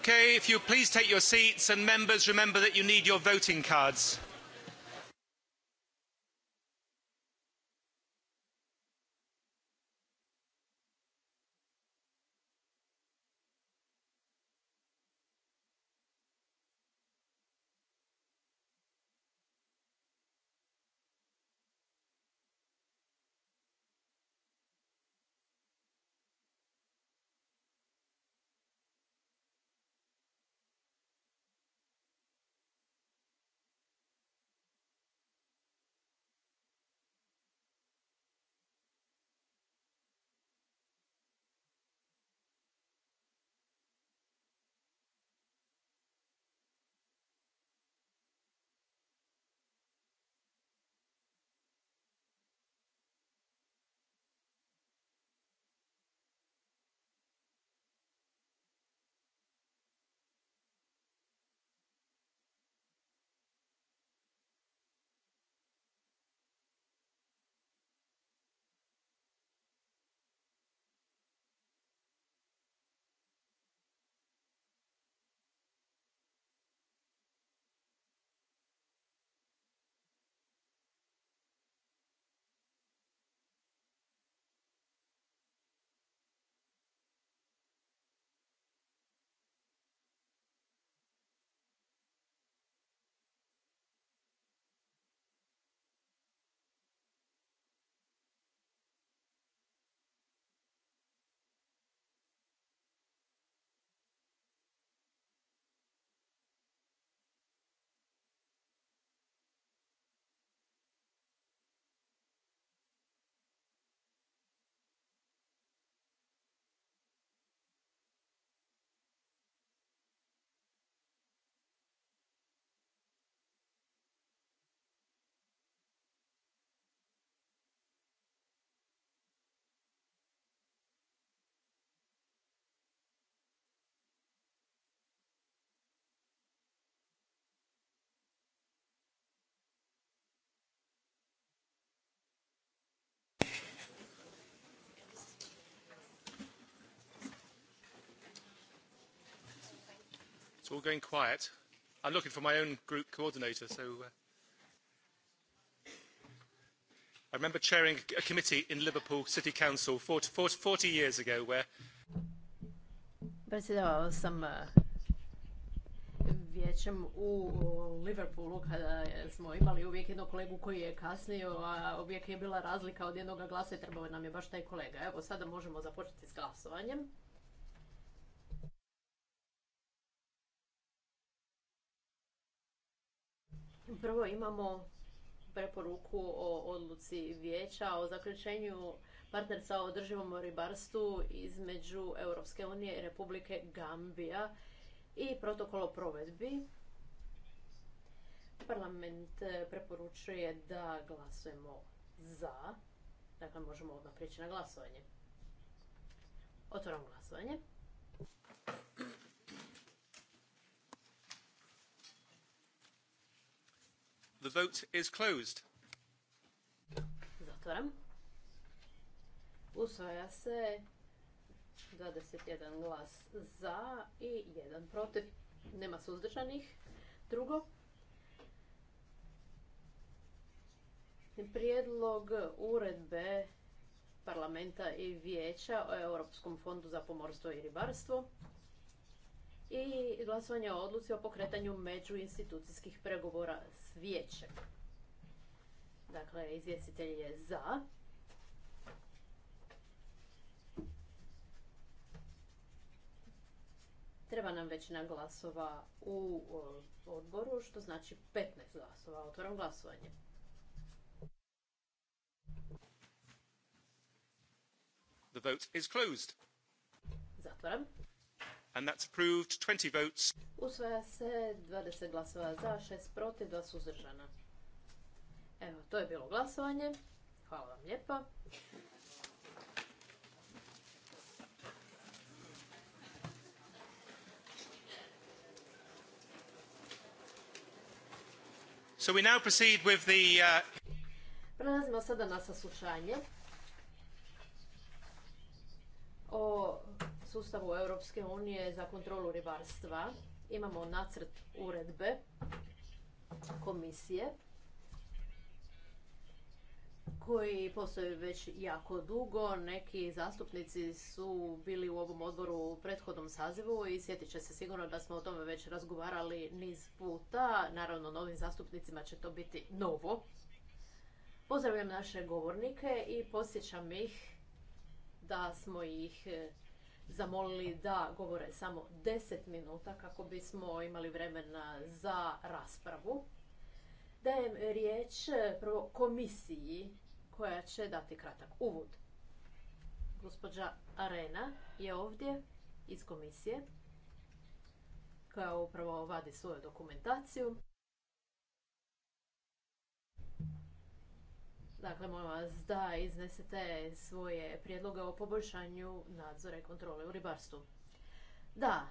okay if you please take your seats and members remember that you need your voting cards. all going quiet. I'm looking for my own group coordinator, so... Uh... I remember chairing a committee in Liverpool City Council 40, 40 years ago where... Predsjedavao sam uh, vijećem u Liverpoolu kada smo imali uvijek jednog kolegu koji je kasnio, a uvijek je bila razlika od jednog glasa i trebao nam je baš taj kolega. Evo sada možemo započeti s glasovanjem. Prvo imamo preporuku o odluci vijeća o zaključenju partnerstva o održivom ribarstvu između Europske unije i Republike Gambija i protokol o provedbi. Parlament preporučuje da glasujemo za. Dakle, možemo odmah prijeći na glasovanje. Otvaram glasovanje. The vote is closed. Zatvaram. Usvaja se 21 glas za i jedan protiv. Nema suzdržanih. Drugo. Prijedlog uredbe parlamenta i vijeća o Europskom fondu za pomorstvo i ribarstvo i glasovanje o odluci o pokretanju međuinstitucijskih pregovora s vijećem. Dakle, izvjestitelj je za. Treba nam većina glasova u odboru, što znači 15 glasova. Otvaram glasovanje. The vote is closed. Zatvaram and that's approved 20 votes. Usvaja se 20 glasova za, 6 protiv, 2 suzdržana. Evo, to je bilo glasovanje. Hvala vam lijepa. So we now proceed with the... Uh... Prelazimo sada na saslušanje. sustavu Europske unije za kontrolu ribarstva. Imamo nacrt uredbe komisije koji postoji već jako dugo. Neki zastupnici su bili u ovom odboru u prethodnom sazivu i sjetit će se sigurno da smo o tome već razgovarali niz puta. Naravno, novim zastupnicima će to biti novo. Pozdravljam naše govornike i posjećam ih da smo ih zamolili da govore samo 10 minuta kako bismo imali vremena za raspravu. Dajem riječ prvo komisiji koja će dati kratak uvod. Gospođa Arena je ovdje iz komisije koja upravo vadi svoju dokumentaciju. Dakle, molim vas da iznesete svoje prijedloge o poboljšanju nadzora i kontrole u ribarstvu. Da,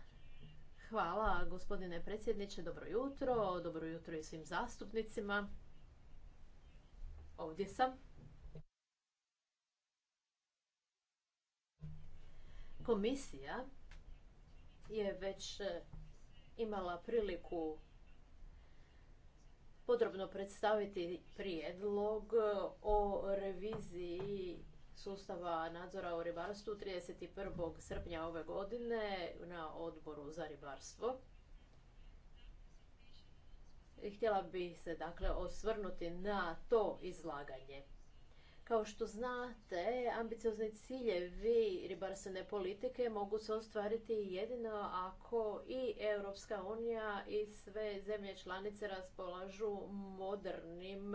hvala gospodine predsjedniče, dobro jutro, dobro jutro i svim zastupnicima. Ovdje sam. Komisija je već eh, imala priliku podrobno predstaviti prijedlog e, o reviziji sustava nadzora u ribarstvu 31. srpnja ove godine na odboru za ribarstvo. Htjela bi se dakle osvrnuti na to izlaganje. Kao što znate, ambiciozni ciljevi ribarstvene politike mogu se ostvariti jedino ako i Europska unija i sve zemlje članice raspolažu modernim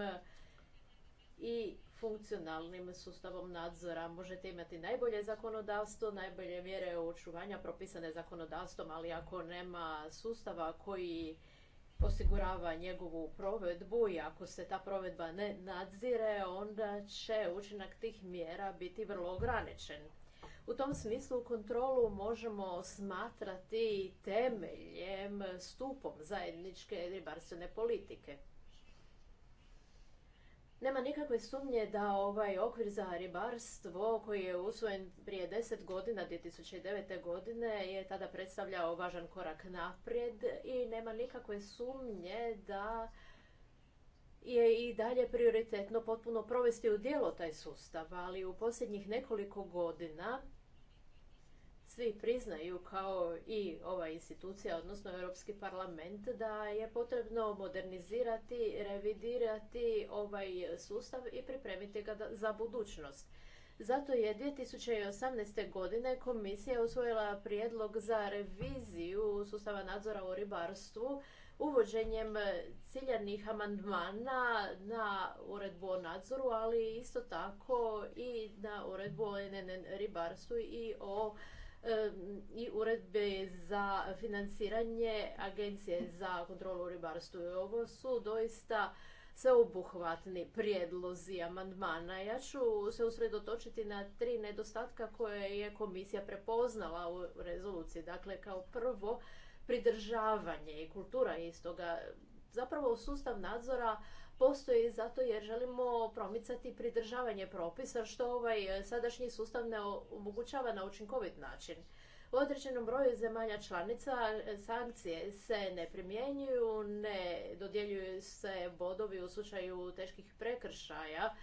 i funkcionalnim sustavom nadzora. Možete imati najbolje zakonodavstvo, najbolje mjere očuvanja propisane zakonodavstvom, ali ako nema sustava koji osigurava njegovu provedbu i ako se ta provedba ne nadzire, onda će učinak tih mjera biti vrlo ograničen. U tom smislu kontrolu možemo smatrati temeljem, stupom zajedničke ribarstvene politike. Nema nikakve sumnje da ovaj okvir za ribarstvo koji je usvojen prije 10 godina, 2009. godine, je tada predstavljao važan korak naprijed i nema nikakve sumnje da je i dalje prioritetno potpuno provesti u dijelo taj sustav, ali u posljednjih nekoliko godina svi priznaju kao i ova institucija, odnosno Europski parlament, da je potrebno modernizirati, revidirati ovaj sustav i pripremiti ga za budućnost. Zato je 2018. godine komisija usvojila prijedlog za reviziju sustava nadzora u ribarstvu uvođenjem ciljanih amandmana na uredbu o nadzoru, ali isto tako i na uredbu o ribarstvu i o i uredbe za financiranje Agencije za kontrolu ribarstva I ovo su doista sveobuhvatni prijedlozi amandmana. Ja ću se usredotočiti na tri nedostatka koje je komisija prepoznala u rezoluciji. Dakle, kao prvo, pridržavanje i kultura istoga. Zapravo, sustav nadzora postoji zato jer želimo promicati pridržavanje propisa što ovaj e, sadašnji sustav ne omogućava na učinkovit način. U određenom broju zemalja članica e, sankcije se ne primjenjuju, ne dodjeljuju se bodovi u slučaju teških prekršaja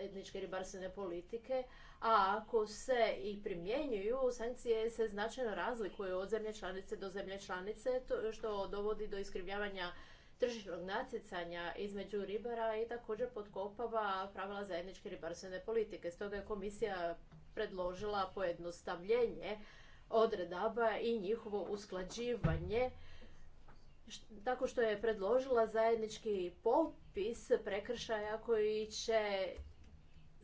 etničke ribarstvene politike, a ako se i primjenjuju, sankcije se značajno razlikuju od zemlje članice do zemlje članice, što dovodi do iskrivljavanja tržišnog natjecanja između ribara i također potkopava pravila zajedničke ribarstvene politike. Stoga je komisija predložila pojednostavljenje odredaba i njihovo usklađivanje tako što je predložila zajednički popis prekršaja koji će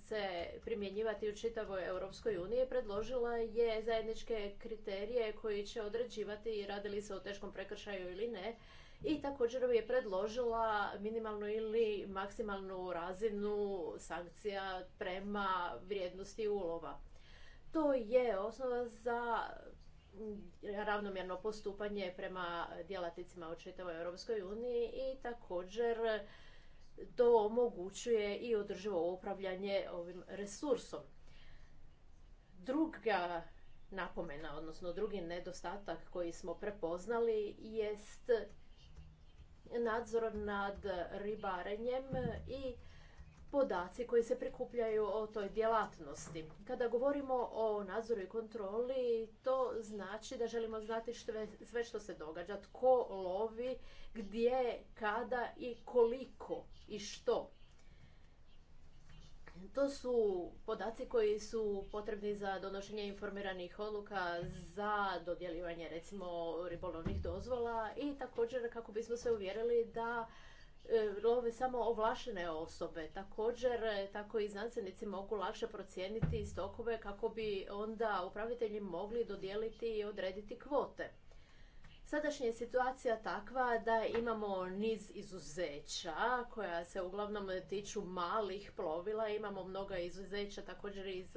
se primjenjivati u čitavoj Europskoj uniji, predložila je zajedničke kriterije koji će određivati radi li se o teškom prekršaju ili ne, i također je predložila minimalnu ili maksimalnu razinu sankcija prema vrijednosti ulova. To je osnova za mm, ravnomjerno postupanje prema djelatnicima u Europskoj uniji i također to omogućuje i održivo upravljanje ovim resursom. Druga napomena, odnosno drugi nedostatak koji smo prepoznali jest nadzor nad ribarenjem i podaci koji se prikupljaju o toj djelatnosti. Kada govorimo o nadzoru i kontroli, to znači da želimo znati sve što se događa, tko lovi, gdje, kada i koliko i što. To su podaci koji su potrebni za donošenje informiranih odluka, za dodjeljivanje recimo ribolovnih dozvola i također kako bismo se uvjerili da e, love samo ovlašene osobe. Također, e, tako i znanstvenici mogu lakše procijeniti stokove kako bi onda upravitelji mogli dodijeliti i odrediti kvote. Sadašnja je situacija takva da imamo niz izuzeća koja se uglavnom tiču malih plovila. Imamo mnoga izuzeća također iz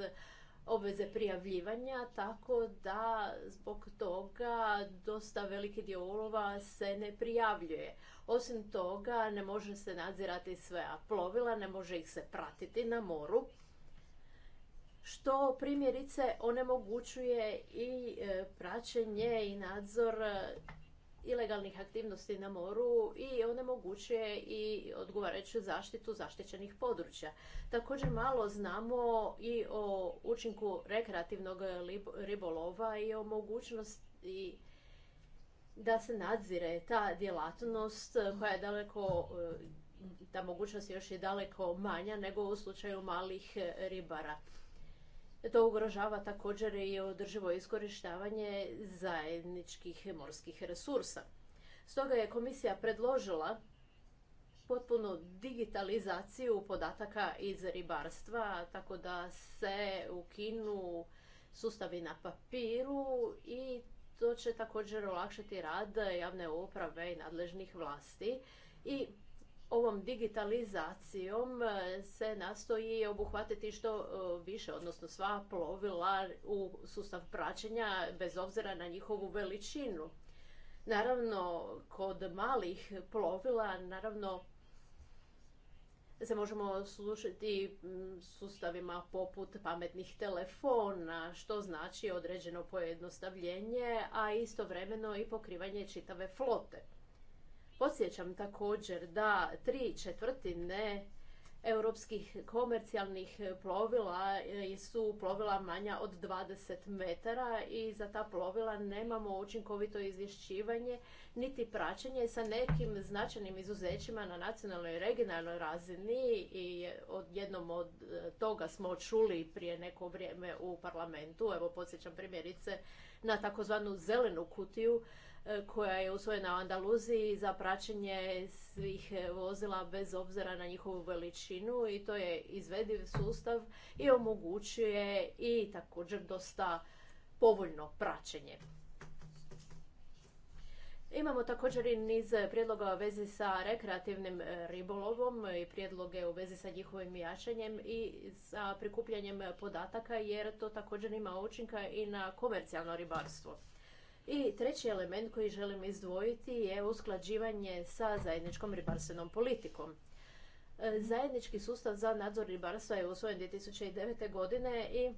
obveze prijavljivanja, tako da zbog toga dosta veliki dio ulova se ne prijavljuje. Osim toga, ne može se nadzirati sve plovila, ne može ih se pratiti na moru što primjerice onemogućuje i e, praćenje i nadzor e, ilegalnih aktivnosti na moru i onemogućuje i odgovarajuću zaštitu zaštićenih područja. Također malo znamo i o učinku rekreativnog e, ribolova i o mogućnosti da se nadzire ta djelatnost koja je daleko ta mogućnost još je daleko manja nego u slučaju malih ribara. To ugrožava također i održivo iskorištavanje zajedničkih morskih resursa. Stoga je komisija predložila potpunu digitalizaciju podataka iz ribarstva, tako da se ukinu sustavi na papiru i to će također olakšati rad javne uprave i nadležnih vlasti i ovom digitalizacijom e, se nastoji obuhvatiti što e, više, odnosno sva plovila u sustav praćenja bez obzira na njihovu veličinu. Naravno, kod malih plovila, naravno, se možemo slušati sustavima poput pametnih telefona, što znači određeno pojednostavljenje, a istovremeno i pokrivanje čitave flote. Podsjećam također da tri četvrtine europskih komercijalnih plovila eh, su plovila manja od 20 metara i za ta plovila nemamo učinkovito izvješćivanje niti praćenje sa nekim značajnim izuzećima na nacionalnoj i regionalnoj razini i od jednom od eh, toga smo čuli prije neko vrijeme u parlamentu. Evo podsjećam primjerice na takozvanu zelenu kutiju E, koja je usvojena u Andaluziji za praćenje svih e, vozila bez obzira na njihovu veličinu i to je izvediv sustav i omogućuje i također dosta povoljno praćenje. Imamo također i niz prijedloga u vezi sa rekreativnim e, ribolovom i prijedloge u vezi sa njihovim jačanjem i sa prikupljanjem podataka jer to također ima učinka i na komercijalno ribarstvo. I treći element koji želim izdvojiti je usklađivanje sa zajedničkom ribarstvenom politikom. E, zajednički sustav za nadzor ribarstva je usvojen 2009. godine i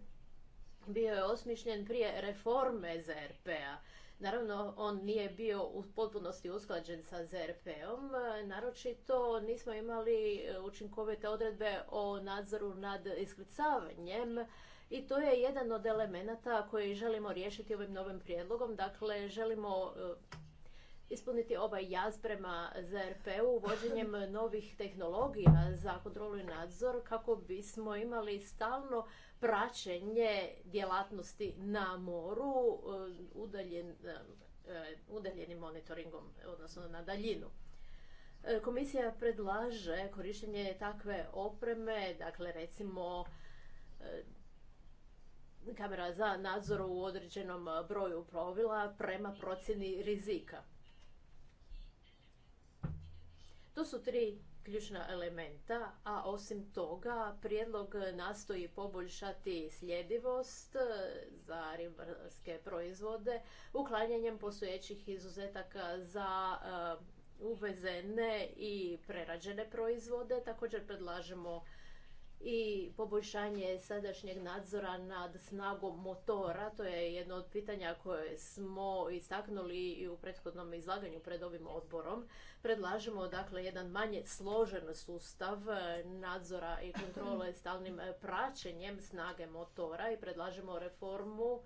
bio je osmišljen prije reforme ZRP-a. Naravno, on nije bio u potpunosti usklađen sa ZRP-om. Naročito nismo imali učinkovite odredbe o nadzoru nad iskrcavanjem i to je jedan od elemenata koji želimo riješiti ovim novim prijedlogom. Dakle, želimo eh, ispuniti ovaj jaz prema ZRP-u uvođenjem novih tehnologija za kontrolu i nadzor kako bismo imali stalno praćenje djelatnosti na moru eh, eh, udaljenim monitoringom, odnosno na daljinu. Komisija predlaže korištenje takve opreme, dakle recimo kamera za nadzor u određenom e, broju plovila prema procjeni rizika. To su tri ključna elementa, a osim toga prijedlog nastoji poboljšati sljedivost e, za ribarske proizvode uklanjanjem postojećih izuzetaka za e, uvezene i prerađene proizvode. Također predlažemo i poboljšanje sadašnjeg nadzora nad snagom motora. To je jedno od pitanja koje smo istaknuli i u prethodnom izlaganju pred ovim odborom. Predlažemo dakle jedan manje složen sustav nadzora i kontrole stalnim praćenjem snage motora i predlažemo reformu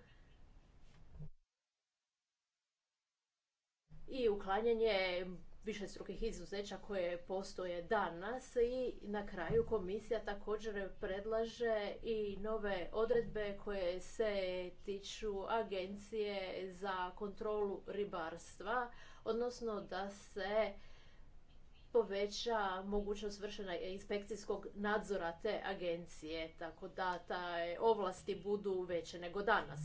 i uklanjanje višestrukih izuzeća koje postoje danas i na kraju komisija također predlaže i nove odredbe koje se tiču agencije za kontrolu ribarstva, odnosno da se poveća mogućnost vršenja inspekcijskog nadzora te agencije, tako da te ovlasti budu veće nego danas.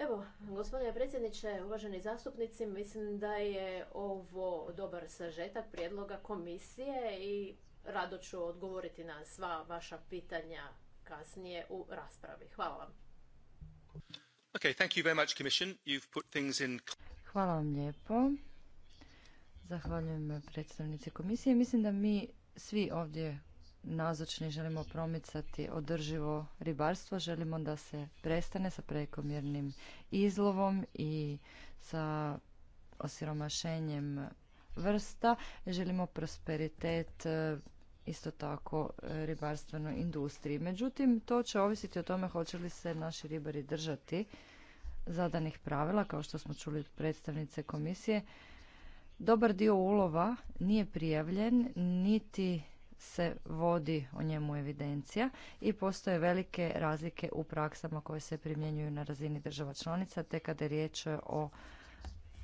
Evo, gospodine predsjedniče, uvaženi zastupnici, mislim da je ovo dobar sažetak prijedloga komisije i rado ću odgovoriti na sva vaša pitanja kasnije u raspravi. Hvala vam. thank Hvala vam lijepo. Zahvaljujem predstavnici komisije. Mislim da mi svi ovdje nazočni, želimo promicati održivo ribarstvo, želimo da se prestane sa prekomjernim izlovom i sa osiromašenjem vrsta, želimo prosperitet e, isto tako e, ribarstvenoj industriji. Međutim, to će ovisiti o tome hoće li se naši ribari držati zadanih pravila, kao što smo čuli od predstavnice komisije. Dobar dio ulova nije prijavljen, niti se vodi o njemu evidencija i postoje velike razlike u praksama koje se primjenjuju na razini država članica te kada je riječ o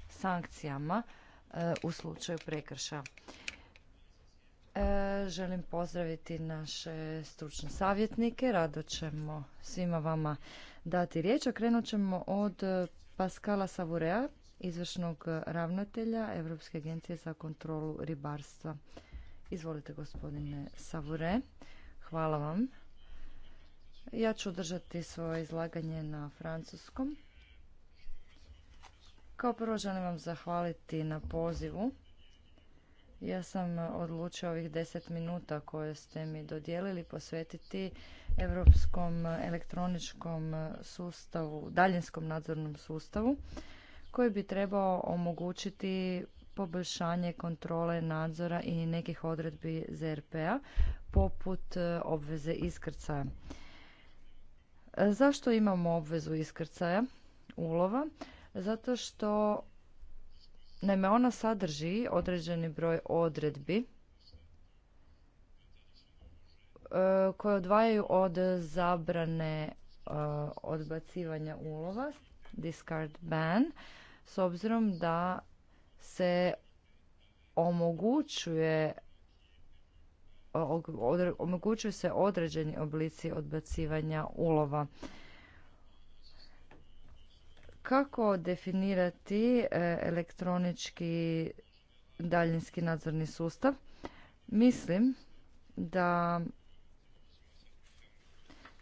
sankcijama e, u slučaju prekrša. E, želim pozdraviti naše stručne savjetnike. Rado ćemo svima vama dati riječ. Okrenut ćemo od Paskala Savurea, izvršnog ravnatelja Europske agencije za kontrolu ribarstva Izvolite gospodine Savure. Hvala vam. Ja ću držati svoje izlaganje na francuskom. Kao prvo želim vam zahvaliti na pozivu. Ja sam odlučio ovih deset minuta koje ste mi dodijelili posvetiti Europskom elektroničkom sustavu, daljinskom nadzornom sustavu koji bi trebao omogućiti poboljšanje kontrole nadzora i nekih odredbi ZRP-a poput e, obveze iskrcaja. E, zašto imamo obvezu iskrcaja ulova? Zato što naime ona sadrži određeni broj odredbi e, koje odvajaju od zabrane odbacivanja ulova, discard ban, s obzirom da se omogućuje omogućuju se određeni oblici odbacivanja ulova. Kako definirati e, elektronički daljinski nadzorni sustav? Mislim da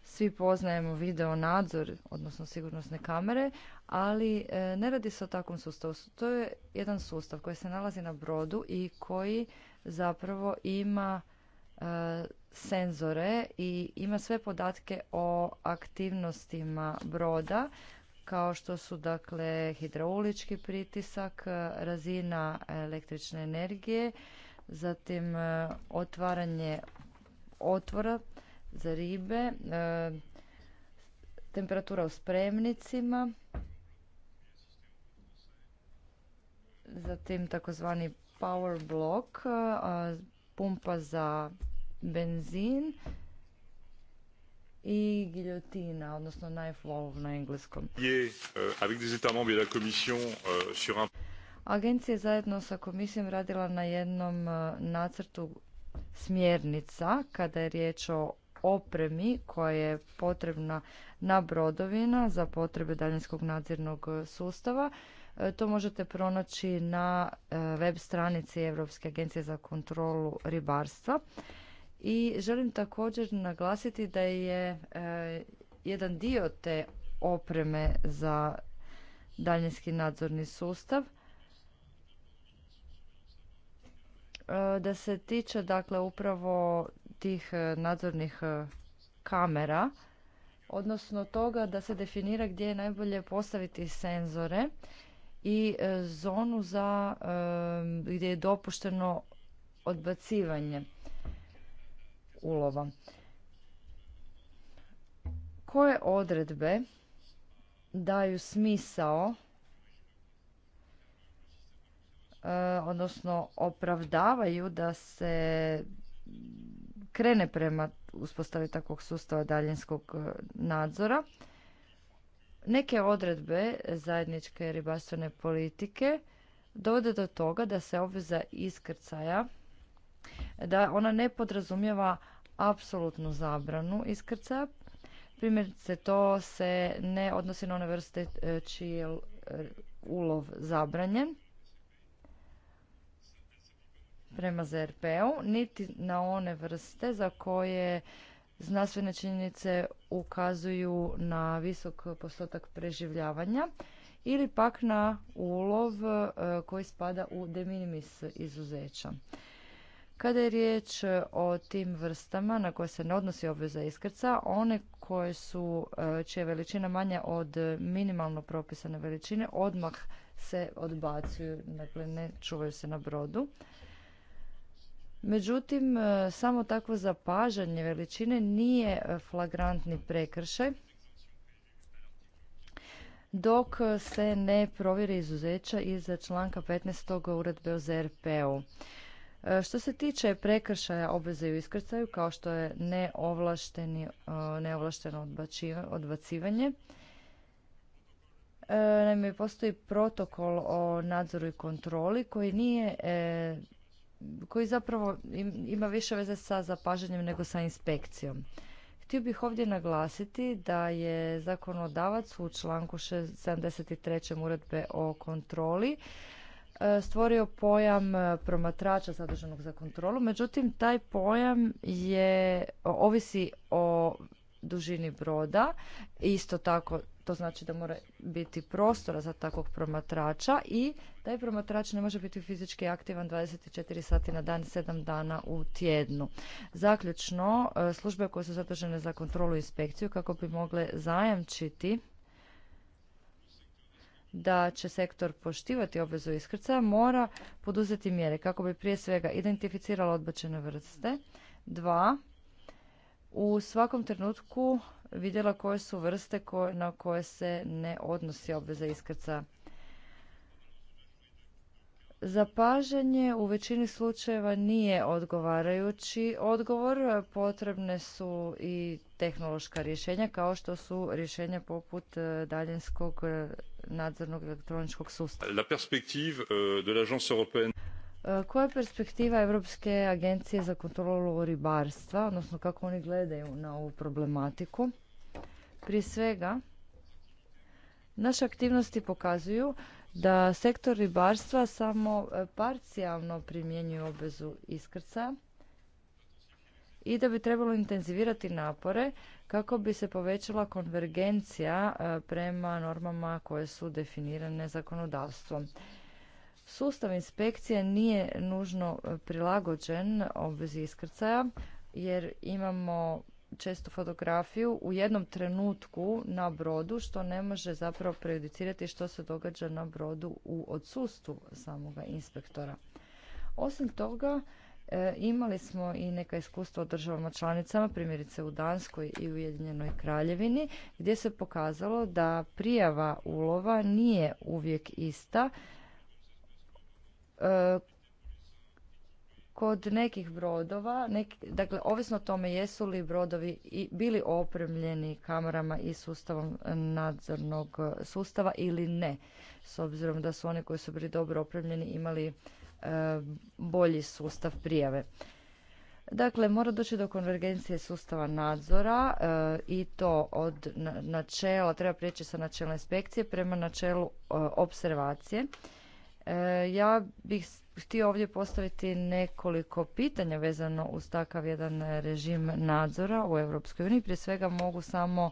svi poznajemo video nadzor, odnosno sigurnosne kamere, ali e, ne radi se o takvom sustavu. To je jedan sustav koji se nalazi na brodu i koji zapravo ima e, senzore i ima sve podatke o aktivnostima broda kao što su dakle hidraulički pritisak, e, razina električne energije, zatim otvaranje otvora za ribe, temperatura u spremnicima, zatim takozvani power block, pumpa za benzin i giljotina, odnosno knife valve na engleskom. E, e, Agencija je zajedno sa komisijom radila na jednom e, nacrtu smjernica kada je riječ o opremi koja je potrebna na brodovina za potrebe daljinskog nadzirnog sustava E, to možete pronaći na e, web stranici Europske agencije za kontrolu ribarstva. I želim također naglasiti da je e, jedan dio te opreme za daljinski nadzorni sustav da se tiče dakle upravo tih nadzornih kamera odnosno toga da se definira gdje je najbolje postaviti senzore i e, zonu za e, gdje je dopušteno odbacivanje ulova. Koje odredbe daju smisao e, odnosno opravdavaju da se krene prema uspostavi takvog sustava daljinskog nadzora Neke odredbe zajedničke ribarstvene politike dovode do toga da se obveza iskrcaja, da ona ne podrazumijeva apsolutnu zabranu iskrcaja. Primjerice to se ne odnosi na one vrste e, čiji je e, ulov zabranjen prema ZRP-u, niti na one vrste za koje Znanstvene činjenice ukazuju na visok postotak preživljavanja ili pak na ulov e, koji spada u de minimis izuzeća. Kada je riječ o tim vrstama na koje se ne odnosi obveza iskrca, one koje su, e, čija je veličina manja od minimalno propisane veličine, odmah se odbacuju, dakle ne čuvaju se na brodu. Međutim, e, samo takvo zapažanje veličine nije e, flagrantni prekršaj dok se ne provjeri izuzeća iz članka 15. uredbe o ZRP-u. E, što se tiče prekršaja obveze u iskrcaju, kao što je neovlašteno odbacivanje, naime postoji protokol o nadzoru i kontroli koji nije koji zapravo ima više veze sa zapažanjem nego sa inspekcijom. Htio bih ovdje naglasiti da je zakonodavac u članku 73. uredbe o kontroli e, stvorio pojam e, promatrača zaduženog za kontrolu, međutim taj pojam je ovisi o dužini broda, isto tako to znači da mora biti prostora za takvog promatrača i taj promatrač ne može biti fizički aktivan 24 sati na dan, 7 dana u tjednu. Zaključno, e, službe koje su zadužene za kontrolu i inspekciju kako bi mogle zajamčiti da će sektor poštivati obvezu iskrcaja mora poduzeti mjere kako bi prije svega identificirala odbačene vrste. Dva, u svakom trenutku vidjela koje su vrste na koje se ne odnosi obveza iskrca. Zapažanje u većini slučajeva nije odgovarajući odgovor. Potrebne su i tehnološka rješenja kao što su rješenja poput e, daljinskog e, nadzornog elektroničkog sustava. E, koja je perspektiva Europske agencije za kontrolu ribarstva, odnosno kako oni gledaju na ovu problematiku? Prije svega, naše aktivnosti pokazuju da sektor ribarstva samo e, parcijalno primjenjuje obvezu iskrca i da bi trebalo intenzivirati napore kako bi se povećala konvergencija e, prema normama koje su definirane zakonodavstvom. Sustav inspekcije nije nužno e, prilagođen obvezi iskrcaja jer imamo često fotografiju u jednom trenutku na brodu što ne može zapravo prejudicirati što se događa na brodu u odsustvu samoga inspektora. Osim toga, e, imali smo i neka iskustva o državama članicama, primjerice u Danskoj i Ujedinjenoj Kraljevini, gdje se pokazalo da prijava ulova nije uvijek ista e, kod nekih brodova, dakle ovisno o tome jesu li brodovi i bili opremljeni kamerama i sustavom nadzornog sustava ili ne, s obzirom da su oni koji su bili dobro opremljeni imali e, bolji sustav prijave. Dakle, mora doći do konvergencije sustava nadzora e, i to od načela, treba prijeći sa načela inspekcije prema načelu e, observacije. E, ja bih htio ovdje postaviti nekoliko pitanja vezano uz takav jedan režim nadzora u Europskoj uniji. Prije svega mogu samo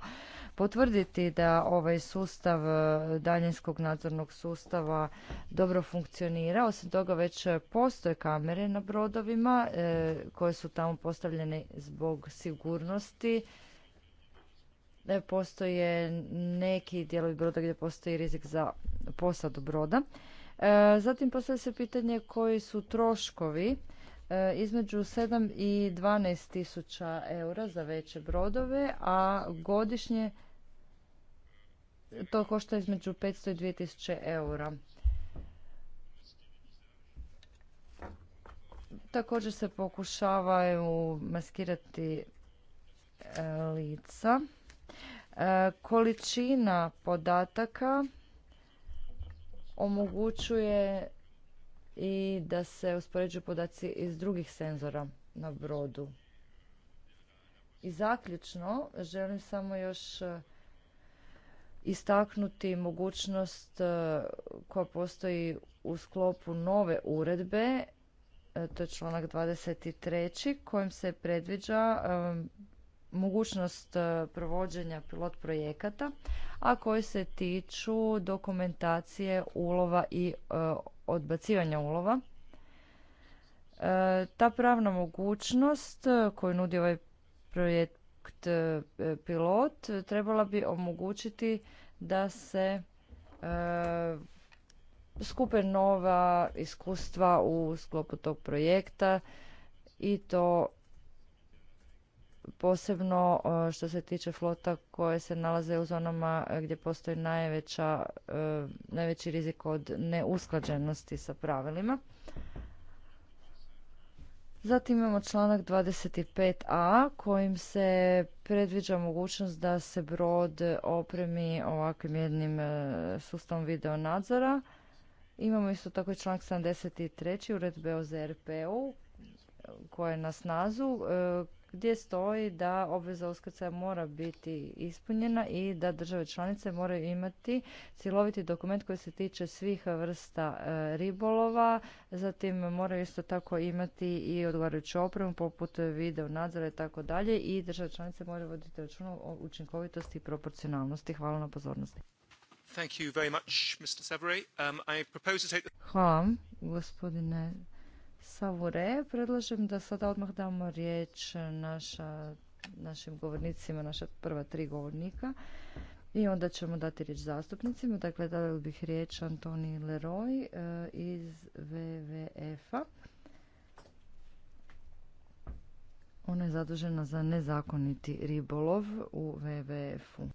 potvrditi da ovaj sustav e, daljinskog nadzornog sustava dobro funkcionira. Osim toga već postoje kamere na brodovima e, koje su tamo postavljene zbog sigurnosti. E, postoje neki dijelovi broda gdje postoji rizik za posadu broda. E, zatim postavlja se pitanje koji su troškovi e, između 7 i 12 tisuća eura za veće brodove, a godišnje to košta između 500 i 2000 eura. Također se pokušavaju maskirati e, lica. Količina podataka omogućuje i da se uspoređuju podaci iz drugih senzora na brodu. I zaključno želim samo još e, istaknuti mogućnost e, koja postoji u sklopu nove uredbe, e, to je članak 23. kojim se predviđa mogućnost e, provođenja pilot projekata, a koji se tiču dokumentacije ulova i e, odbacivanja ulova. E, ta pravna mogućnost koju nudi ovaj projekt pilot trebala bi omogućiti da se skupe nova iskustva u sklopu tog projekta i to posebno e, što se tiče flota koje se nalaze u zonama e, gdje postoji najveća, e, najveći rizik od neusklađenosti sa pravilima. Zatim imamo članak 25a kojim se predviđa mogućnost da se brod opremi ovakvim jednim sustavom video nadzora. Imamo isto tako i članak 73. uredbe o ZRP-u koja je na snazu gdje stoji da obveza uskrcaja mora biti ispunjena i da države članice moraju imati cjeloviti dokument koji se tiče svih vrsta e, ribolova, zatim moraju isto tako imati i odgovarajuću opremu poput video nadzora i tako dalje i države članice moraju voditi račun o učinkovitosti i proporcionalnosti. Hvala na pozornosti. Hvala, gospodine Savore, predlažem da sada odmah damo riječ naša, našim govornicima, naša prva tri govornika. I onda ćemo dati riječ zastupnicima. Dakle, dali bih riječ Antoni Leroy e, iz WWF-a. E Ona je zadužena za nezakoniti ribolov u WWF-u.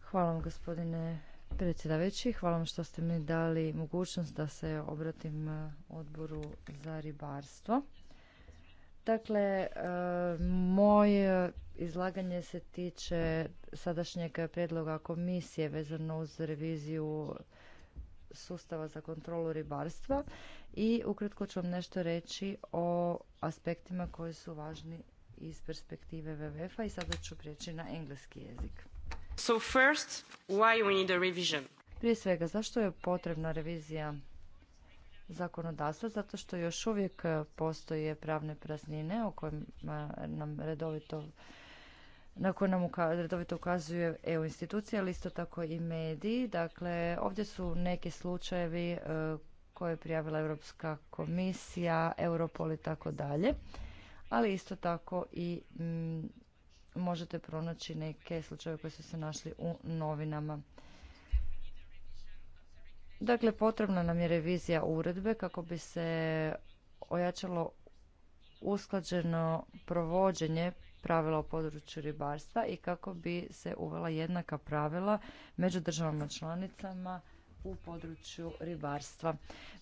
Hvala vam gospodine predsjedavajući. Hvala vam što ste mi dali mogućnost da se obratim e, odboru za ribarstvo. Dakle, e, moje izlaganje se tiče sadašnjeg predloga komisije vezano uz reviziju sustava za kontrolu ribarstva i ukratko ću vam nešto reći o aspektima koji su važni iz perspektive WWF-a i sada ću prijeći na engleski jezik. Prije svega, zašto je potrebna revizija zakonodavstva? Zato što još uvijek e, postoje pravne praznine o kojima nam redovito na koje nam redovito ukazuje EU institucije, ali isto tako i mediji. Dakle, ovdje su neki slučajevi e, koje je prijavila Europska komisija, Europol i tako dalje ali isto tako i mm, možete pronaći neke slučajeve koje su se našli u novinama. Dakle, potrebna nam je revizija uredbe kako bi se ojačalo usklađeno provođenje pravila u području ribarstva i kako bi se uvela jednaka pravila među državama članicama u području ribarstva.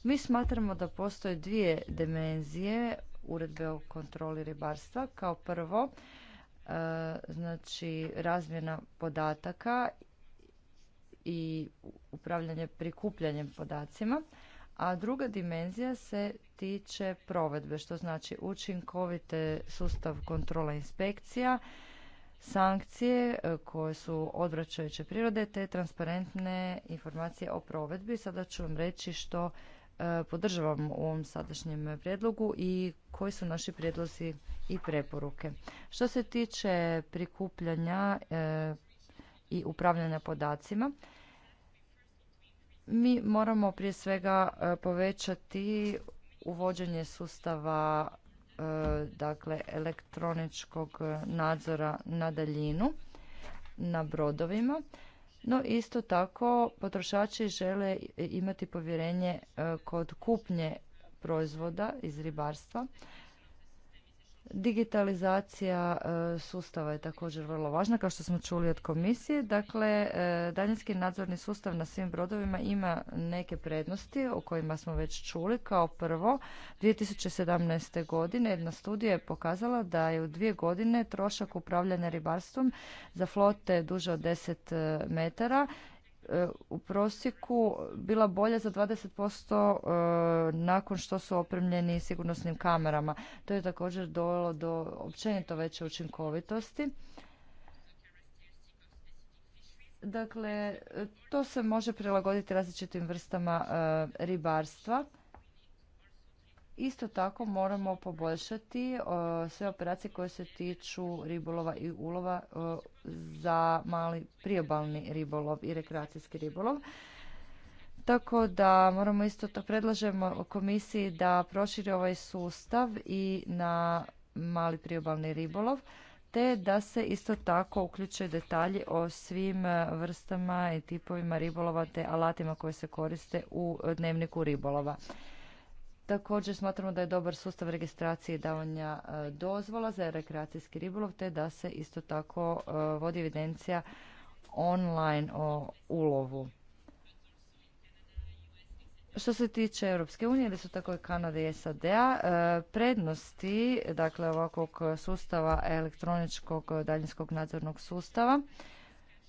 Mi smatramo da postoje dvije dimenzije uredbe o kontroli ribarstva. Kao prvo, e, znači razmjena podataka i upravljanje prikupljanjem podacima, a druga dimenzija se tiče provedbe, što znači učinkovite sustav kontrola inspekcija, sankcije e, koje su odvraćajuće prirode te transparentne informacije o provedbi. Sada ću vam reći što E, podržavam u ovom sadašnjem prijedlogu i koji su naši prijedlozi i preporuke. Što se tiče prikupljanja e, i upravljanja podacima, mi moramo prije svega e, povećati uvođenje sustava dakle elektroničkog nadzora na daljinu na brodovima no isto tako potrošači žele imati povjerenje e, kod kupnje proizvoda iz ribarstva Digitalizacija e, sustava je također vrlo važna, kao što smo čuli od komisije. Dakle, e, daljinski nadzorni sustav na svim brodovima ima neke prednosti o kojima smo već čuli. Kao prvo, 2017. godine jedna studija je pokazala da je u dvije godine trošak upravljanja ribarstvom za flote duže od 10 e, metara E, u prosjeku bila bolja za 20% e, nakon što su opremljeni sigurnosnim kamerama. To je također dovelo do općenito veće učinkovitosti. Dakle, to se može prilagoditi različitim vrstama e, ribarstva. Isto tako moramo poboljšati e, sve operacije koje se tiču ribolova i ulova e, za mali priobalni ribolov i rekreacijski ribolov. Tako da moramo isto to predlažemo komisiji da proširi ovaj sustav i na mali priobalni ribolov te da se isto tako uključe detalji o svim e, vrstama i tipovima ribolova te alatima koje se koriste u dnevniku ribolova. Također smatramo da je dobar sustav registracije i davanja e, dozvola za rekreacijski ribolov, te da se isto tako e, vodi evidencija online o ulovu. Što se tiče Europske unije, gdje su tako i Kanade i SAD-a, e, prednosti dakle, ovakvog sustava elektroničkog daljinskog nadzornog sustava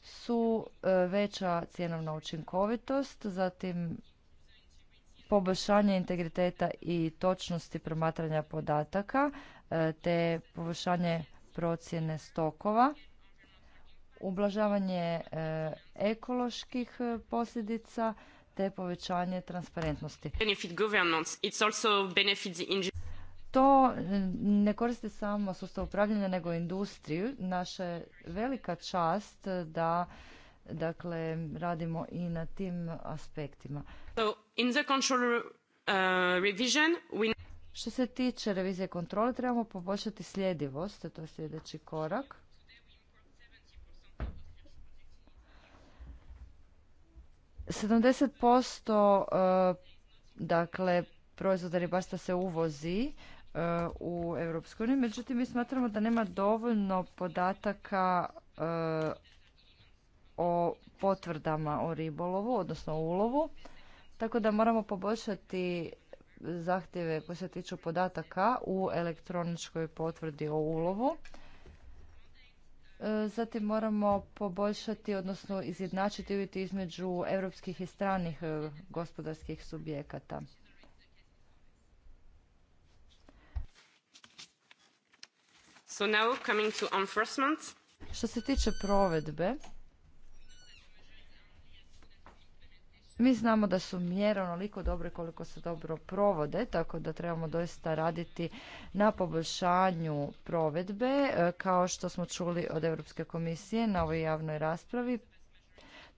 su veća cjenovna učinkovitost, zatim poboljšanje integriteta i točnosti promatranja podataka e, te poboljšanje procjene stokova, ublažavanje e, ekoloških e, posljedica te povećanje transparentnosti. To ne koristi samo sustav upravljanja nego industriju. Naša je velika čast da Dakle, radimo i na tim aspektima. Uh, Što se tiče revizije kontrole, trebamo poboljšati sljedivost, to je sljedeći korak. Sedamdeset posto uh, dakle proizvoda ribarstva se uvozi uh, u Europskoj međutim mi smatramo da nema dovoljno podataka o potvrdama o ribolovu, odnosno o ulovu, tako da moramo poboljšati zahtjeve koje se tiču podataka u elektroničkoj potvrdi o ulovu. E, zatim moramo poboljšati, odnosno izjednačiti uvjeti između europskih i stranih e, gospodarskih subjekata. Što se tiče provedbe, Mi znamo da su mjere onoliko dobre koliko se dobro provode, tako da trebamo doista raditi na poboljšanju provedbe, e, kao što smo čuli od Europske komisije na ovoj javnoj raspravi.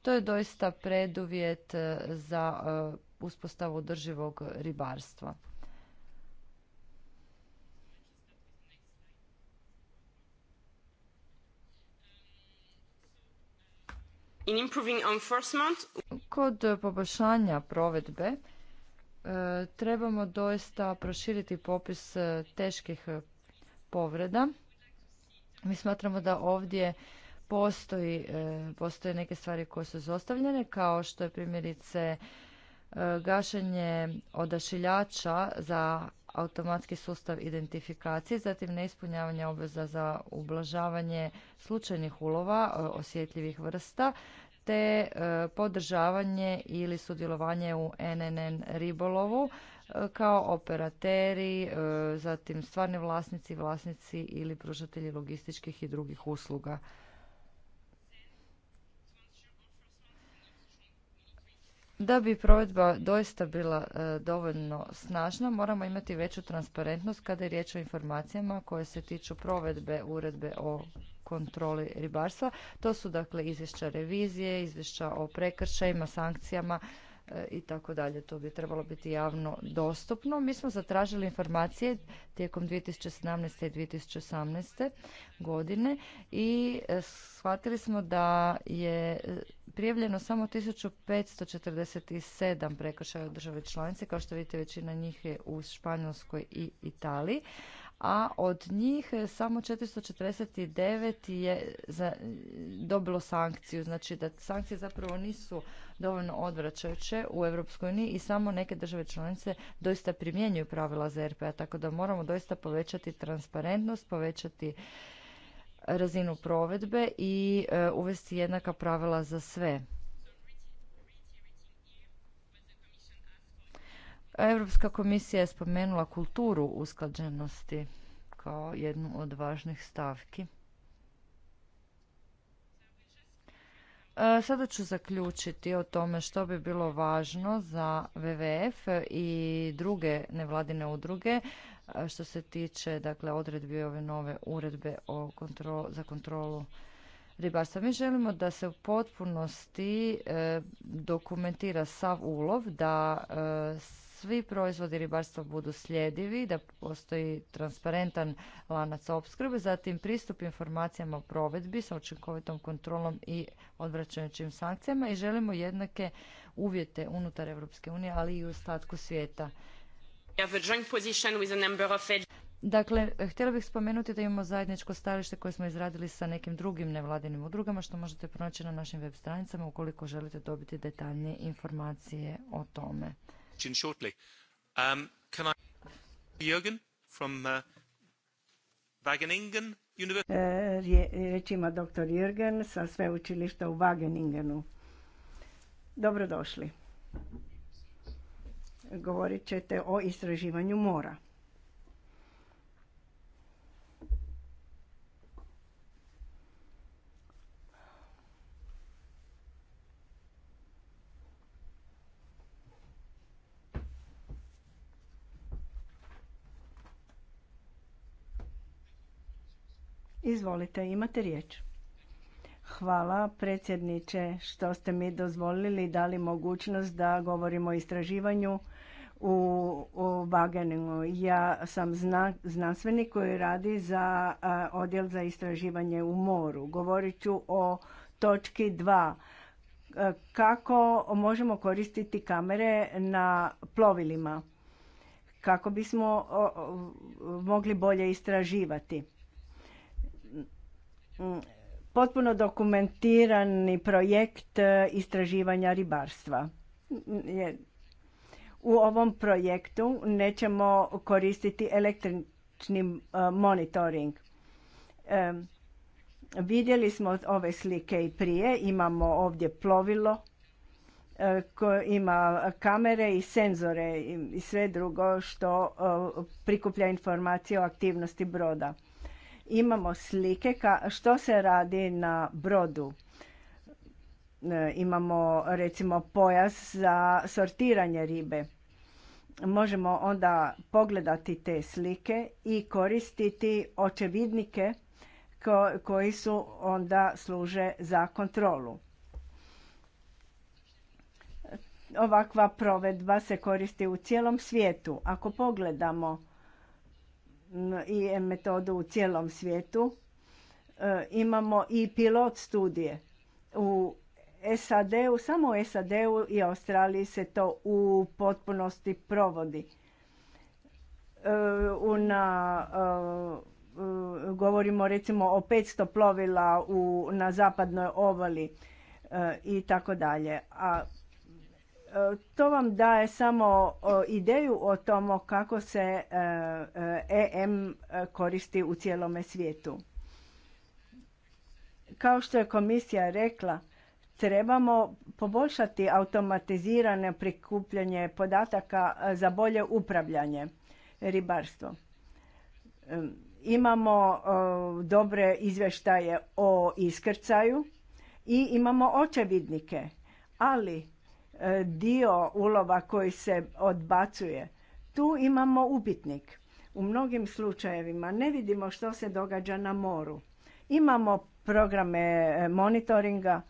To je doista preduvjet e, za e, uspostavu održivog ribarstva. In Kod poboljšanja provedbe e, trebamo doista proširiti popis e, teških povreda. Mi smatramo da ovdje e, postoje neke stvari koje su zostavljene, kao što je primjerice gašenje odašiljača za automatski sustav identifikacije, zatim neispunjavanje obveza za ublažavanje slučajnih ulova osjetljivih vrsta, te e, podržavanje ili sudjelovanje u NNN ribolovu e, kao operateri, e, zatim stvarni vlasnici, vlasnici ili pružatelji logističkih i drugih usluga. Da bi provedba doista bila dovoljno snažna, moramo imati veću transparentnost kada je riječ o informacijama koje se tiču provedbe uredbe o kontroli ribarstva. To su dakle izvješća revizije, izvješća o prekršajima, sankcijama e, i tako dalje. To bi trebalo biti javno dostupno. Mi smo zatražili informacije tijekom 2017. i 2018. godine i e, shvatili smo da je e, prijavljeno samo 1547 prekršaja u državi članice. Kao što vidite, većina njih je u Španjolskoj i Italiji a od njih samo 449 je za, dobilo sankciju. Znači da sankcije zapravo nisu dovoljno odvraćajuće u EU i samo neke države članice doista primjenjuju pravila za RPA, tako da moramo doista povećati transparentnost, povećati razinu provedbe i e, uvesti jednaka pravila za sve. Europska komisija je spomenula kulturu usklađenosti kao jednu od važnih stavki. E, sada ću zaključiti o tome što bi bilo važno za WWF i druge nevladine udruge e, što se tiče dakle, odredbi ove nove uredbe o za kontrolu ribarstva. Mi želimo da se u potpunosti e, dokumentira sav ulov, da e, svi proizvodi ribarstva budu sljedivi, da postoji transparentan lanac opskrbe, zatim pristup informacijama o provedbi sa učinkovitom kontrolom i odvraćajućim sankcijama i želimo jednake uvjete unutar Europske unije, ali i u ostatku svijeta. Dakle, htjela bih spomenuti da imamo zajedničko stajalište koje smo izradili sa nekim drugim nevladinim udrugama što možete pronaći na našim web stranicama ukoliko želite dobiti detaljnije informacije o tome question shortly. Um, can I... Jürgen from uh, Wageningen University? E, riječ ima doktor Jürgen sa sveučilišta u Wageningenu. Dobrodošli. Govorit ćete o istraživanju mora. Izvolite, imate riječ. Hvala predsjedniče što ste mi dozvolili i dali mogućnost da govorimo o istraživanju u, u Ja sam znanstvenik koji radi za odjel za istraživanje u moru. Govorit ću o točki 2. E, kako možemo koristiti kamere na plovilima kako bismo mogli bolje istraživati. Mm, potpuno dokumentirani projekt e, istraživanja ribarstva. Mm, u ovom projektu nećemo koristiti električni e, monitoring. E, vidjeli smo ove slike i prije, imamo ovdje plovilo koje ima kamere i senzore i sve drugo što prikuplja informacije o aktivnosti broda Imamo slike ka, što se radi na brodu. E, imamo recimo pojas za sortiranje ribe. Možemo onda pogledati te slike i koristiti očevidnike koji su onda služe za kontrolu. Ovakva provedba se koristi u cijelom svijetu. Ako pogledamo i metodu u cijelom svijetu. E, imamo i pilot studije. U SAD-u, samo u SAD-u i Australiji se to u potpunosti provodi. E, e, govorimo recimo o 500 plovila u, na zapadnoj ovali i tako dalje. A to vam daje samo ideju o tomo kako se EM e, e koristi u cijelome svijetu. Kao što je komisija rekla, trebamo poboljšati automatizirano prikupljanje podataka e, za bolje upravljanje ribarstvom. Imamo dobre izvještaje o iskrcaju i imamo očevidnike, ali dio ulova koji se odbacuje. Tu imamo upitnik. U mnogim slučajevima ne vidimo što se događa na moru. Imamo programe e, monitoringa,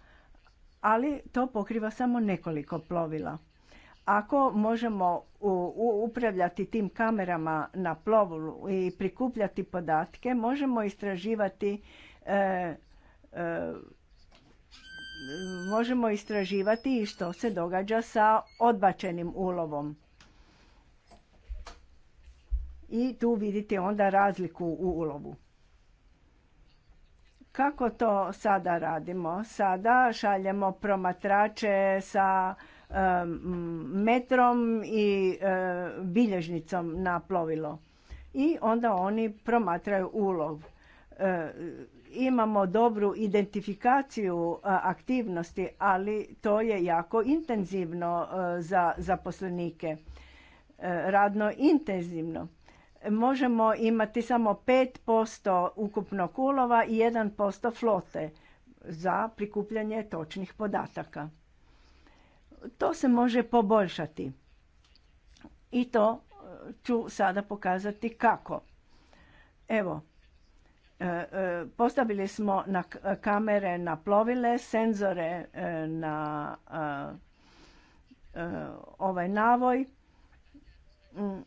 ali to pokriva samo nekoliko plovila. Ako možemo upravljati tim kamerama na plovu i prikupljati podatke, možemo istraživati e, e, možemo istraživati i što se događa sa odbačenim ulovom. I tu vidite onda razliku u ulovu. Kako to sada radimo? Sada šaljemo promatrače sa metrom i eh, bilježnicom na plovilo. I onda oni promatraju ulov. Eh, imamo dobru identifikaciju e, aktivnosti, ali to je jako intenzivno e, za zaposlenike, e, radno intenzivno. Možemo imati samo 5% ukupnog kulova i 1% flote za prikupljanje točnih podataka. To se može poboljšati i to ću sada pokazati kako. Evo, Postavili smo na kamere na plovile, senzore e, na e, e, ovaj navoj mm.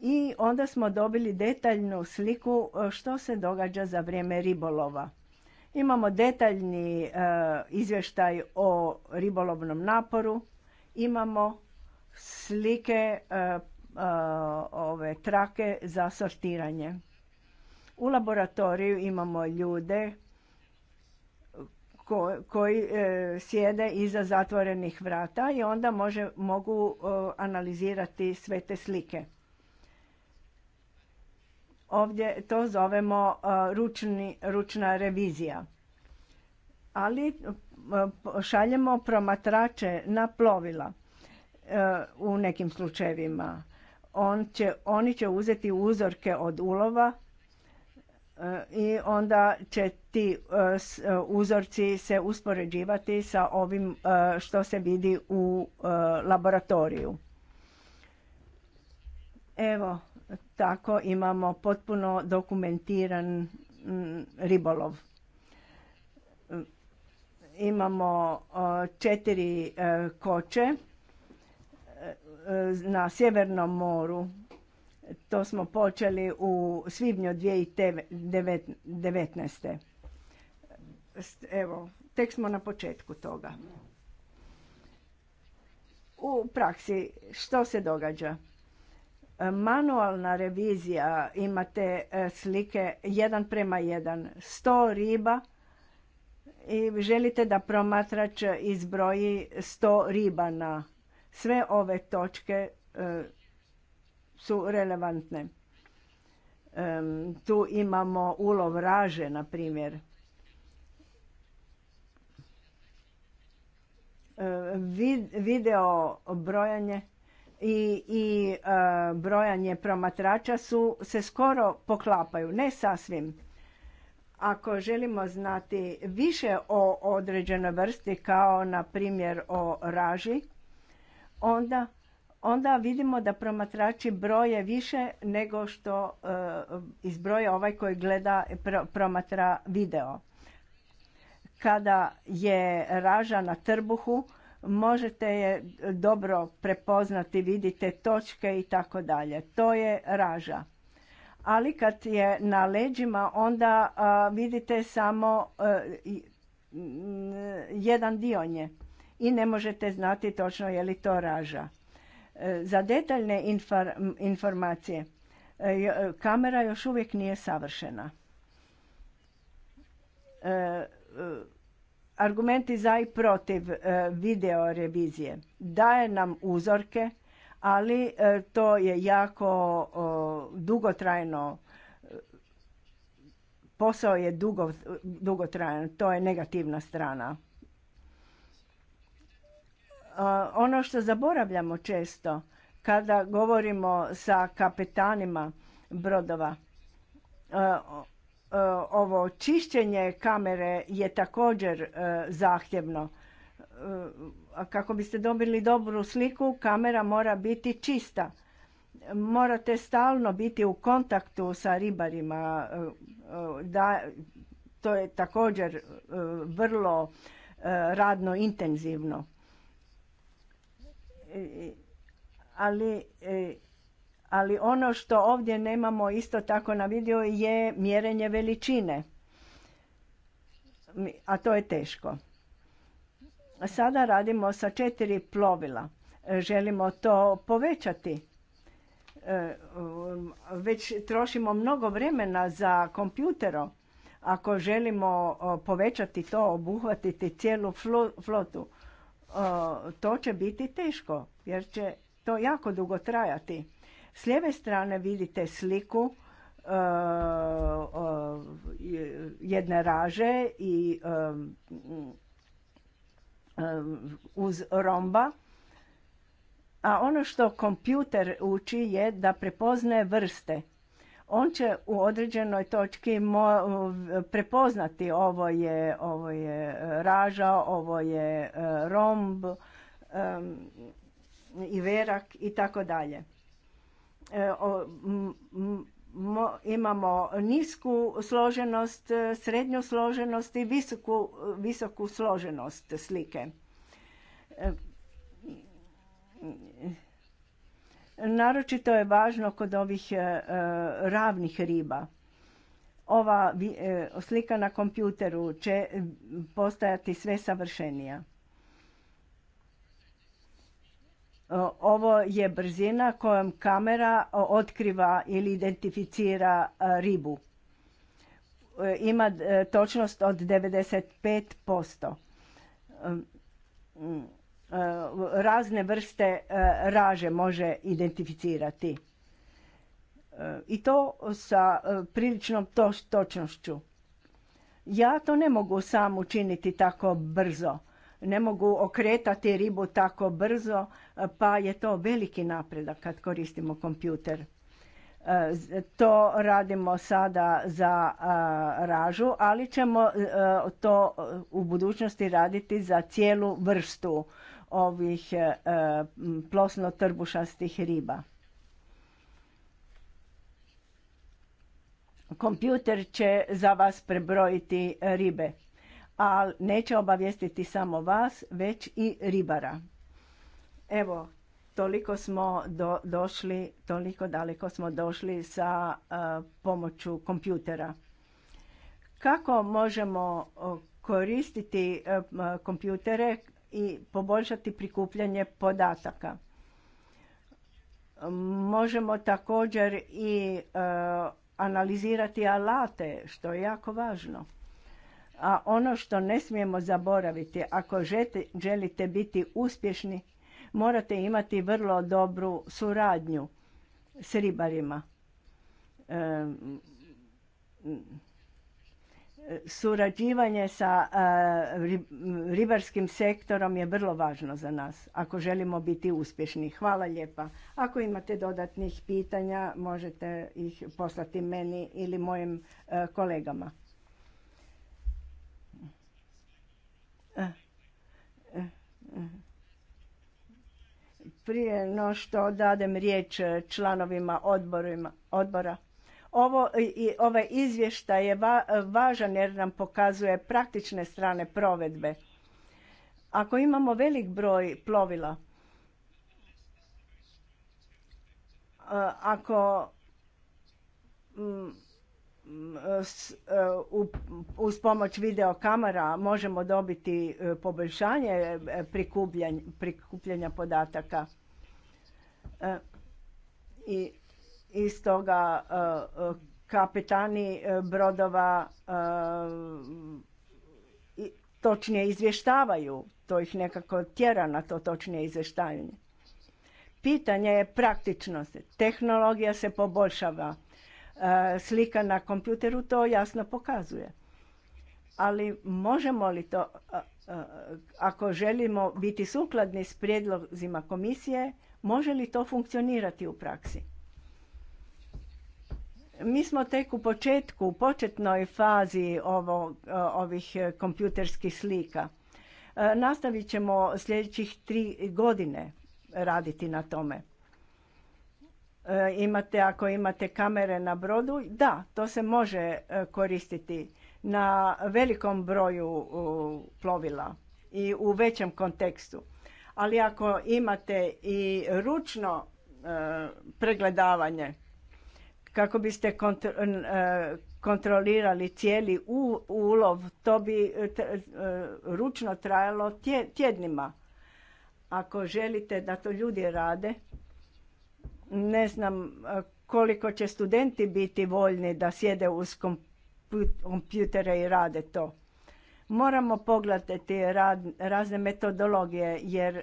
i onda smo dobili detaljnu sliku što se događa za vrijeme ribolova. Imamo detaljni izvještaj o ribolovnom naporu, imamo slike ove trake za sortiranje. U laboratoriju imamo ljude koji e, sjede iza zatvorenih vrata i onda mogu analizirati sve te slike. Ovdje to zovemo e, ručna revizija. Ali e, šaljemo promatrače na plovila u nekim slučajevima. oni će uzeti uzorke od ulova E, i onda će ti e, e, uzorci se uspoređivati sa ovim što se vidi u laboratoriju. Evo, tako imamo potpuno dokumentiran ribolov. Imamo četiri koče na Sjevernom moru to smo počeli u svibnju 2019. Evo, tek smo na početku toga. U praksi što se događa? Manualna revizija, imate e, slike jedan prema jedan, sto riba i želite da promatrač izbroji sto riba na sve ove točke e, su relevantne. Tu imamo ulov raže, na primjer. Video brojanje i, i brojanje promatrača su, se skoro poklapaju, ne sasvim. Ako želimo znati više o određenoj vrsti kao na primjer o raži, onda onda vidimo da promatrači broje više nego što eh, izbroje ovaj koji gleda promatra video. Kada je raža na trbuhu, možete je dobro prepoznati, vidite točke i tako dalje. To je raža. Ali kad je na leđima, onda eh, vidite samo eh, mm, jedan dio nje i ne možete znati točno je li to raža. Za detaljne informacije e, kamera još uvijek nije savršena. E, e, argumenti za i protiv video revizije daje nam uzorke, ali to je jako dugotrajno posao je dugo, dugotrajan, to je negativna strana. Ono što zaboravljamo često kada govorimo sa kapetanima brodova, ovo čišćenje kamere je također e, zahtjevno. E, kako biste dobili dobru sliku, kamera mora biti čista. Morate stalno biti u kontaktu sa ribarima. E, da, to je također vrlo radno intenzivno ali, e, ali ono što ovdje nemamo isto tako na video je mjerenje veličine. A to je teško. Sada radimo sa četiri plovila. E, želimo to povećati. E, um, već trošimo mnogo vremena za kompjuterom. Ako želimo povećati to, obuhvatiti cijelu flotu, to će biti teško jer će to jako dugo trajati. S lijeve strane vidite sliku e, jedne raže i e, e, uz romba. A ono što kompjuter uči je da prepoznaje vrste on će u određenoj točki prepoznati ovo je, ovo je e, raža, ovo je e, romb e, i verak i tako dalje. Imamo nisku složenost, srednju složenost i visoku, visoku složenost slike. E, Naročito je važno kod ovih e, e, ravnih riba. Ova e, slika na kompjuteru će postajati sve savršenija. Ovo je brzina kojom kamera otkriva ili identificira ribu. Ima točnost od 95%. E, razne vrste e, raže može identificirati. E, I to sa priličnom točnošću. Ja to ne mogu sam učiniti tako brzo. Ne mogu okretati ribu tako brzo, pa je to veliki napredak kad koristimo kompjuter. To radimo sada za ražu, ali ćemo to u budućnosti raditi za cijelu vrstu ovih e, plosno trbušastih riba. Kompjuter će za vas prebrojiti ribe, ali neće obavijestiti samo vas, već i ribara. Evo, toliko smo do, došli, toliko daleko smo došli sa e, pomoću kompjutera. Kako možemo koristiti e, kompjutere i poboljšati prikupljanje podataka. Možemo također i e, analizirati alate, što je jako važno. A ono što ne smijemo zaboraviti, ako želite biti uspješni, morate imati vrlo dobru suradnju s ribarima. E, surađivanje sa eh, ribarskim sektorom je vrlo važno za nas ako želimo biti uspješni. Hvala lijepa. Ako imate dodatnih pitanja možete ih poslati meni ili mojim eh, kolegama. Prije no što dadem riječ eh, članovima odbora, ovo, i, ovaj izvještaj je va, važan jer nam pokazuje praktične strane provedbe. Ako imamo velik broj plovila, ako mm, e, uz pomoć videokamera možemo dobiti e, poboljšanje e, prikupljanja podataka i iz toga e, e, kapetani e, brodova točnije izvještavaju, to ih nekako tjera na to točnije izvještavanje. Pitanje je praktičnost. Tehnologija se poboljšava. Slika na kompjuteru to jasno pokazuje. Ali možemo li to, ako želimo biti sukladni s prijedlozima komisije, može li to funkcionirati u praksi? Mi smo tek u početku, u početnoj fazi ovo, e, ovih e, kompjuterskih slika. E, nastavit ćemo sljedećih tri godine raditi na tome. Imate, ako imate kamere na brodu, da, to se može koristiti na velikom broju plovila i u većem kontekstu. Ali ako imate i ručno pregledavanje, kako biste e, kontrolirali cijeli ulov, to bi e, e, ručno trajalo tjednima. Ako želite da to ljudi rade, ne znam koliko će studenti biti voljni da sjede uz kompjutere i rade to. Moramo pogledati razne metodologije jer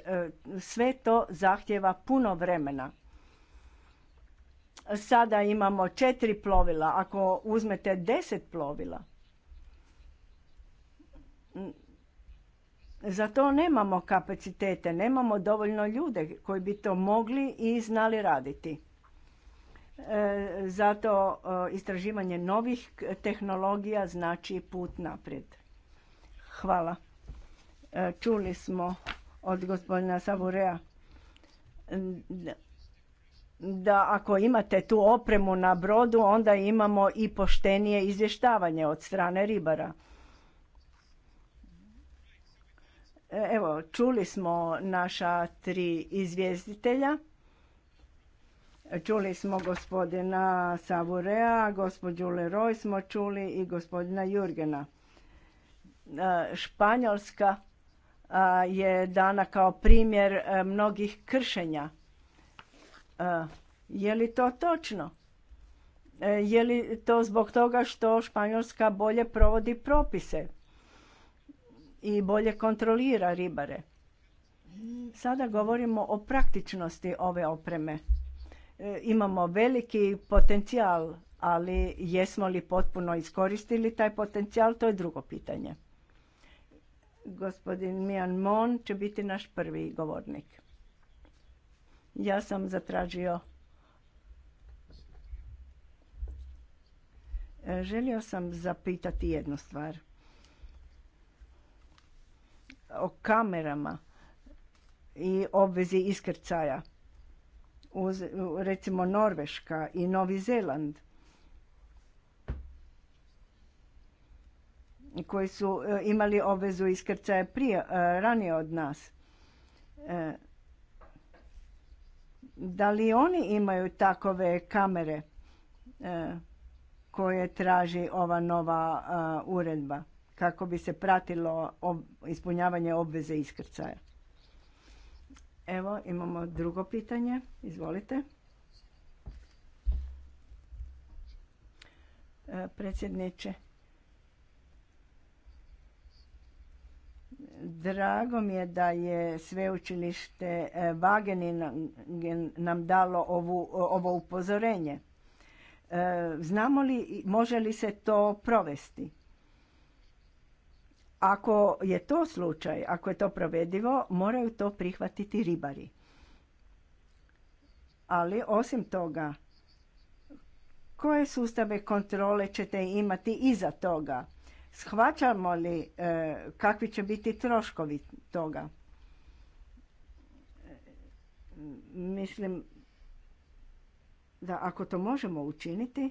sve to zahtjeva puno vremena. Sada imamo četiri plovila, ako uzmete deset plovila, za to nemamo kapacitete, nemamo dovoljno ljude koji bi to mogli i znali raditi. E, zato e, istraživanje novih tehnologija znači put naprijed. Hvala. E, čuli smo od gospodina Savurea da ako imate tu opremu na brodu onda imamo i poštenije izvještavanje od strane ribara. E, evo, čuli smo naša tri izvjestitelja. Čuli smo gospodina Savurea, gospođu Leroy smo čuli i gospodina Jurgena. E, Španjolska je dana kao primjer e, mnogih kršenja je li to točno? E, je li to zbog toga što Španjolska bolje provodi propise i bolje kontrolira ribare? Sada govorimo o praktičnosti ove opreme. E, imamo veliki potencijal, ali jesmo li potpuno iskoristili taj potencijal, to je drugo pitanje. Gospodin Mijan Mon će biti naš prvi govornik. Ja sam zatražio e, Želio sam zapitati jednu stvar. O kamerama i obvezi iskrcaja. Uz, recimo Norveška i Novi Zeland koji su e, imali obvezu iskrcaja prije, e, ranije od nas. Da li oni imaju takove kamere e, koje traži ova nova e, uredba kako bi se pratilo ispunjavanje obveze iskrcaja? Evo, imamo drugo pitanje. Izvolite. E, predsjedniče. Drago mi je da je sveučilište Vagenin e, nam dalo ovu, ovo upozorenje. E, znamo li, može li se to provesti? Ako je to slučaj, ako je to provedivo, moraju to prihvatiti ribari. Ali osim toga, koje sustave kontrole ćete imati iza toga? Shvaćamo li e, kakvi će biti troškovi toga? Mislim da ako to možemo učiniti,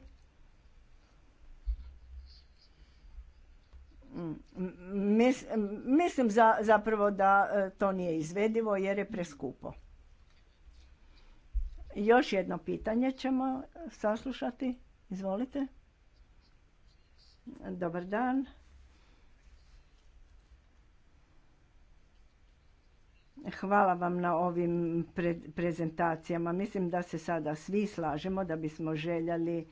Mislim zapravo da e, to nije izvedivo jer je preskupo. Još jedno pitanje ćemo saslušati. Izvolite. Dobar dan. Hvala vam na ovim prezentacijama. Mislim da se sada svi slažemo da bismo željeli e,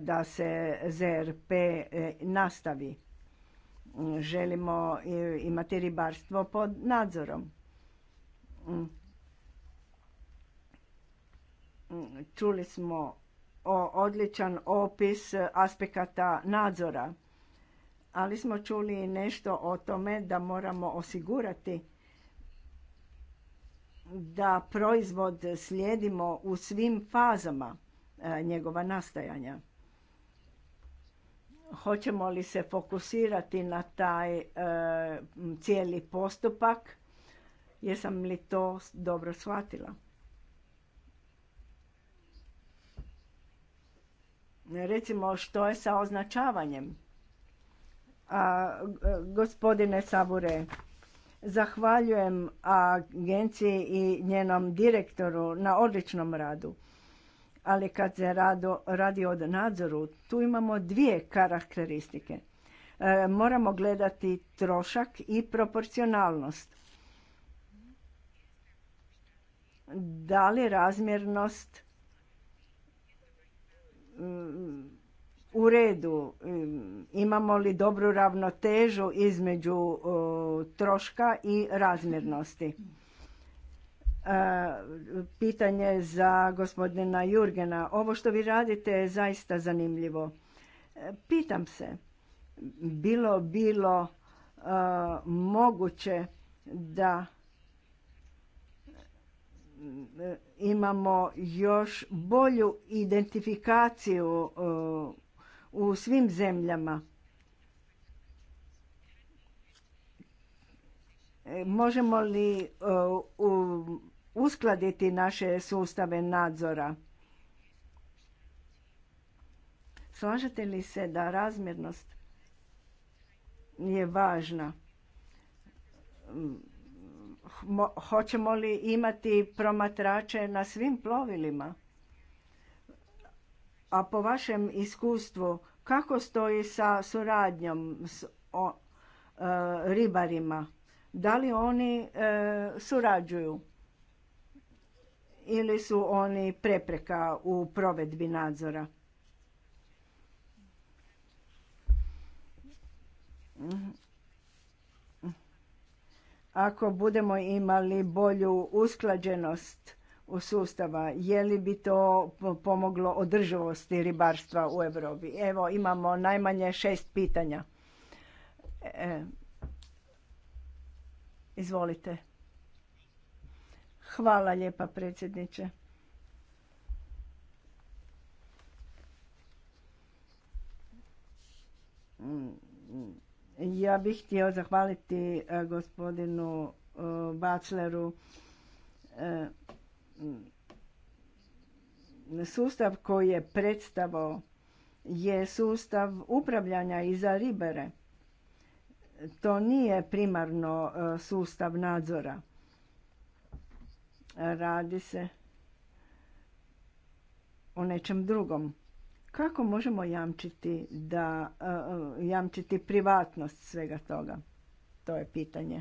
da se ZRP e, nastavi. Želimo imati ribarstvo pod nadzorom. Mm. Mm, čuli smo odličan opis aspekata nadzora. Ali smo čuli nešto o tome da moramo osigurati da proizvod slijedimo u svim fazama e, njegova nastajanja. Hoćemo li se fokusirati na taj e, cijeli postupak? Jesam li to dobro shvatila? Recimo, što je sa označavanjem? A, gospodine sabure zahvaljujem agenciji i njenom direktoru na odličnom radu. Ali kad se radi o nadzoru, tu imamo dvije karakteristike. E, moramo gledati trošak i proporcionalnost. Da li razmjernost u redu imamo li dobru ravnotežu između troška i razmjernosti e, pitanje za gospodina Jurgena. Ovo što vi radite je zaista zanimljivo. E, pitam se, bilo bilo e, moguće da imamo još bolju identifikaciju uh, u svim zemljama. E, možemo li uh, uskladiti naše sustave nadzora? Slažete li se da razmjernost je važna? hoćemo li imati promatrače na svim plovilima? A po vašem iskustvu, kako stoji sa suradnjom s o, e, ribarima? Da li oni e, surađuju? Ili su oni prepreka u provedbi nadzora? ako budemo imali bolju usklađenost u sustava, je li bi to pomoglo održivosti ribarstva u Europi? Evo, imamo najmanje šest pitanja. E, izvolite. Hvala lijepa predsjedniče. Mm ja bih htio zahvaliti e, gospodinu e, Bacleru e, sustav koji je predstavao je sustav upravljanja i za ribere. To nije primarno sustav nadzora. Radi se o nečem drugom. Kako možemo jamčiti da e, e, jamčiti privatnost svega toga? To je pitanje.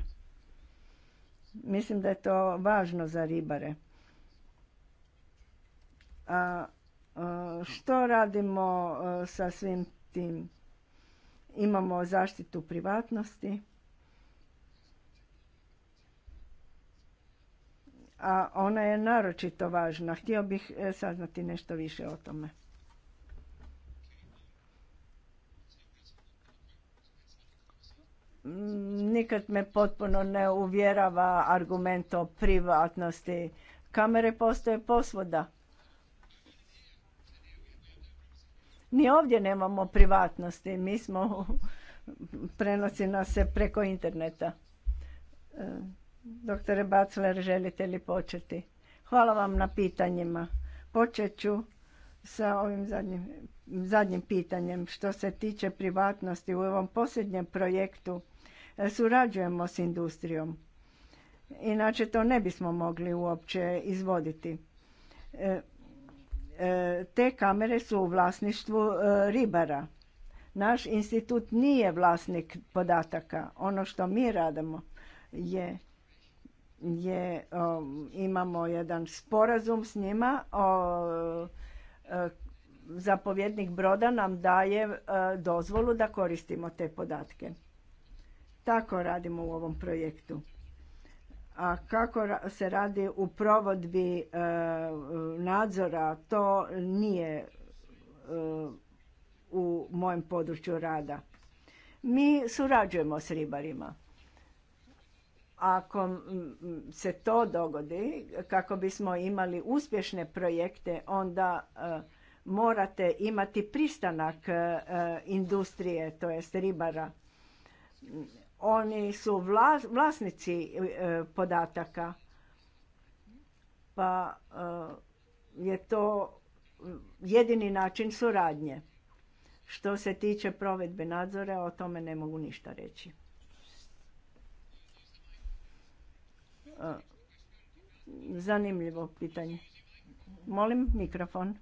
Mislim da je to važno za ribare. A e, što radimo sa svim tim? Imamo zaštitu privatnosti. A ona je naročito važna. Htio bih saznati nešto više o tome. nikad me potpuno ne uvjerava argument o privatnosti. Kamere postoje posvoda. Ni ovdje nemamo privatnosti, mi smo, prenosi nas se preko interneta. E, doktore Bacler, želite li početi? Hvala vam na pitanjima. Počet ću sa ovim zadnjim, zadnjim pitanjem što se tiče privatnosti u ovom posljednjem projektu surađujemo s industrijom. Inače to ne bismo mogli uopće izvoditi. E, e, te kamere su u vlasništvu e, ribara. Naš institut nije vlasnik podataka. Ono što mi radimo je je imamo jedan sporazum s njima o, zapovjednik broda nam daje dozvolu da koristimo te podatke tako radimo u ovom projektu. A kako se radi u provodbi e, nadzora, to nije e, u mojem području rada. Mi surađujemo s ribarima. Ako se to dogodi, kako bismo imali uspješne projekte, onda e, morate imati pristanak industrije, to jest ribara oni su vlasnici e, podataka pa e, je to jedini način suradnje što se tiče provedbe nadzora o tome ne mogu ništa reći e, zanimljivo pitanje molim mikrofon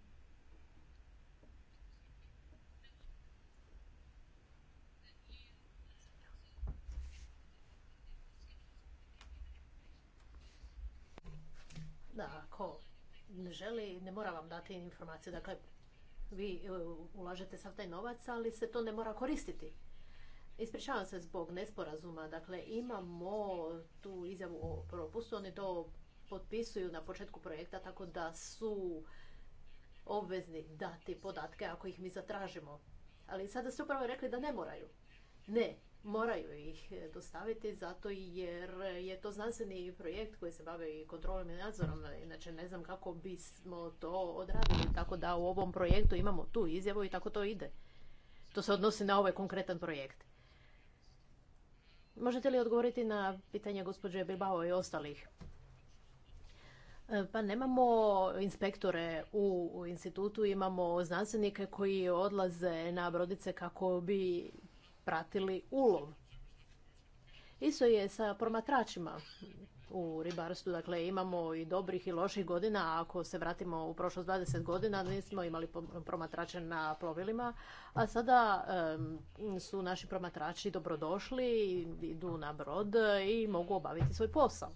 ne želi, ne mora vam dati informaciju. Dakle, vi e, ulažete sav taj novac, ali se to ne mora koristiti. Ispričavam se zbog nesporazuma. Dakle, imamo tu izjavu o propustu. Oni to potpisuju na početku projekta, tako da su obvezni dati podatke ako ih mi zatražimo. Ali sada ste upravo rekli da ne moraju. Ne, moraju ih e, dostaviti zato jer je to znanstveni projekt koji se bavi kontrolom i nadzorom. Inače ne znam kako bismo to odradili. Tako da u ovom projektu imamo tu izjavu i tako to ide. To se odnosi na ovaj konkretan projekt. Možete li odgovoriti na pitanje gospođe Bilbao i ostalih? E, pa nemamo inspektore u institutu, imamo znanstvenike koji odlaze na brodice kako bi pratili ulov. Isto je sa promatračima u ribarstvu. Dakle, imamo i dobrih i loših godina. Ako se vratimo u prošlost 20 godina, nismo imali promatrače na plovilima. A sada su naši promatrači dobrodošli, idu na brod i mogu obaviti svoj posao.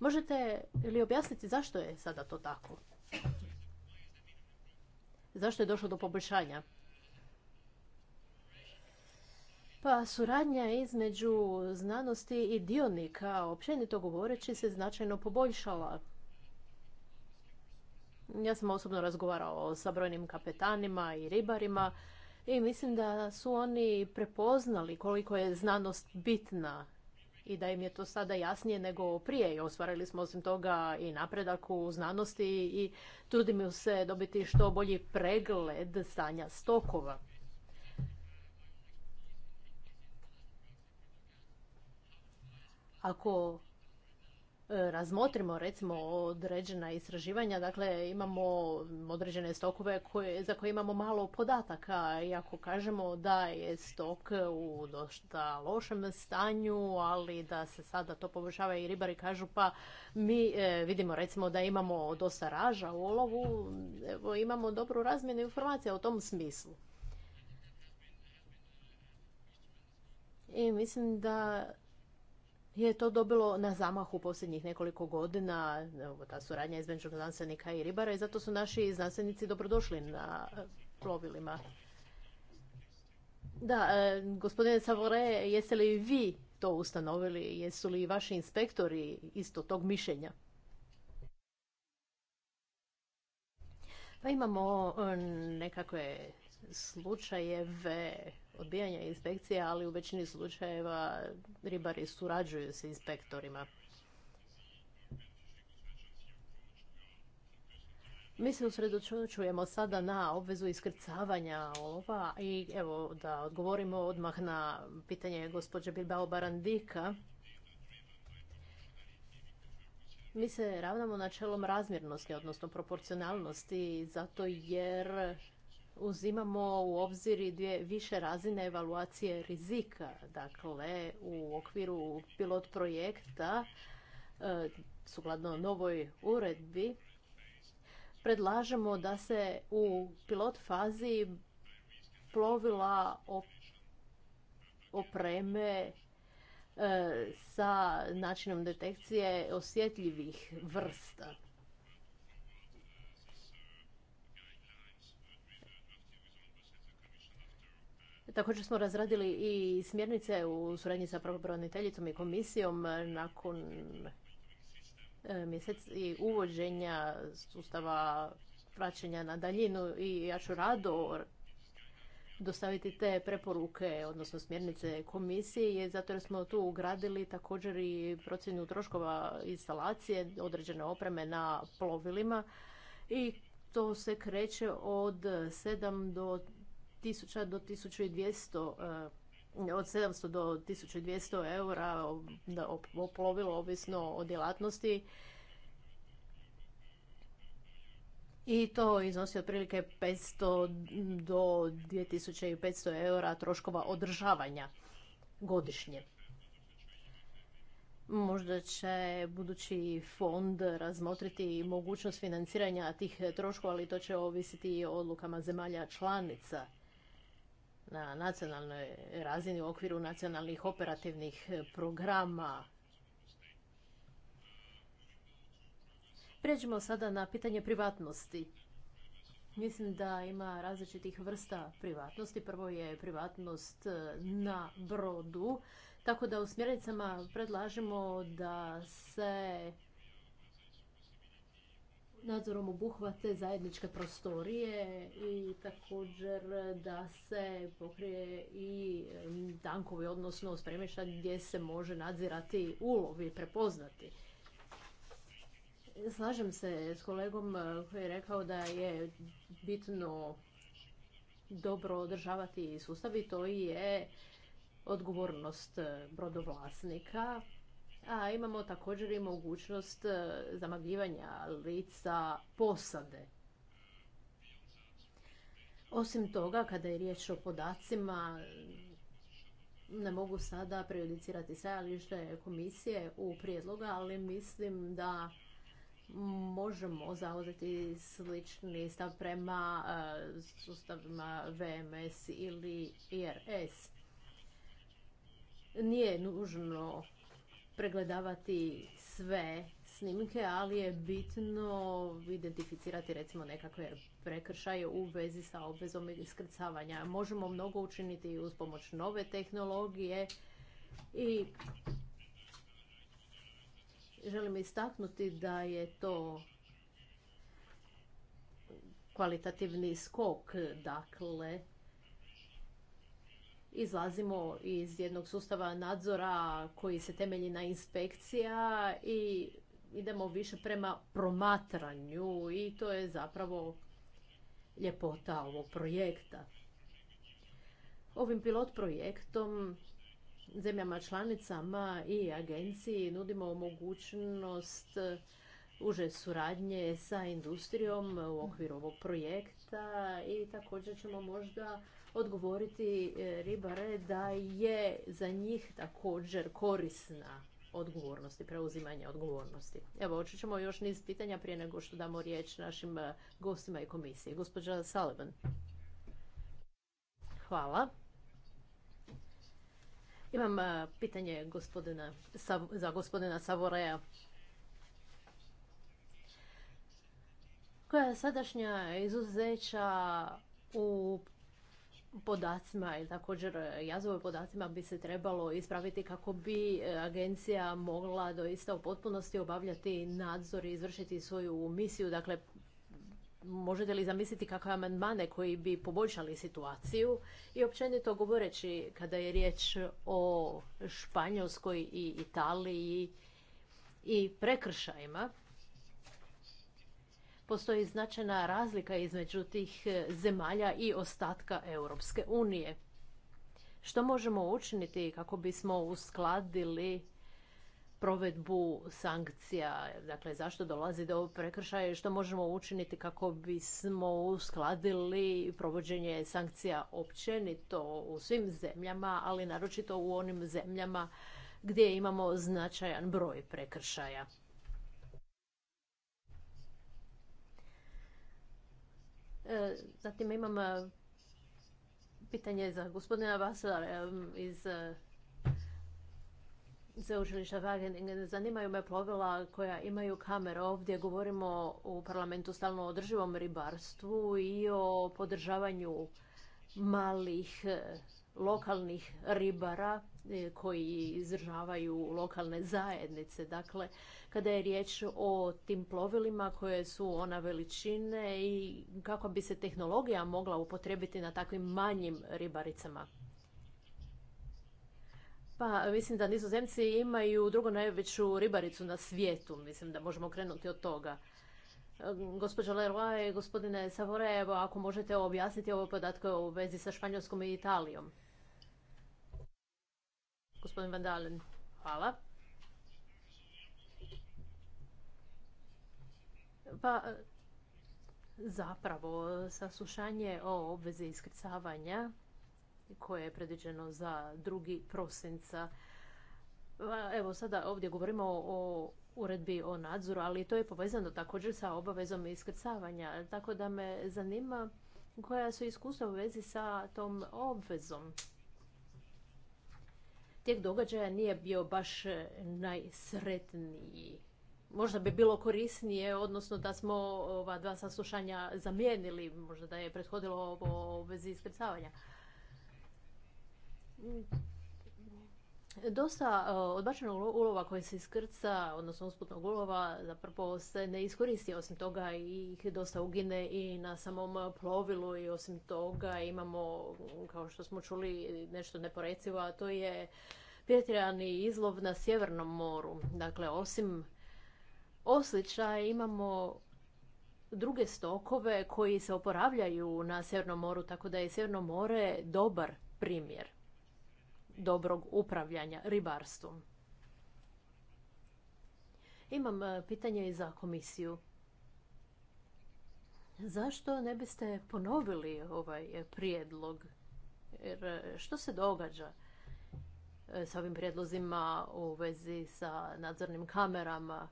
Možete li objasniti zašto je sada to tako? Zašto je došlo do poboljšanja? Pa suradnja između znanosti i dionika, općenito govoreći, se značajno poboljšala. Ja sam osobno razgovarao sa brojnim kapetanima i ribarima i mislim da su oni prepoznali koliko je znanost bitna i da im je to sada jasnije nego prije i ostvarili smo osim toga i napredak u znanosti i trudimo se dobiti što bolji pregled stanja stokova. ako e, razmotrimo recimo određena istraživanja, dakle imamo određene stokove koje, za koje imamo malo podataka i ako kažemo da je stok u dosta lošem stanju, ali da se sada to poboljšava i ribari kažu pa mi e, vidimo recimo da imamo dosta raža u olovu, evo, imamo dobru razmjenu informacija u tom smislu. I mislim da je to dobilo na zamahu posljednjih nekoliko godina, ta suradnja između znanstvenika i ribara i zato su naši znanstvenici dobrodošli na e, plovilima. Da, e, gospodine Savore, jeste li vi to ustanovili? Jesu li vaši inspektori isto tog mišljenja? Pa imamo e, nekakve slučajeve odbijanja inspekcije, ali u većini slučajeva ribari surađuju sa inspektorima. Mi se usredočujemo sada na obvezu iskrcavanja olova i evo da odgovorimo odmah na pitanje gospođe Bilbao Barandika. Mi se ravnamo načelom razmjernosti, odnosno proporcionalnosti, zato jer uzimamo u obzir dvije više razine evaluacije rizika. Dakle, u okviru pilot projekta, e, sukladno novoj uredbi, predlažemo da se u pilot fazi plovila opreme e, sa načinom detekcije osjetljivih vrsta. Također smo razradili i smjernice u suradnji sa pravobraniteljicom i komisijom nakon e, mjeseci i uvođenja sustava praćenja na daljinu i ja ću rado dostaviti te preporuke, odnosno smjernice komisije, zato jer smo tu ugradili također i procjenu troškova instalacije određene opreme na plovilima i to se kreće od 7 do 1000 do 1200 e, od 700 do 1200 eura oplovilo ovisno o djelatnosti i to iznosi otprilike 500 do 2500 eura troškova održavanja godišnje. Možda će budući fond razmotriti mogućnost financiranja tih troškova, ali to će ovisiti i o odlukama zemalja članica na nacionalnoj razini u okviru nacionalnih operativnih e, programa. Pređimo sada na pitanje privatnosti. Mislim da ima različitih vrsta privatnosti. Prvo je privatnost e, na brodu, tako da u smjernicama predlažemo da se nadzorom obuhvate zajedničke prostorije i također da se pokrije i tankovi, odnosno spremišta gdje se može nadzirati ulov i prepoznati. Slažem se s kolegom eh, koji je rekao da je bitno dobro održavati sustav i to je odgovornost eh, brodovlasnika a imamo također i mogućnost e, zamagljivanja lica posade. Osim toga, kada je riječ o podacima, ne mogu sada prejudicirati stajalište komisije u prijedloga, ali mislim da možemo zauzeti slični stav prema e, sustavima VMS ili IRS. Nije nužno pregledavati sve snimke, ali je bitno identificirati recimo nekakve prekršaje u vezi sa obvezom iskrcavanja. Možemo mnogo učiniti uz pomoć nove tehnologije i želim istaknuti da je to kvalitativni skok, dakle izlazimo iz jednog sustava nadzora koji se temelji na inspekcija i idemo više prema promatranju i to je zapravo ljepota ovog projekta. Ovim pilot projektom zemljama članicama i agenciji nudimo mogućnost uže suradnje sa industrijom u okviru ovog projekta i također ćemo možda odgovoriti e, ribare da je za njih također korisna i preuzimanje odgovornosti. Evo, očit još niz pitanja prije nego što damo riječ našim e, gostima i komisiji. Gospođa Sullivan. Hvala. Imam e, pitanje gospodina, za gospodina Savoreja. Koja je sadašnja izuzeća u podacima i također e, jazove podacima bi se trebalo ispraviti kako bi e, agencija mogla doista u potpunosti obavljati nadzor i izvršiti svoju misiju. Dakle, možete li zamisliti kakve amandmane koji bi poboljšali situaciju i općenito govoreći kada je riječ o Španjolskoj i Italiji i prekršajima, postoji značajna razlika između tih e, zemalja i ostatka Europske unije. Što možemo učiniti kako bismo uskladili provedbu sankcija, dakle zašto dolazi do prekršaja i što možemo učiniti kako bismo uskladili provođenje sankcija općenito u svim zemljama, ali naročito u onim zemljama gdje imamo značajan broj prekršaja. Zatim imam e, pitanje za gospodina Vasar e, iz e, Sveučilišta Wageningen. Zanimaju me plovila koja imaju kamere. Ovdje govorimo u parlamentu stalno o održivom ribarstvu i o podržavanju malih lokalnih ribara E, koji izdržavaju lokalne zajednice. Dakle, kada je riječ o tim plovilima koje su ona veličine i kako bi se tehnologija mogla upotrebiti na takvim manjim ribaricama? Pa mislim da nizozemci imaju drugo najveću ribaricu na svijetu. Mislim da možemo krenuti od toga. Gospođo Leroy, gospodine Savore, ako možete objasniti ove podatke u vezi sa Španjolskom i Italijom. Gospodin Van Dalen, hvala. Pa, zapravo, saslušanje o obvezi iskrcavanja koje je predviđeno za drugi prosinca. Pa, evo, sada ovdje govorimo o uredbi o nadzoru, ali to je povezano također sa obavezom iskrcavanja. Tako da me zanima koja su iskustva u vezi sa tom obvezom tijek događaja nije bio baš e, najsretniji. Možda bi bilo korisnije, odnosno da smo ova dva saslušanja zamijenili, možda da je prethodilo ovo u vezi iskrcavanja dosta e, odbačenog ulova koji se iskrca, odnosno usputnog ulova, zapravo se ne iskoristi. Osim toga ih dosta ugine i na samom plovilu i osim toga imamo, kao što smo čuli, nešto neporecivo, a to je pretjerani izlov na Sjevernom moru. Dakle, osim osliča imamo druge stokove koji se oporavljaju na Sjevernom moru, tako da je Sjeverno more dobar primjer dobrog upravljanja ribarstvom. Imam e, pitanje i za komisiju. Zašto ne biste ponovili ovaj e, prijedlog? E, što se događa s ovim prijedlozima u vezi sa nadzornim kamerama?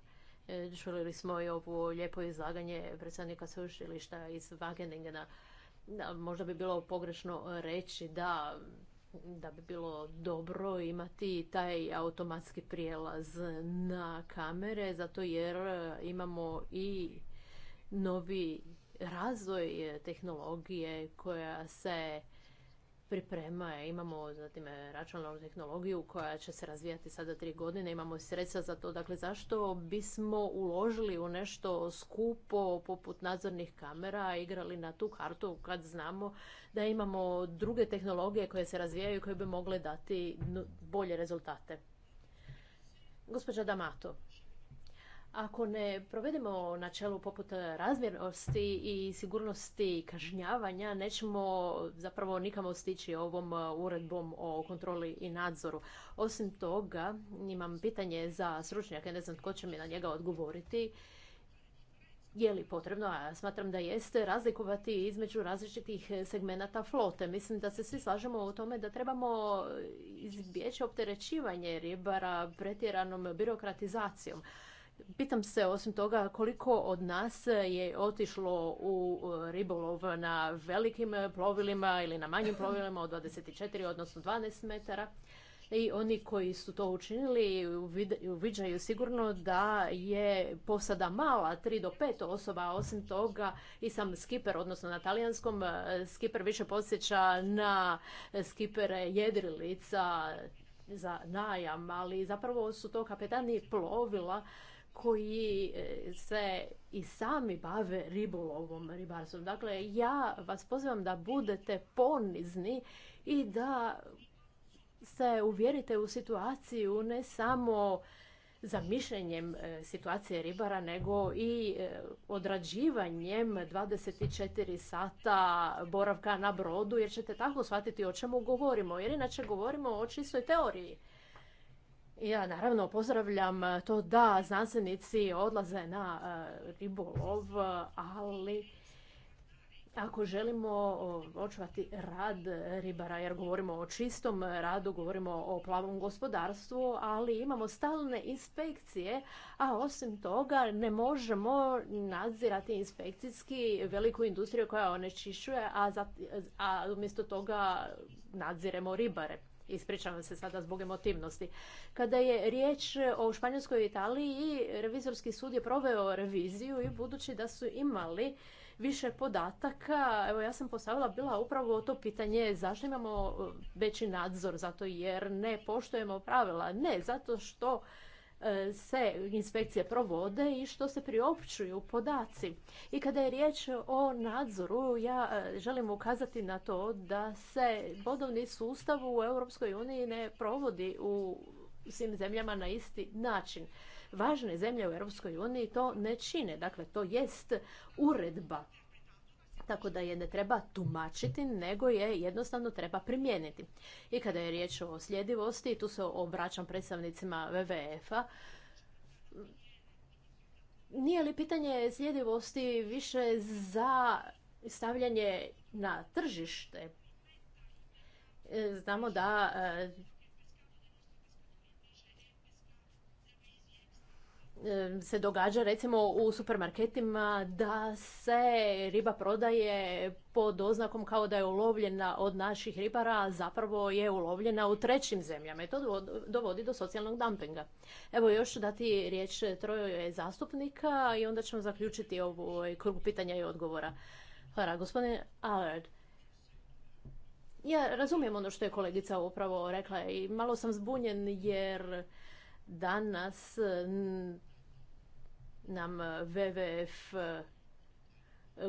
Čuli smo i ovo lijepo izlaganje predsjednika sveučilišta iz Wageningena. Možda bi bilo pogrešno reći da da bi bilo dobro imati taj automatski prijelaz na kamere, zato jer e, imamo i novi razvoj e, tehnologije koja se priprema. Imamo zatim e, računalnu tehnologiju koja će se razvijati sada tri godine, imamo sredstva za to. Dakle, zašto bismo uložili u nešto skupo poput nadzornih kamera, igrali na tu kartu kad znamo da imamo druge tehnologije koje se razvijaju koje bi mogle dati bolje rezultate. Gospođa Damato. Ako ne provedemo načelo poput razmjernosti i sigurnosti kažnjavanja, nećemo zapravo nikamo stići ovom uredbom o kontroli i nadzoru. Osim toga, imam pitanje za stručnjake, ne znam tko će mi na njega odgovoriti. Je li potrebno, a smatram da jeste, razlikovati između različitih segmenata flote. Mislim da se svi slažemo u tome da trebamo izbjeći opterećivanje ribara pretjeranom birokratizacijom. Pitam se osim toga koliko od nas je otišlo u ribolov na velikim plovilima ili na manjim plovilima od 24 odnosno 12 metara. I oni koji su to učinili uviđaju sigurno da je posada mala, 3 do 5 osoba, osim toga i sam skiper, odnosno na talijanskom, e, skiper više podsjeća na skipere jedrilica za najam, ali zapravo su to kapetani plovila koji e, se i sami bave ribolovom, ribarstvom. Dakle, ja vas pozivam da budete ponizni i da se uvjerite u situaciju ne samo zamišljenjem e, situacije ribara, nego i e, odrađivanjem 24 sata boravka na brodu, jer ćete tako shvatiti o čemu govorimo, jer inače govorimo o čistoj teoriji. Ja naravno pozdravljam e, to da znanstvenici odlaze na e, ribolov, ali ako želimo očuvati rad ribara, jer govorimo o čistom radu, govorimo o plavom gospodarstvu, ali imamo stalne inspekcije, a osim toga ne možemo nadzirati inspekcijski veliku industriju koja onečišćuje, a, a umjesto toga nadziremo ribare. Ispričavam se sada zbog emotivnosti. Kada je riječ o Španjolskoj Italiji, revizorski sud je proveo reviziju i budući da su imali više podataka, evo ja sam postavila bila upravo to pitanje zašto imamo veći nadzor, zato jer ne poštujemo pravila. Ne, zato što E, se inspekcije provode i što se priopćuju podaci. I kada je riječ o nadzoru, ja e, želim ukazati na to da se bodovni sustav u Europskoj uniji ne provodi u svim zemljama na isti način. Važne zemlje u Europskoj uniji to ne čine, dakle to jest uredba tako da je ne treba tumačiti, nego je jednostavno treba primijeniti. I kada je riječ o sljedivosti, tu se obraćam predstavnicima WWF-a, nije li pitanje sljedivosti više za stavljanje na tržište? E, znamo da e, se događa recimo u supermarketima da se riba prodaje pod oznakom kao da je ulovljena od naših ribara, a zapravo je ulovljena u trećim zemljama i to dovodi do socijalnog dumpinga. Evo još dati riječ troje zastupnika i onda ćemo zaključiti ovu ovaj, krug pitanja i odgovora. Hvala, gospodine Allard. Ja razumijem ono što je kolegica upravo rekla i malo sam zbunjen jer danas nam e, WWF e,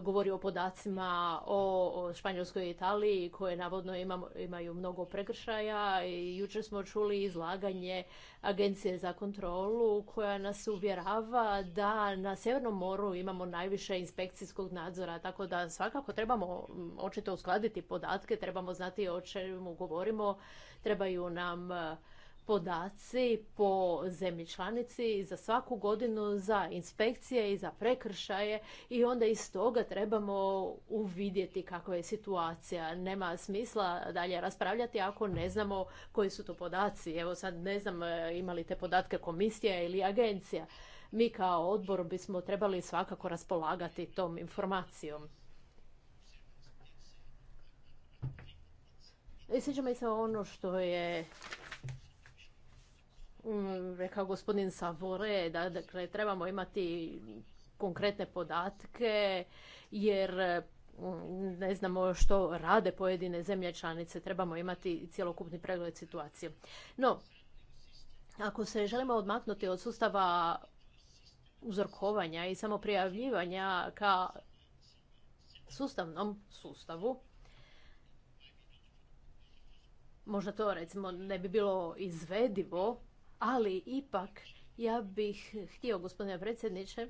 govori o podacima o Španjolskoj Italiji koje navodno imaju mnogo prekršaja i jučer smo čuli izlaganje Agencije za kontrolu koja nas uvjerava da na Sjevernom moru imamo najviše inspekcijskog nadzora, tako da svakako trebamo očito uskladiti podatke, trebamo znati o čemu govorimo, trebaju nam e, podaci po zemlji članici za svaku godinu za inspekcije i za prekršaje i onda iz toga trebamo uvidjeti kako je situacija. Nema smisla dalje raspravljati ako ne znamo koji su to podaci. Evo sad ne znam e, imali te podatke komisija ili agencija. Mi kao odbor bismo trebali svakako raspolagati tom informacijom. I e, sviđa se ono što je Mm, rekao gospodin Savore, da dakle, trebamo imati konkretne podatke, jer mm, ne znamo što rade pojedine zemlje članice, trebamo imati cjelokupni pregled situacije. No, ako se želimo odmaknuti od sustava uzorkovanja i samoprijavljivanja ka sustavnom sustavu, možda to recimo ne bi bilo izvedivo ali ipak ja bih htio, gospodine predsjedniče,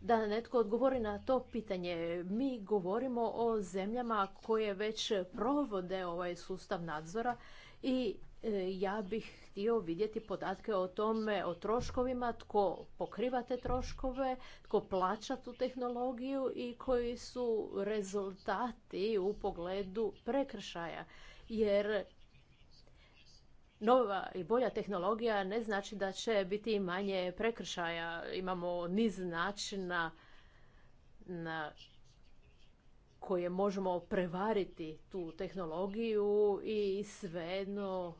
da netko odgovori na to pitanje. Mi govorimo o zemljama koje već provode ovaj sustav nadzora i e, ja bih htio vidjeti podatke o tome, o troškovima, tko pokriva te troškove, tko plaća tu tehnologiju i koji su rezultati u pogledu prekršaja. Jer nova i bolja tehnologija ne znači da će biti manje prekršaja. Imamo niz načina na koje možemo prevariti tu tehnologiju i svejedno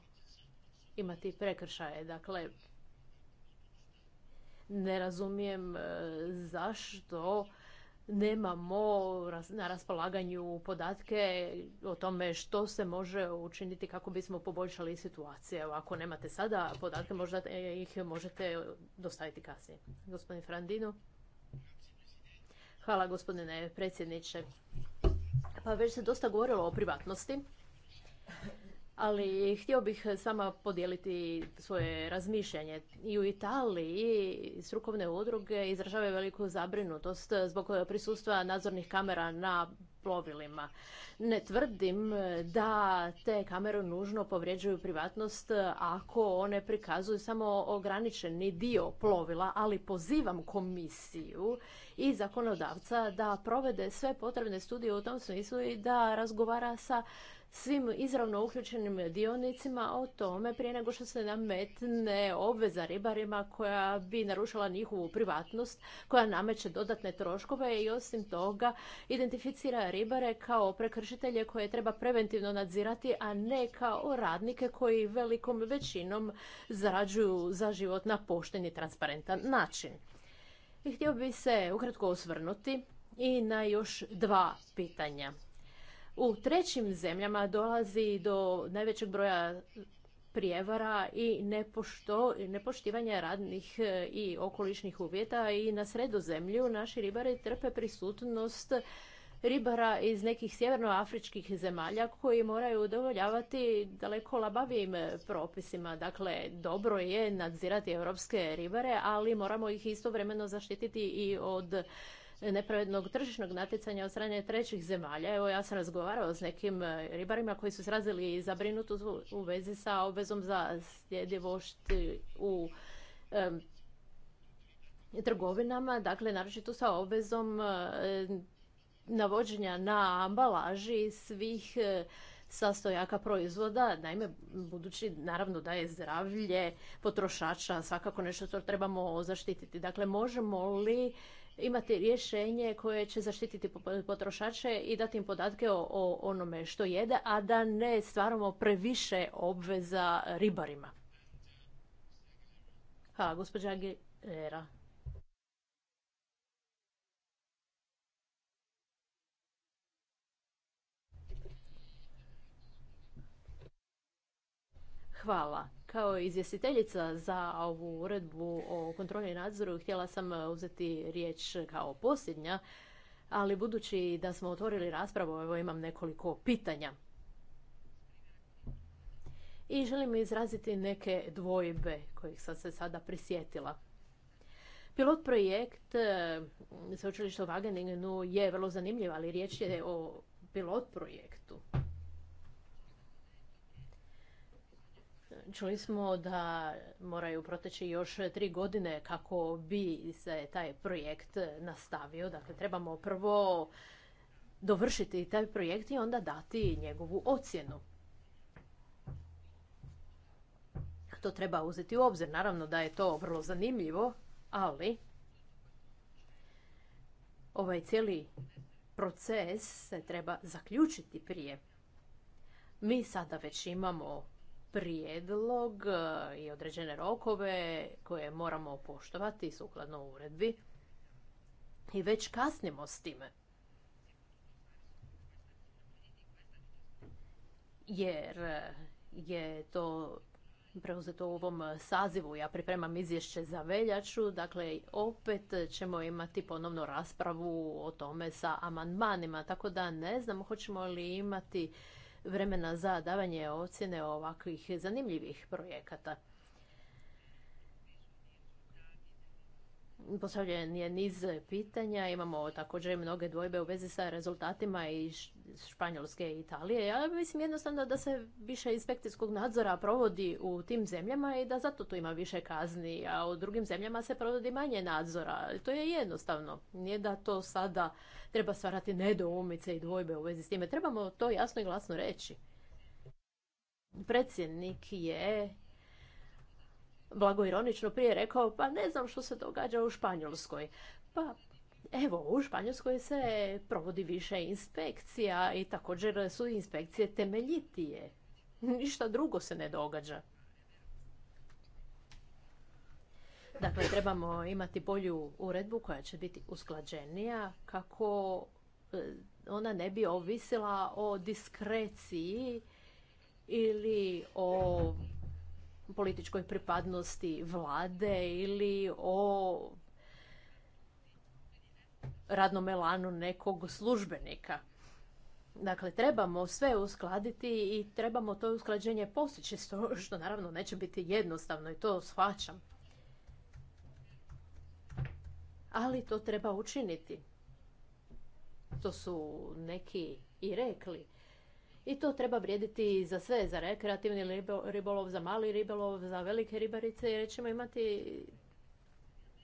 imati prekršaje. Dakle, ne razumijem e, zašto nemamo na raspolaganju podatke o tome što se može učiniti kako bismo poboljšali situaciju. Ako nemate sada podatke, možda ih možete dostaviti kasnije. Gospodine Frandino. Hvala gospodine predsjedniče. Pa već se dosta govorilo o privatnosti ali htio bih sama podijeliti svoje razmišljanje. I u Italiji strukovne udruge izražavaju veliku zabrinutost zbog prisustva nadzornih kamera na plovilima. Ne tvrdim da te kamere nužno povrijeđuju privatnost ako one prikazuju samo ograničeni dio plovila, ali pozivam komisiju i zakonodavca da provede sve potrebne studije u tom smislu i da razgovara sa svim izravno uključenim dionicima o tome prije nego što se nametne obveza ribarima koja bi narušila njihovu privatnost, koja nameće dodatne troškove i osim toga identificira ribare kao prekršitelje koje treba preventivno nadzirati, a ne kao radnike koji velikom većinom zarađuju za život na pošten i transparentan način. I htio bi se ukratko osvrnuti i na još dva pitanja u trećim zemljama dolazi do najvećeg broja prijevara i nepošto, nepoštivanja radnih e, i okolišnih uvjeta i na sredozemlju naši ribari trpe prisutnost ribara iz nekih sjevernoafričkih zemalja koji moraju udovoljavati daleko labavijim propisima. Dakle, dobro je nadzirati europske ribare, ali moramo ih istovremeno zaštititi i od nepravednog tržišnog natjecanja od strane trećih zemalja. Evo ja sam razgovarao s nekim e, ribarima koji su srazili zabrinutost u vezi sa obvezom za sljedivošt u trgovinama, dakle naročito sa obvezom e, navođenja na ambalaži svih e, sastojaka proizvoda. Naime, budući naravno da je zdravlje potrošača svakako nešto što trebamo zaštititi. Dakle, možemo li imati rješenje koje će zaštititi potrošače i dati im podatke o, onome što jede, a da ne stvaramo previše obveza ribarima. Ha, gospođa Aguilera. Hvala. Kao izvjestiteljica za ovu uredbu o kontroli i nadzoru htjela sam e, uzeti riječ kao posljednja, ali budući da smo otvorili raspravu, evo imam nekoliko pitanja. I želim izraziti neke dvojbe kojih sam se sada prisjetila. Pilot projekt e, sveučilišta u Wageningenu je vrlo zanimljiv, ali riječ je o pilot projektu. Čuli smo da moraju proteći još tri godine kako bi se taj projekt nastavio. Dakle, trebamo prvo dovršiti taj projekt i onda dati njegovu ocjenu. To treba uzeti u obzir. Naravno da je to vrlo zanimljivo, ali ovaj cijeli proces se treba zaključiti prije. Mi sada već imamo prijedlog e, i određene rokove koje moramo poštovati sukladno uredbi i već kasnimo s time. Jer e, je to preuzeto u ovom sazivu. Ja pripremam izvješće za veljaču, dakle opet ćemo imati ponovno raspravu o tome sa amandmanima, tako da ne znam hoćemo li imati vremena za davanje ocjene ovakvih zanimljivih projekata. Postavljen je niz pitanja, imamo također i mnoge dvojbe u vezi sa rezultatima iz Španjolske i Italije. Ja mislim jednostavno da se više inspekcijskog nadzora provodi u tim zemljama i da zato tu ima više kazni, a u drugim zemljama se provodi manje nadzora. To je jednostavno. Nije da to sada treba stvarati nedoumice i dvojbe u vezi s time. Trebamo to jasno i glasno reći. Predsjednik je ironično, prije rekao, pa ne znam što se događa u Španjolskoj. Pa Evo, u Španjolskoj se provodi više inspekcija i također su inspekcije temeljitije. Ništa drugo se ne događa. Dakle, trebamo imati bolju uredbu koja će biti usklađenija kako e, ona ne bi ovisila o diskreciji ili o političkoj pripadnosti vlade ili o radnom elanu nekog službenika. Dakle, trebamo sve uskladiti i trebamo to usklađenje postići, što naravno neće biti jednostavno i to shvaćam. Ali to treba učiniti. To su neki i rekli. I to treba vrijediti za sve, za rekreativni ribolov, za mali ribolov, za velike ribarice, jer ćemo imati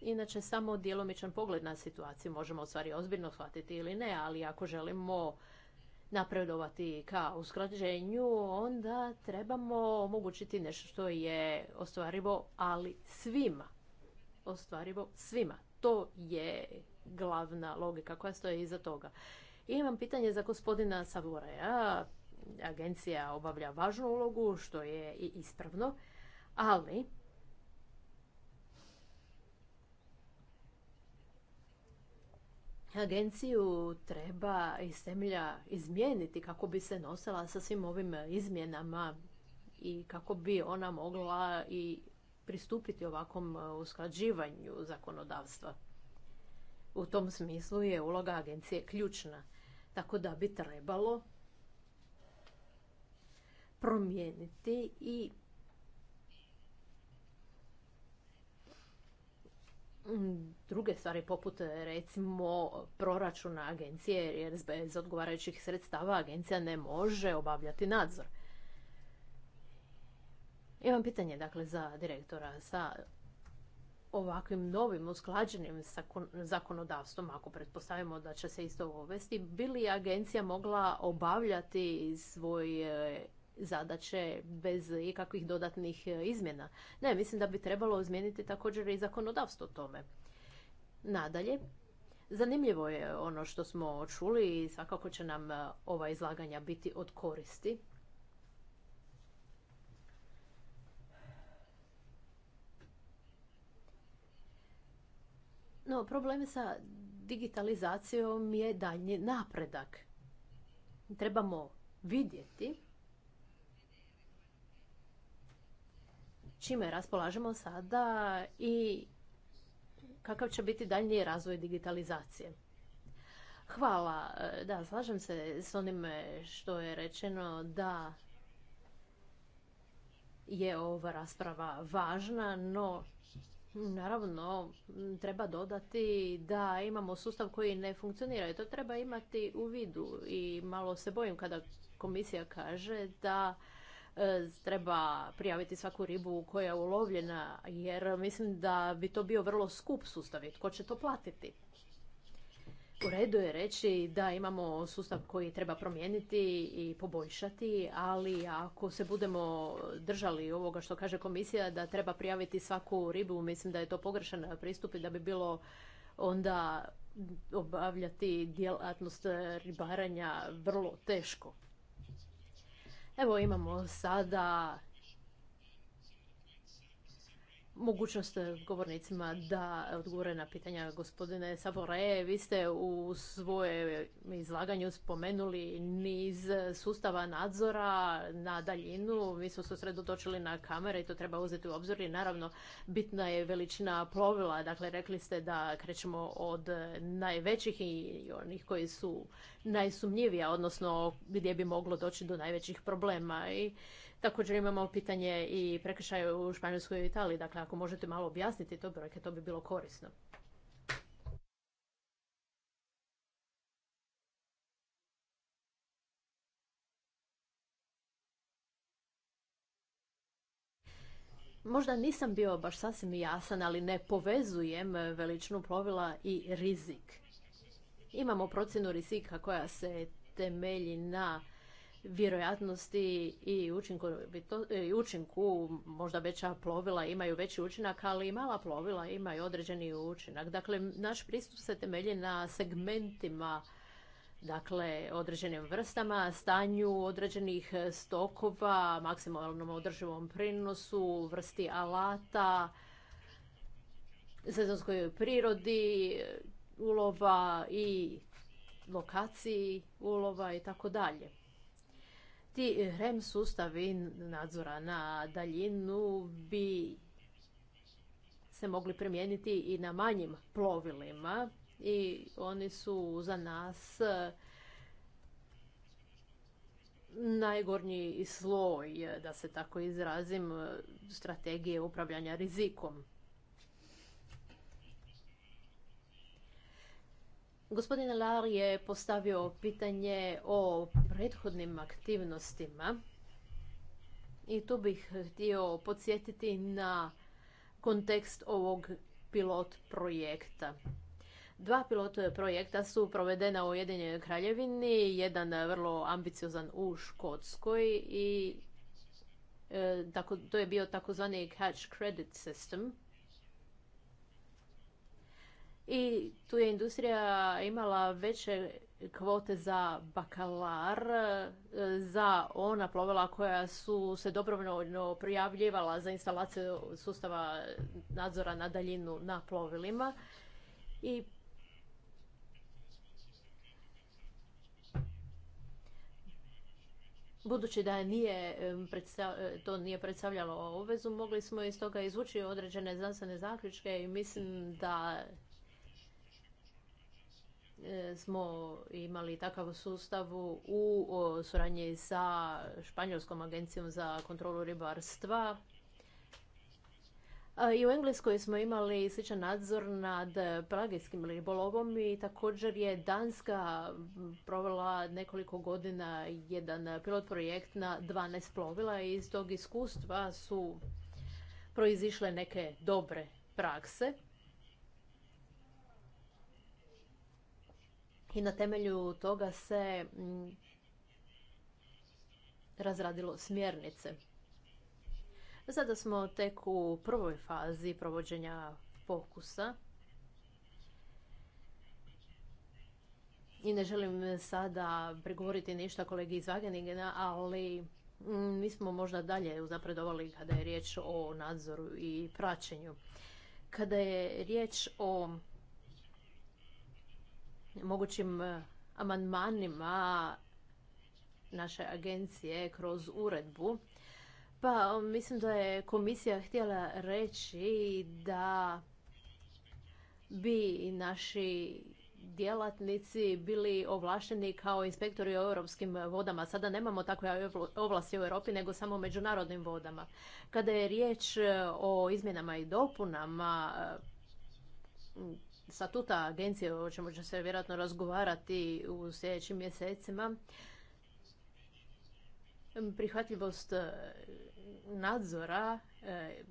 inače samo djelomičan pogled na situaciju. Možemo u stvari ozbiljno shvatiti ili ne, ali ako želimo napredovati ka usklađenju, onda trebamo omogućiti nešto što je ostvarivo, ali svima. Ostvarivo svima. To je glavna logika koja stoji iza toga. imam pitanje za gospodina Savoreja agencija obavlja važnu ulogu, što je i ispravno, ali agenciju treba iz temelja izmijeniti kako bi se nosila sa svim ovim izmjenama i kako bi ona mogla i pristupiti ovakvom e, usklađivanju zakonodavstva. U tom smislu je uloga agencije ključna. Tako da bi trebalo promijeniti i druge stvari poput recimo proračuna agencije jer bez odgovarajućih sredstava agencija ne može obavljati nadzor. Imam pitanje dakle za direktora sa ovakvim novim usklađenim zakonodavstvom, ako pretpostavimo da će se isto uvesti, bi li agencija mogla obavljati svoje zadaće bez ikakvih dodatnih e, izmjena. Ne, mislim da bi trebalo izmijeniti također i zakonodavstvo tome. Nadalje, zanimljivo je ono što smo čuli i svakako će nam e, ova izlaganja biti od koristi. No, problem sa digitalizacijom je daljnji napredak. Trebamo vidjeti čime raspolažemo sada i kakav će biti daljnji razvoj digitalizacije. Hvala. E, da, slažem se s onim što je rečeno da je ova rasprava važna, no naravno treba dodati da imamo sustav koji ne funkcionira i to treba imati u vidu i malo se bojim kada komisija kaže da E, treba prijaviti svaku ribu koja je ulovljena, jer mislim da bi to bio vrlo skup sustav i tko će to platiti. U redu je reći da imamo sustav koji treba promijeniti i poboljšati, ali ako se budemo držali ovoga što kaže komisija da treba prijaviti svaku ribu, mislim da je to pogrešan pristup i da bi bilo onda obavljati djelatnost ribaranja vrlo teško. Evo imamo sada mogućnost govornicima da odgovore na pitanja gospodine Savore. Vi ste u svojem izlaganju spomenuli niz sustava nadzora na daljinu. Mi smo se sredotočili na kamere i to treba uzeti u obzir i naravno bitna je veličina plovila. Dakle, rekli ste da krećemo od najvećih i onih koji su najsumnjivija, odnosno gdje bi moglo doći do najvećih problema. I također imamo pitanje i prekršaja u Španjolskoj i Italiji. Dakle, ako možete malo objasniti to brojke, to bi bilo korisno. Možda nisam bio baš sasvim jasan, ali ne povezujem veličinu plovila i rizik. Imamo procjenu rizika koja se temelji na vjerojatnosti i učinku, učinku, možda veća plovila imaju veći učinak, ali i mala plovila imaju određeni učinak. Dakle, naš pristup se temelji na segmentima, dakle, određenim vrstama, stanju određenih stokova, maksimalnom održivom prinosu, vrsti alata, sezonskoj prirodi, ulova i lokaciji ulova i tako dalje. Ti REM sustavi nadzora na daljinu bi se mogli primijeniti i na manjim plovilima i oni su za nas najgornji sloj, da se tako izrazim, strategije upravljanja rizikom. Gospodin Lar je postavio pitanje o prethodnim aktivnostima i tu bih htio podsjetiti na kontekst ovog pilot projekta. Dva pilot projekta su provedena u Ujedinjenoj Kraljevini, jedan vrlo ambiciozan u Škotskoj i e, to je bio takozvani catch credit system i tu je industrija imala veće kvote za bakalar, e, za ona plovila koja su se dobrovoljno prijavljivala za instalaciju sustava nadzora na daljinu na plovilima. I Budući da nije e, e, to nije predstavljalo obvezu, mogli smo iz toga izvući određene znanstvene zaključke i mislim da E, smo imali takav sustav u suradnji sa Španjolskom agencijom za kontrolu ribarstva. E, I u Engleskoj smo imali sličan nadzor nad plagijskim ribolovom i također je Danska provela nekoliko godina jedan pilot projekt na 12 plovila i iz tog iskustva su proizišle neke dobre prakse. i na temelju toga se mm, razradilo smjernice. Sada smo tek u prvoj fazi provođenja pokusa. I ne želim sada prigovoriti ništa kolegi iz Wageningena, ali mm, mi smo možda dalje uzapredovali kada je riječ o nadzoru i praćenju. Kada je riječ o mogućim e, amandmanima naše agencije kroz uredbu. Pa mislim da je komisija htjela reći da bi naši djelatnici bili ovlašteni kao inspektori u europskim vodama. Sada nemamo takve ovlasti u Europi nego samo u međunarodnim vodama. Kada je riječ e, o izmjenama i dopunama statuta agencije, o čemu će se vjerojatno razgovarati u sljedećim mjesecima, prihvatljivost e, nadzora e,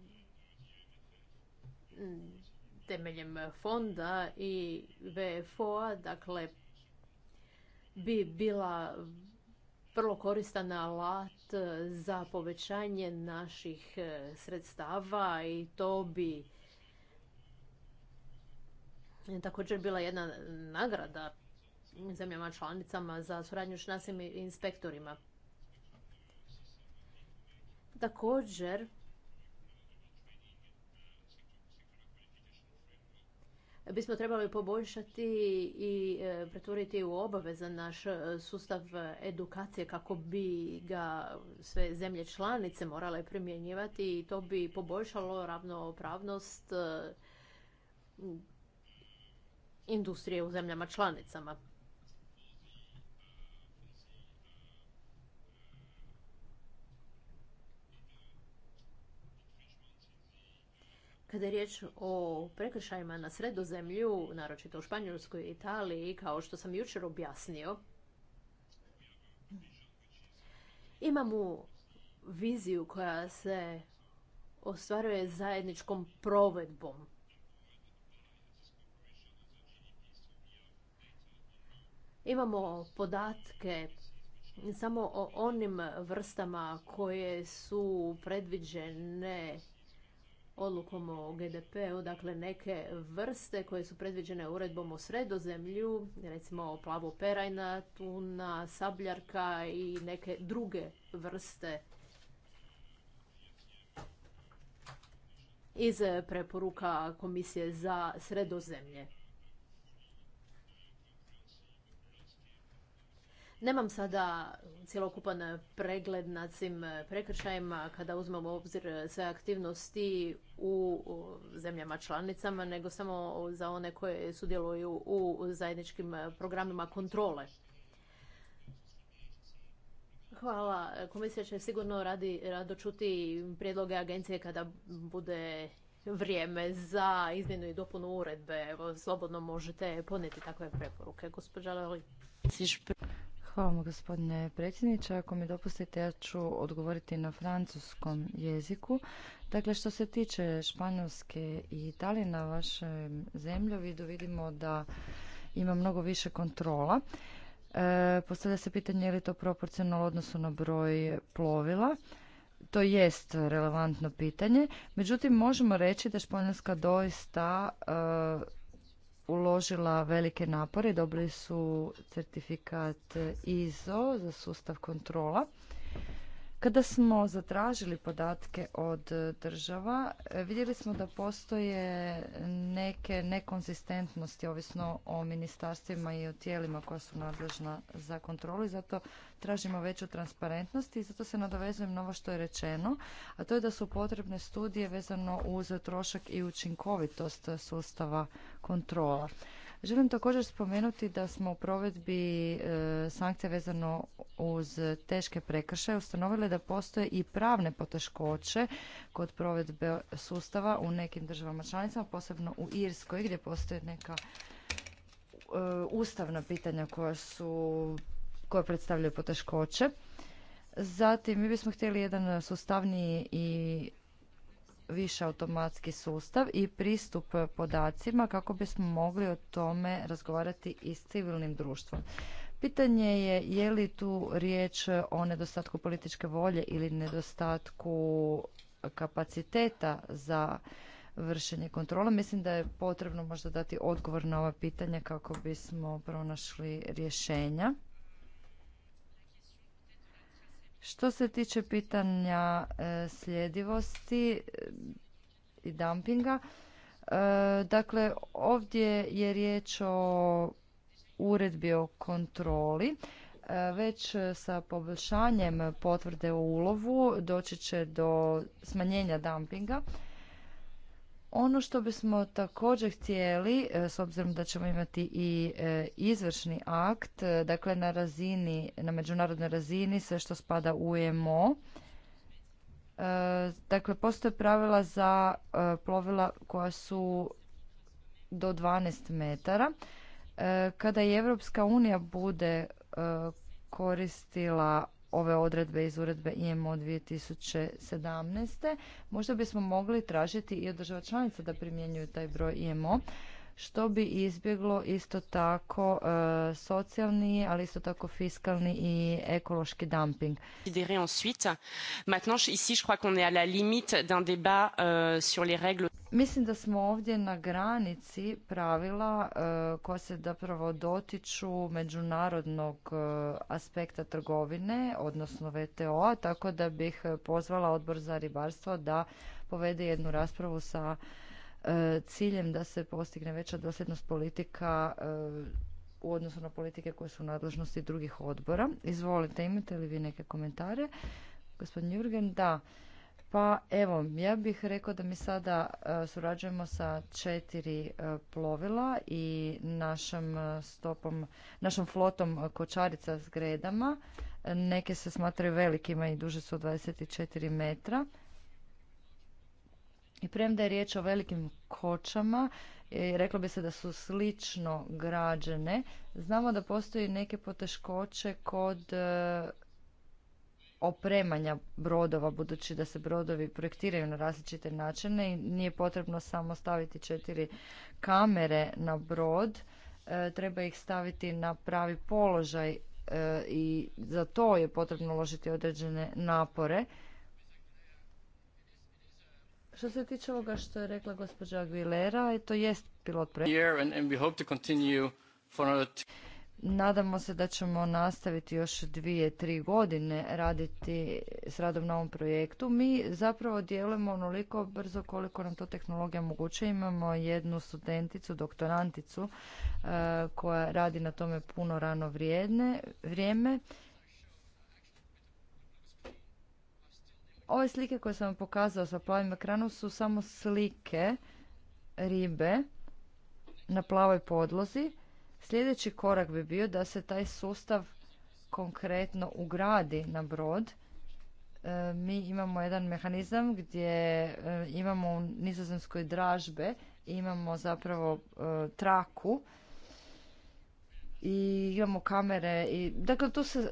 temeljem fonda i VFO-a, dakle, bi bila vrlo koristan alat za povećanje naših e, sredstava i to bi također bila jedna nagrada zemljama članicama za suradnju s nasim inspektorima. Također, bismo trebali poboljšati i e, pretvoriti u obaveza naš e, sustav edukacije kako bi ga sve zemlje članice morale primjenjivati i to bi poboljšalo ravnopravnost e, industrije u zemljama članicama. Kada je riječ o prekršajima na sredozemlju, naročito u Španjolskoj i Italiji, kao što sam jučer objasnio, imamo viziju koja se ostvaruje zajedničkom provedbom Imamo podatke samo o onim vrstama koje su predviđene odlukom o gdp dakle neke vrste koje su predviđene uredbom o sredozemlju, recimo plavo perajna, tuna, sabljarka i neke druge vrste iz preporuka Komisije za sredozemlje. Nemam sada cjelokupan pregled nad svim e, prekršajima kada uzmemo u obzir e, sve aktivnosti u zemljama članicama, nego samo za one koje sudjeluju u zajedničkim e, programima kontrole. Hvala. Komisija će sigurno radi, rado čuti prijedloge agencije kada bude vrijeme za izmjenu i dopunu uredbe. Evo, slobodno možete ponijeti takve preporuke. Gospođa Lali. Hvala vam gospodine predsjedniče. Ako mi dopustite ja ću odgovoriti na francuskom jeziku. Dakle, što se tiče Španjolske i Italije na vašem zemljovidu vidimo da ima mnogo više kontrola. E, postavlja se pitanje je li to proporcionalno odnosu na broj plovila. To jest relevantno pitanje. Međutim, možemo reći da Španjolska doista e, uložila velike napore, dobili su certifikat ISO za sustav kontrola. Kada smo zatražili podatke od e, država, e, vidjeli smo da postoje neke nekonzistentnosti ovisno o ministarstvima i o tijelima koja su nadležna za kontrolu i zato tražimo veću transparentnost i zato se nadovezujem na ovo što je rečeno, a to je da su potrebne studije vezano uz trošak i učinkovitost sustava kontrola. Želim također spomenuti da smo u provedbi e, sankcija vezano uz teške prekršaje ustanovili da postoje i pravne poteškoće kod provedbe sustava u nekim državama članicama, posebno u Irskoj gdje postoje neka e, ustavna pitanja koja su koja predstavljaju poteškoće. Zatim, mi bismo htjeli jedan sustavniji i više automatski sustav i pristup podacima kako bismo mogli o tome razgovarati i s civilnim društvom. Pitanje je je li tu riječ o nedostatku političke volje ili nedostatku kapaciteta za vršenje kontrola. Mislim da je potrebno možda dati odgovor na ova pitanja kako bismo pronašli rješenja. Što se tiče pitanja e, sljedivosti e, i dumpinga, e, dakle ovdje je riječ o uredbi o kontroli. Već sa poboljšanjem potvrde o ulovu doći će do smanjenja dumpinga ono što bismo također htjeli, e, s obzirom da ćemo imati i e, izvršni akt, e, dakle na razini, na međunarodnoj razini, sve što spada u EMO, dakle postoje pravila za plovila koja su do 12 metara. Kada i Evropska unija bude koristila ove odredbe iz uredbe IMO 2017. Možda bismo mogli tražiti i od država članica da primjenjuju taj broj IMO što bi izbjeglo isto tako e, socijalni, ali isto tako fiskalni i ekološki dumping. Maintenant ici je crois qu'on est à la euh, Mislim da smo ovdje na granici pravila e, koja se zapravo dotiču međunarodnog e, aspekta trgovine, odnosno VTO-a, tako da bih pozvala odbor za ribarstvo da povede jednu raspravu sa E, ciljem da se postigne veća dosljednost politika e, u odnosu na politike koje su u nadležnosti drugih odbora. Izvolite, imate li vi neke komentare? Gospodin Jurgen, da. Pa evo, ja bih rekao da mi sada e, surađujemo sa četiri plovila i našom stopom, našom flotom kočarica s gredama. Neke se smatraju velikima i duže su od 24 metra. I premda je riječ o velikim kočama, e, reklo bi se da su slično građene, znamo da postoji neke poteškoće kod e, opremanja brodova, budući da se brodovi projektiraju na različite načine i nije potrebno samo staviti četiri kamere na brod, e, treba ih staviti na pravi položaj i za to je potrebno uložiti određene napore. Što se tiče ovoga što je rekla gospođa Aguilera, to jest pilot projekt. Nadamo se da ćemo nastaviti još dvije, tri godine raditi s radom na ovom projektu. Mi zapravo djelujemo onoliko brzo koliko nam to tehnologija moguće. Imamo jednu studenticu, doktoranticu eh, koja radi na tome puno rano vrijedne, vrijeme. Ove slike koje sam vam pokazao sa plavim ekranom su samo slike ribe na plavoj podlozi. Sljedeći korak bi bio da se taj sustav konkretno ugradi na brod. E, mi imamo jedan mehanizam gdje e, imamo u nizozemskoj dražbe, imamo zapravo e, traku i imamo kamere. I, dakle, tu se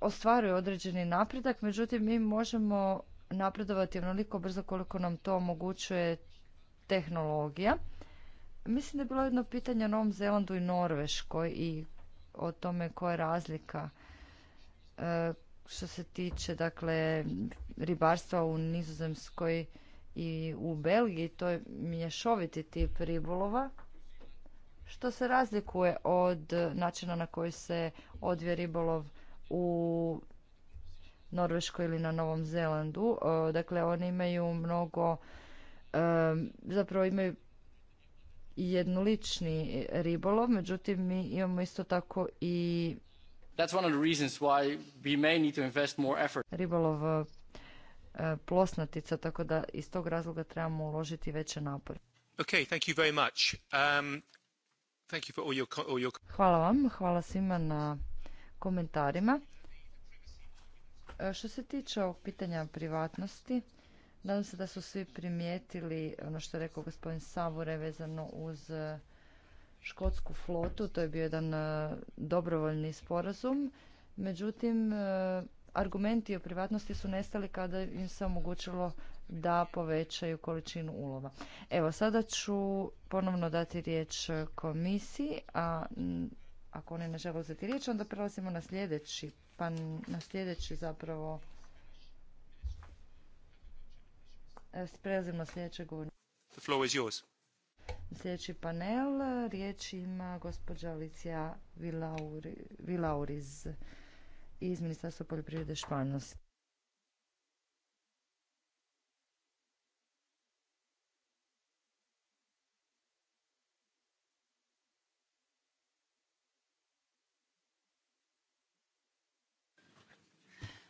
ostvaruje određeni napredak, međutim mi možemo napredovati onoliko brzo koliko nam to omogućuje tehnologija. Mislim da je bilo jedno pitanje o Novom Zelandu i Norveškoj i o tome koja je razlika e, što se tiče dakle ribarstva u Nizozemskoj i u Belgiji. To je mješoviti tip ribolova što se razlikuje od načina na koji se odvija ribolov u Norveškoj ili na Novom Zelandu. E, dakle, oni imaju mnogo, e, zapravo imaju jednolični ribolov, međutim mi imamo isto tako i ribolov e, plosnatica, tako da iz tog razloga trebamo uložiti veće napore. Okay, Hvala vam, hvala svima na komentarima. Što se tiče ovog pitanja privatnosti, nadam se da su svi primijetili ono što je rekao gospodin Savore vezano uz e, škotsku flotu, to je bio jedan e, dobrovoljni sporazum. Međutim, e, argumenti o privatnosti su nestali kada im se omogućilo da povećaju količinu ulova. Evo, sada ću ponovno dati riječ komisiji, a ako oni ne žele uzeti riječ, onda prelazimo na sljedeći, pa na sljedeći zapravo e, prelazimo na sljedeće The floor is yours. Sljedeći panel, riječ ima gospođa Alicija Vilauriz iz Ministarstva poljoprivrede Španjolske.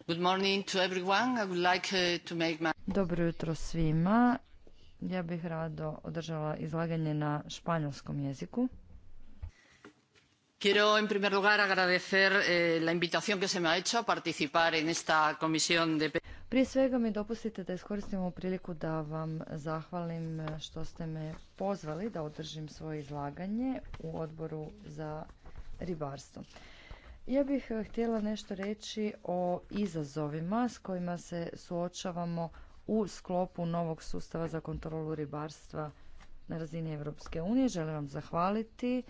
Good morning to everyone. I would like uh, to make my... Dobro jutro svima. Ja bih rado održala izlaganje na španjolskom jeziku. Quiero en primer lugar agradecer eh, la invitación que se me ha hecho a participar en esta comisión de Prije svega mi dopustite da iskoristim ovu priliku da vam zahvalim što ste me pozvali da održim svoje izlaganje u odboru za ribarstvo. Ja bih eh, htjela nešto reći o izazovima s kojima se suočavamo u sklopu novog sustava za kontrolu ribarstva na razini Europske unije. Želim vam zahvaliti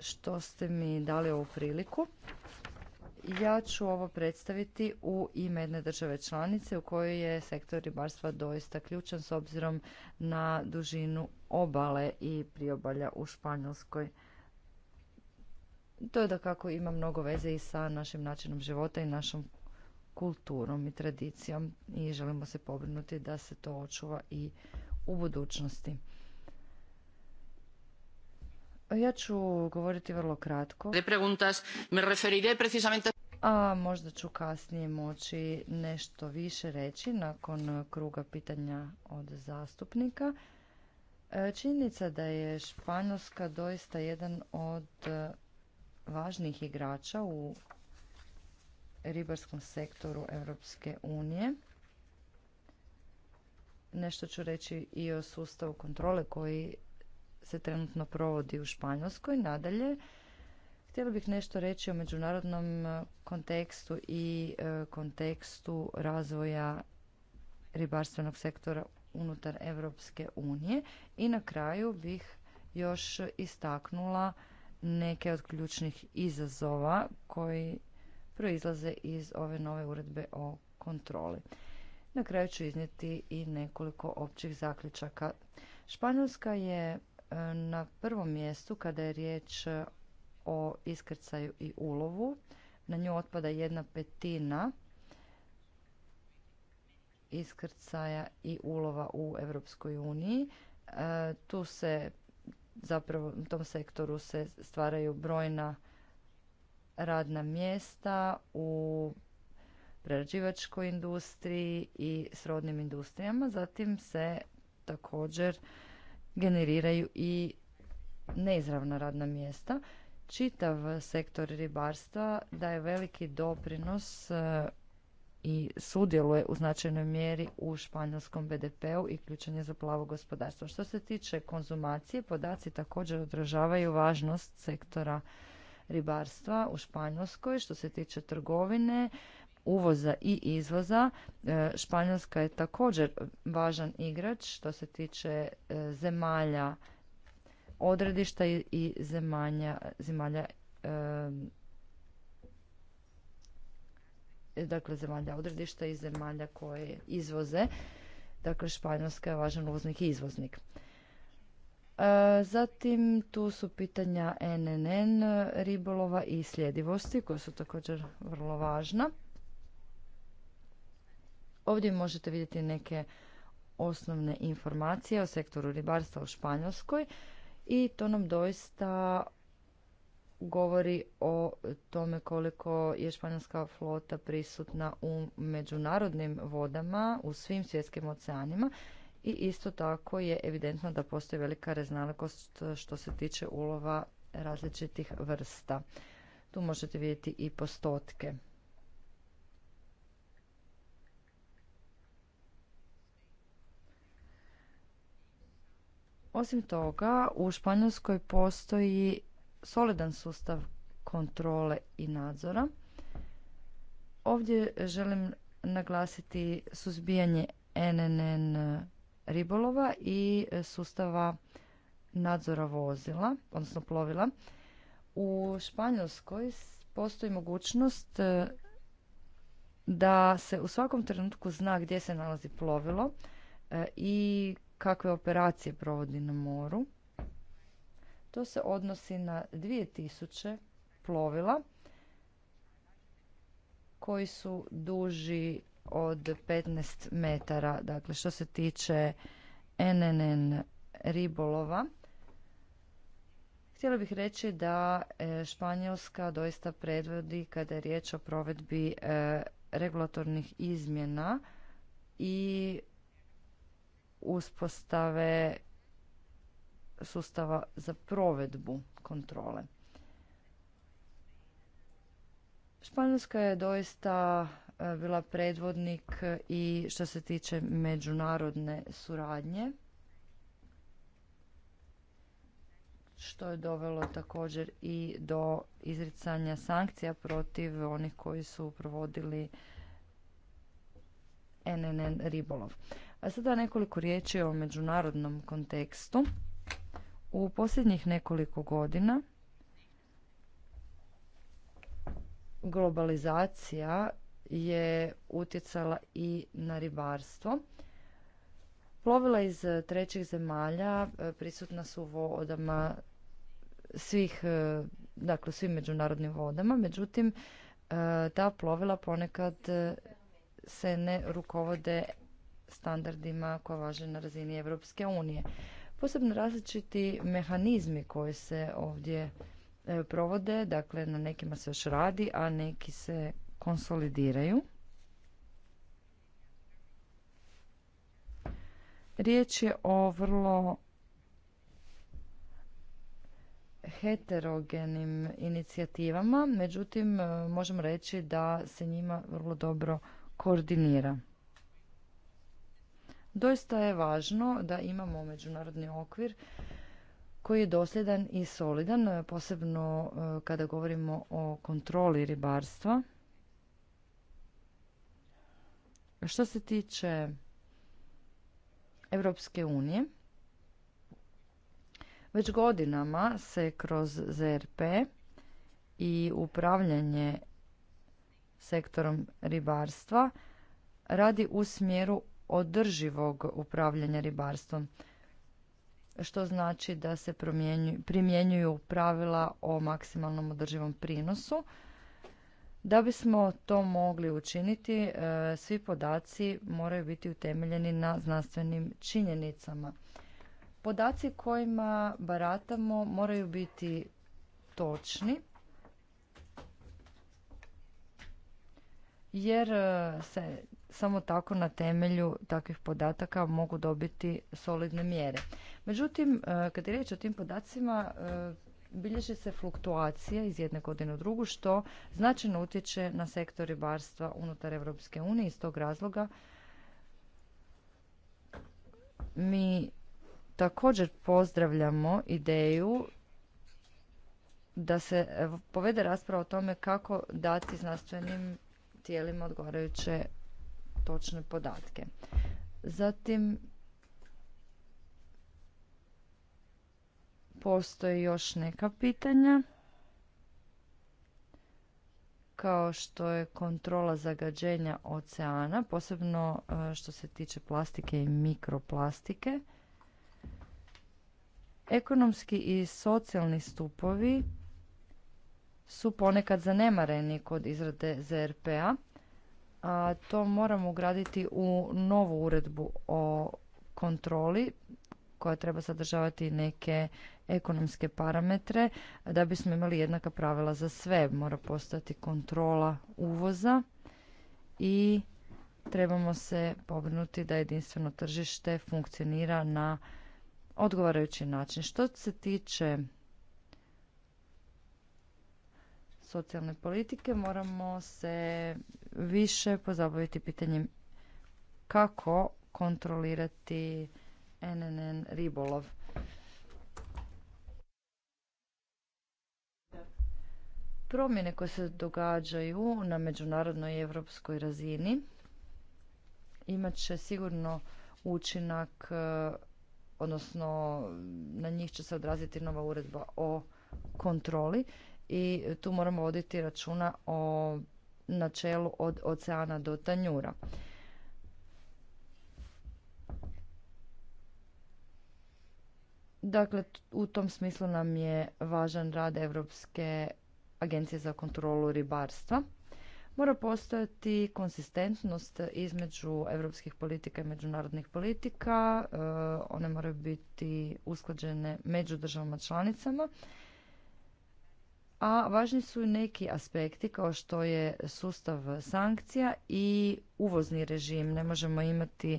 što ste mi dali ovu priliku. Ja ću ovo predstaviti u ime jedne države članice u kojoj je sektor ribarstva doista ključan s obzirom na dužinu obale i priobalja u Španjolskoj. To je da kako ima mnogo veze i sa našim načinom života i našom kulturom i tradicijom i želimo se pobrinuti da se to očuva i u budućnosti. Ja ću govoriti vrlo kratko. A možda ću kasnije moći nešto više reći nakon kruga pitanja od zastupnika. E, činjenica da je Španjolska doista jedan od važnih igrača u ribarskom sektoru Europske unije. Nešto ću reći i o sustavu kontrole koji se trenutno provodi u Španjolskoj. Nadalje, htjela bih nešto reći o međunarodnom e, kontekstu i e, kontekstu razvoja ribarstvenog sektora unutar Europske unije. I na kraju bih još istaknula neke od ključnih izazova koji proizlaze iz ove nove uredbe o kontroli. Na kraju ću iznijeti i nekoliko općih zaključaka. Španjolska je e, na prvom mjestu kada je riječ o iskrcaju i ulovu. Na nju otpada jedna petina iskrcaja i ulova u Europskoj uniji. E, tu se zapravo u tom sektoru se stvaraju brojna radna mjesta u prerađivačkoj industriji i srodnim industrijama. Zatim se također generiraju i neizravna radna mjesta. Čitav sektor ribarstva daje veliki doprinos i sudjeluje u značajnoj mjeri u španjolskom BDP-u i ključan je za plavo gospodarstvo. Što se tiče konzumacije, podaci također odražavaju važnost sektora ribarstva u Španjolskoj. Što se tiče trgovine, uvoza i izvoza, e, Španjolska je također važan igrač što se tiče e, zemalja odredišta i zemalja, zemalja e, dakle zemalja odredišta i zemalja koje izvoze. Dakle, Španjolska je važan uvoznik i izvoznik. E, zatim tu su pitanja NNN ribolova i sljedivosti koja su također vrlo važna. Ovdje možete vidjeti neke osnovne informacije o sektoru ribarstva u Španjolskoj i to nam doista govori o tome koliko je španjolska flota prisutna u međunarodnim vodama, u svim svjetskim oceanima i isto tako je evidentno da postoji velika raznolikost što se tiče ulova različitih vrsta. Tu možete vidjeti i postotke. Osim toga, u Španjolskoj postoji solidan sustav kontrole i nadzora. Ovdje želim naglasiti suzbijanje NNN ribolova i sustava nadzora vozila, odnosno plovila. U Španjolskoj postoji mogućnost e, da se u svakom trenutku zna gdje se nalazi plovilo e, i kakve operacije provodi na moru. To se odnosi na 2000 plovila koji su duži od 15 metara. Dakle, što se tiče NNN ribolova, Htjela bih reći da e, Španjolska doista predvodi kada je riječ o provedbi e, regulatornih izmjena i uspostave sustava za provedbu kontrole. Španjolska je doista e, bila predvodnik i što se tiče međunarodne suradnje, što je dovelo također i do izricanja sankcija protiv onih koji su provodili NNN ribolov. A sada nekoliko riječi o međunarodnom kontekstu. U posljednjih nekoliko godina globalizacija je utjecala i na ribarstvo. Plovila iz trećih zemalja e, prisutna su u vodama svih, e, dakle svim međunarodnim vodama, međutim e, ta plovila ponekad se ne rukovode standardima koja važe na razini Europske unije posebno različiti mehanizmi koji se ovdje e, provode, dakle na nekima se još radi, a neki se konsolidiraju. Riječ je o vrlo heterogenim inicijativama, međutim e, možemo reći da se njima vrlo dobro koordinira. Doista je važno da imamo međunarodni okvir koji je dosljedan i solidan, posebno e, kada govorimo o kontroli ribarstva. Što se tiče Europske unije, već godinama se kroz ZRP i upravljanje sektorom ribarstva radi u smjeru održivog upravljanja ribarstvom što znači da se primjenjuju pravila o maksimalnom održivom prinosu. Da bismo to mogli učiniti, e, svi podaci moraju biti utemeljeni na znanstvenim činjenicama. Podaci kojima baratamo moraju biti točni, jer e, se samo tako na temelju takvih podataka mogu dobiti solidne mjere. Međutim, e, kad je riječ o tim podacima, e, bilježi se fluktuacija iz jedne godine u drugu, što značajno utječe na sektor ribarstva unutar Europske unije. Iz tog razloga mi također pozdravljamo ideju da se povede rasprava o tome kako dati znanstvenim tijelima odgovarajuće točne podatke. Zatim postoje još neka pitanja kao što je kontrola zagađenja oceana, posebno e, što se tiče plastike i mikroplastike. Ekonomski i socijalni stupovi su ponekad zanemareni kod izrade ZRP-a a to moramo ugraditi u novu uredbu o kontroli koja treba sadržavati neke ekonomske parametre da bismo imali jednaka pravila za sve. Mora postati kontrola uvoza i trebamo se pobrinuti da jedinstveno tržište funkcionira na odgovarajući način. Što se tiče socijalne politike moramo se više pozabaviti pitanjem kako kontrolirati NNN ribolov. Promjene koje se događaju na međunarodnoj i evropskoj razini imat će sigurno učinak, e, odnosno na njih će se odraziti nova uredba o kontroli i tu moramo voditi računa o načelu od oceana do tanjura. Dakle, u tom smislu nam je važan rad Europske agencije za kontrolu ribarstva. Mora postojati konsistentnost između europskih politika i međunarodnih politika. E, one moraju biti usklađene među državama članicama a važni su i neki aspekti kao što je sustav sankcija i uvozni režim. Ne možemo imati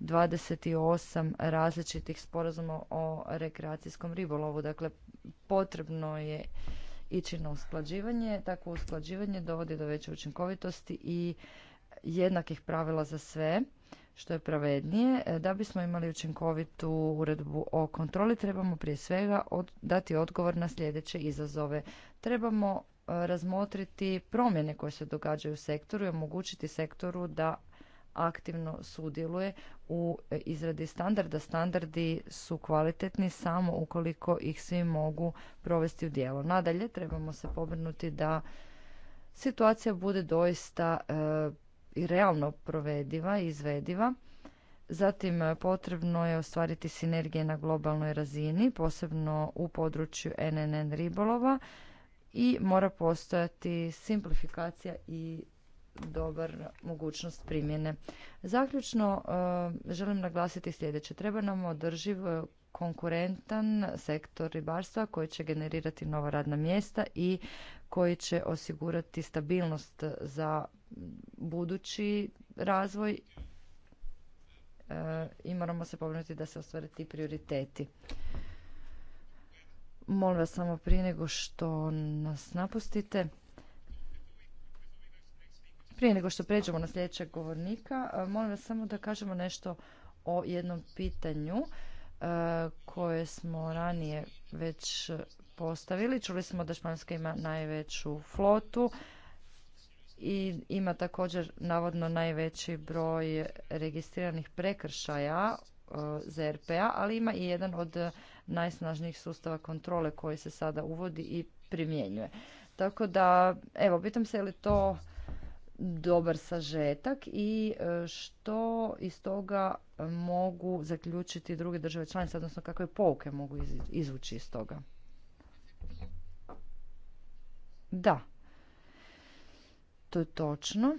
28 različitih sporazuma o rekreacijskom ribolovu. Dakle, potrebno je ići na usklađivanje. Takvo usklađivanje dovodi do veće učinkovitosti i jednakih pravila za sve što je pravednije. E, da bismo imali učinkovitu uredbu o kontroli, trebamo prije svega dati odgovor na sljedeće izazove. Trebamo e, razmotriti promjene koje se događaju u sektoru i omogućiti sektoru da aktivno sudjeluje u e, izradi standarda. Standardi su kvalitetni samo ukoliko ih svi mogu provesti u djelo. Nadalje, trebamo se pobrinuti da situacija bude doista i realno provediva i izvediva. Zatim e, potrebno je ostvariti sinergije na globalnoj razini, posebno u području NNN ribolova i mora postojati simplifikacija i dobar mogućnost primjene. Zaključno e, želim naglasiti sljedeće. Treba nam održiv e, konkurentan sektor ribarstva koji će generirati nova radna mjesta i koji će osigurati stabilnost za budući razvoj e, i moramo se pobrinuti da se ostvare ti prioriteti. Molim vas samo prije nego što nas napustite, prije nego što pređemo na sljedećeg govornika, e, molim vas samo da kažemo nešto o jednom pitanju e, koje smo ranije već postavili. Čuli smo da Španjolska ima najveću flotu, i ima također navodno najveći broj registriranih prekršaja e, za RPA, ali ima i jedan od najsnažnijih sustava kontrole koji se sada uvodi i primjenjuje. Tako da, evo, pitam se je li to dobar sažetak i e, što iz toga mogu zaključiti druge države članice, odnosno kakve pouke mogu izvući iz toga. Da, to je točno.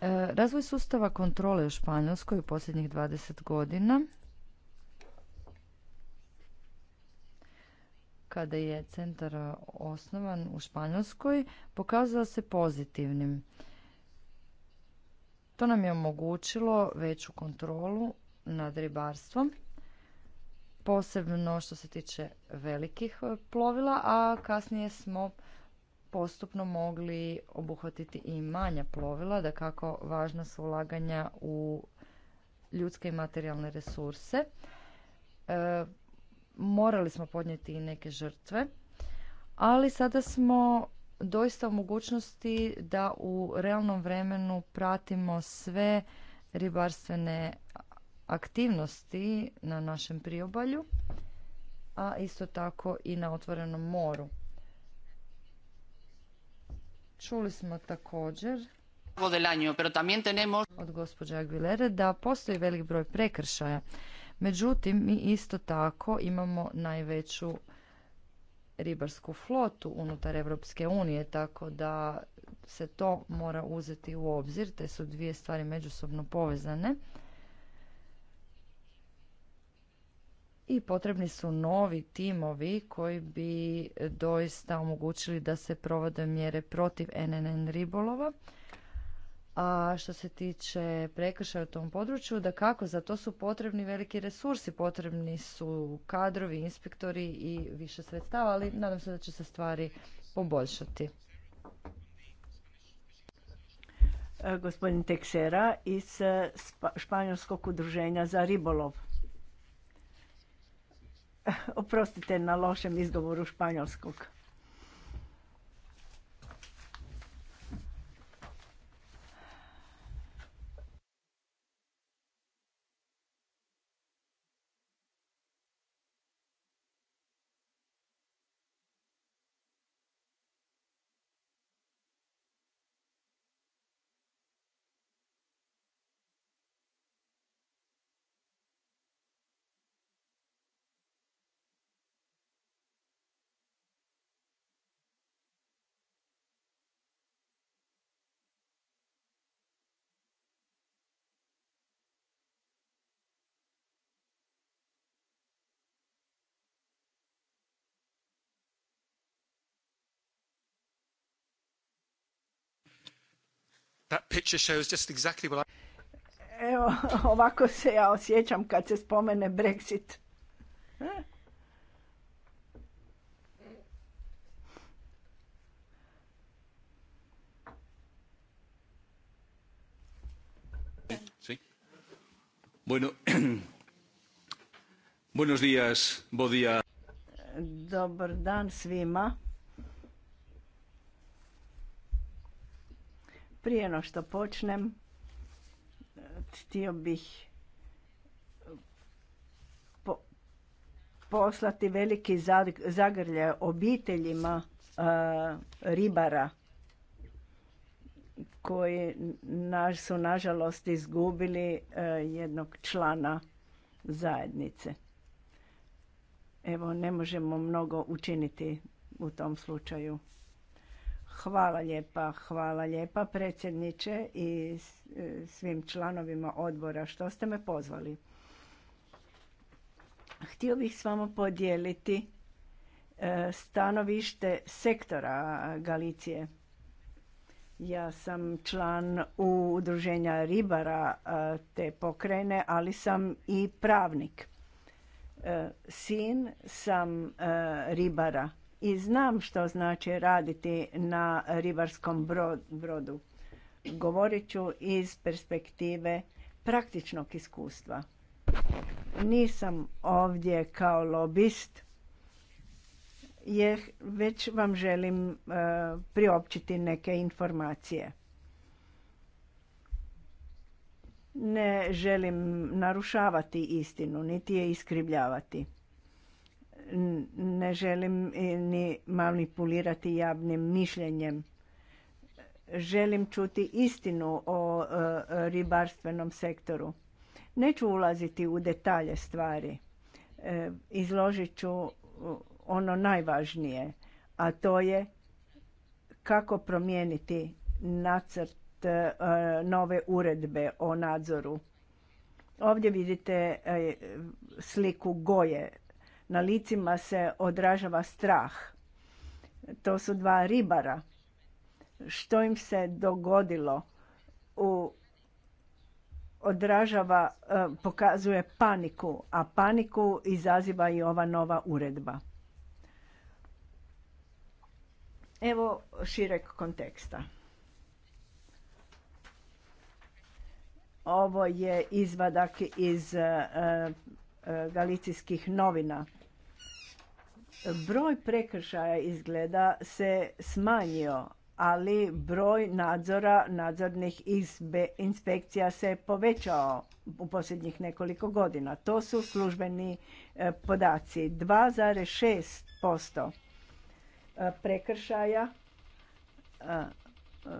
E, razvoj sustava kontrole u Španjolskoj u posljednjih 20 godina kada je centar osnovan u Španjolskoj pokazao se pozitivnim. To nam je omogućilo veću kontrolu nad ribarstvom, posebno što se tiče velikih plovila, a kasnije smo postupno mogli obuhvatiti i manja plovila, da kako važna su ulaganja u ljudske i materijalne resurse. E, morali smo podnijeti i neke žrtve, ali sada smo doista u mogućnosti da u realnom vremenu pratimo sve ribarstvene aktivnosti na našem priobalju, a isto tako i na otvorenom moru. Čuli smo također od gospođe Aguilere da postoji velik broj prekršaja. Međutim, mi isto tako imamo najveću ribarsku flotu unutar Evropske unije, tako da se to mora uzeti u obzir. Te su dvije stvari međusobno povezane. i potrebni su novi timovi koji bi doista omogućili da se provode mjere protiv NNN ribolova. A što se tiče prekršaja u tom području, da kako, za to su potrebni veliki resursi, potrebni su kadrovi, inspektori i više sredstava, ali nadam se da će se stvari poboljšati. E, gospodin Texera iz e, Španjolskog udruženja za ribolov. Oprostite na lošem izgovoru španjolskog. That picture shows just exactly what I... Evo, ovako se ja osjećam kad se spomene Brexit. E? Sí. Bueno, buenos días, Dobar dan svima. Prije no što počnem, htio bih po, poslati veliki zagrlje obiteljima ribara koji na su nažalost izgubili jednog člana zajednice. Evo, ne možemo mnogo učiniti u tom slučaju. Hvala lijepa, hvala lijepa predsjedniče i e, svim članovima odbora što ste me pozvali. Htio bih s vama podijeliti e, stanovište sektora Galicije. Ja sam član u udruženja ribara e, te pokrene, ali sam i pravnik. Sin sam ribara i znam što znači raditi na ribarskom brodu. Govorit ću iz perspektive praktičnog iskustva. Nisam ovdje kao lobist, jer već vam želim e, priopćiti neke informacije. Ne želim narušavati istinu, niti je iskrivljavati ne želim ni manipulirati javnim mišljenjem. Želim čuti istinu o e, ribarstvenom sektoru. Neću ulaziti u detalje stvari. E, izložit ću ono najvažnije, a to je kako promijeniti nacrt e, nove uredbe o nadzoru. Ovdje vidite sliku goje na licima se odražava strah. To su dva ribara. Što im se dogodilo u odražava, e, pokazuje paniku, a paniku izaziva i ova nova uredba. Evo šireg konteksta. Ovo je izvadak iz e, e, galicijskih novina. Broj prekršaja izgleda se smanjio, ali broj nadzora, nadzornih inspekcija se povećao u posljednjih nekoliko godina. To su službeni e, podaci. 2,6% e, prekršaja e,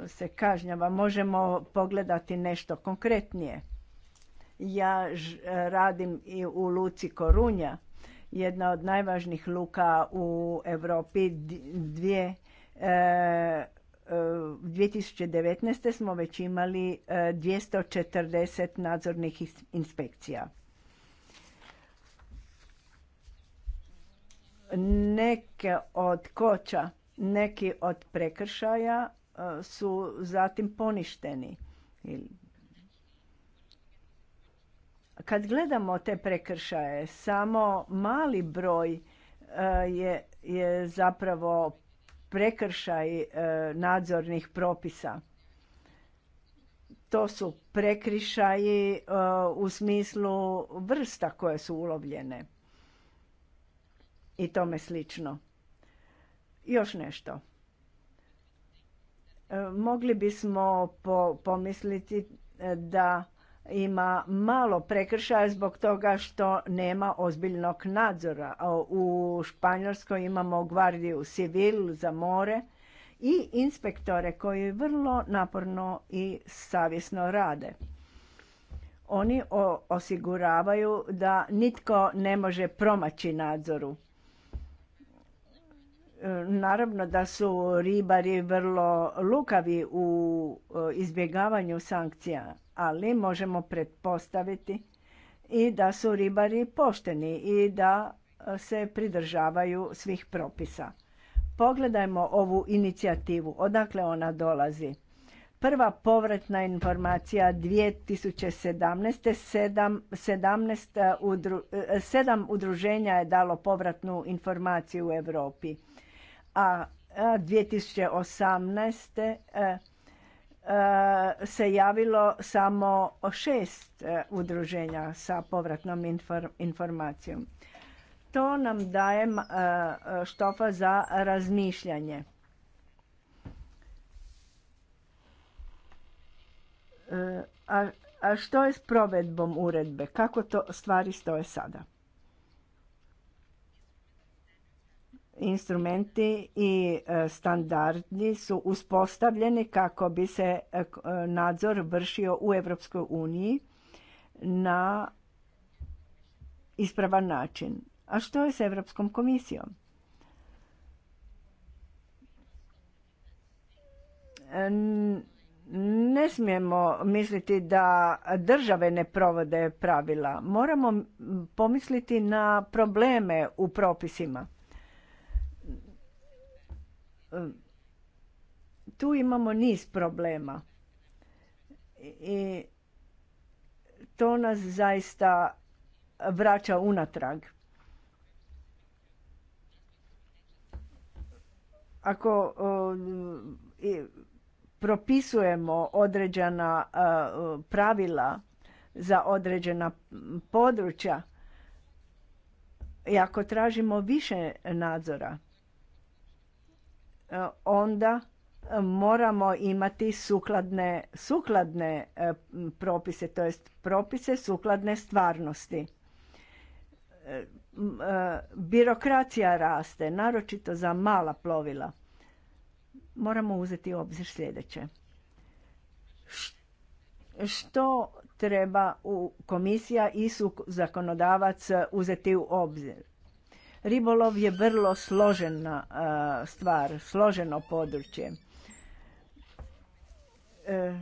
se kažnjava. Možemo pogledati nešto konkretnije. Ja radim i u Luci Korunja jedna od najvažnijih luka u Europi dvije e, 2019. E, smo već imali 240 e, nadzornih inspekcija. Neke od koča, neki od prekršaja e, su zatim poništeni. Kad gledamo te prekršaje, samo mali broj e, je, je zapravo prekršaj e, nadzornih propisa. To su prekršaji e, u smislu vrsta koje su ulovljene i tome slično. Još nešto. Mogli bismo pomisliti da ima malo prekršaja zbog toga što nema ozbiljnog nadzora. U Španjolskoj imamo gvardiju civil za more i inspektore koji vrlo naporno i savjesno rade. Oni osiguravaju da nitko ne može promaći nadzoru. E, naravno da su ribari vrlo lukavi u e, izbjegavanju sankcija ali možemo pretpostaviti i da su ribari pošteni i da e, se pridržavaju svih propisa. Pogledajmo ovu inicijativu, odakle ona dolazi. Prva povratna informacija 2017. E, e, sedam, udruženja je dalo povratnu informaciju u Europi, a 2018. Eh, se javilo samo šest eh, udruženja sa povratnom informacijom. To nam daje eh, štofa za razmišljanje. A što je s provedbom uredbe? Kako to stvari stoje sada? instrumenti i e, standardi su uspostavljeni kako bi se e, e, nadzor vršio u Europskoj uniji na ispravan način. A što je s Europskom komisijom? Ne smijemo misliti da države ne provode pravila. Moramo pomisliti na probleme u propisima. Tu imamo niz problema i to nas zaista vraća unatrag. Ako propisujemo određena pravila za određena područja i ako tražimo više nadzora E, onda e, moramo imati sukladne, sukladne e, propise, to jest propise sukladne stvarnosti. Birokracija raste, naročito za mala plovila. Moramo uzeti u obzir sljedeće. Što treba u komisija i zakonodavac uzeti u obzir? Ribolov je vrlo složena stvar, složeno područje. E,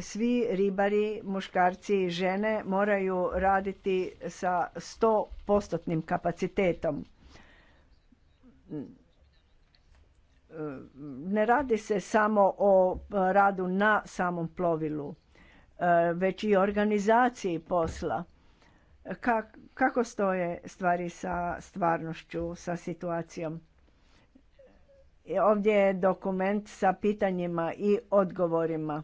svi ribari, muškarci i žene moraju raditi sa 100% kapacitetom. Ne radi se samo o radu na samom plovilu, e, već i organizaciji posla kako stoje stvari sa stvarnošću, sa situacijom. Ovdje je dokument sa pitanjima i odgovorima.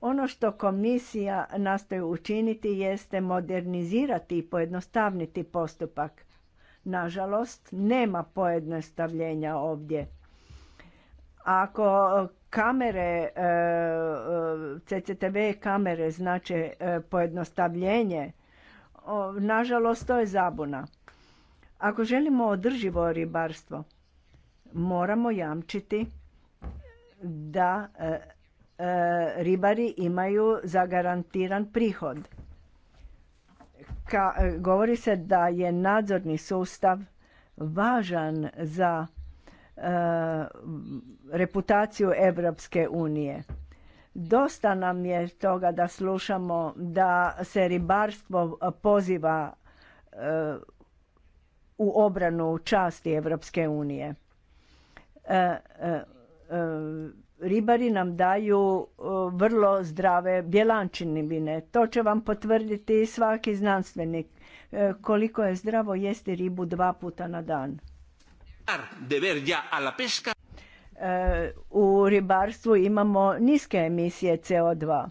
Ono što komisija nastoji učiniti jeste modernizirati i pojednostavniti postupak. Nažalost, nema pojednostavljenja ovdje. Ako kamere, e, e, CCTV kamere znače e, pojednostavljenje, nažalost to je zabuna. Ako želimo održivo ribarstvo, moramo jamčiti da e, e, ribari imaju zagarantiran prihod. Ka, e, govori se da je nadzorni sustav važan za reputaciju Evropske unije. Dosta nam je toga da slušamo da se ribarstvo poziva e, u obranu časti Evropske unije. E, e, ribari nam daju vrlo zdrave vine. To će vam potvrditi svaki znanstvenik koliko je zdravo jesti ribu dva puta na dan. De a la u ribarstvu imamo niske emisije CO2.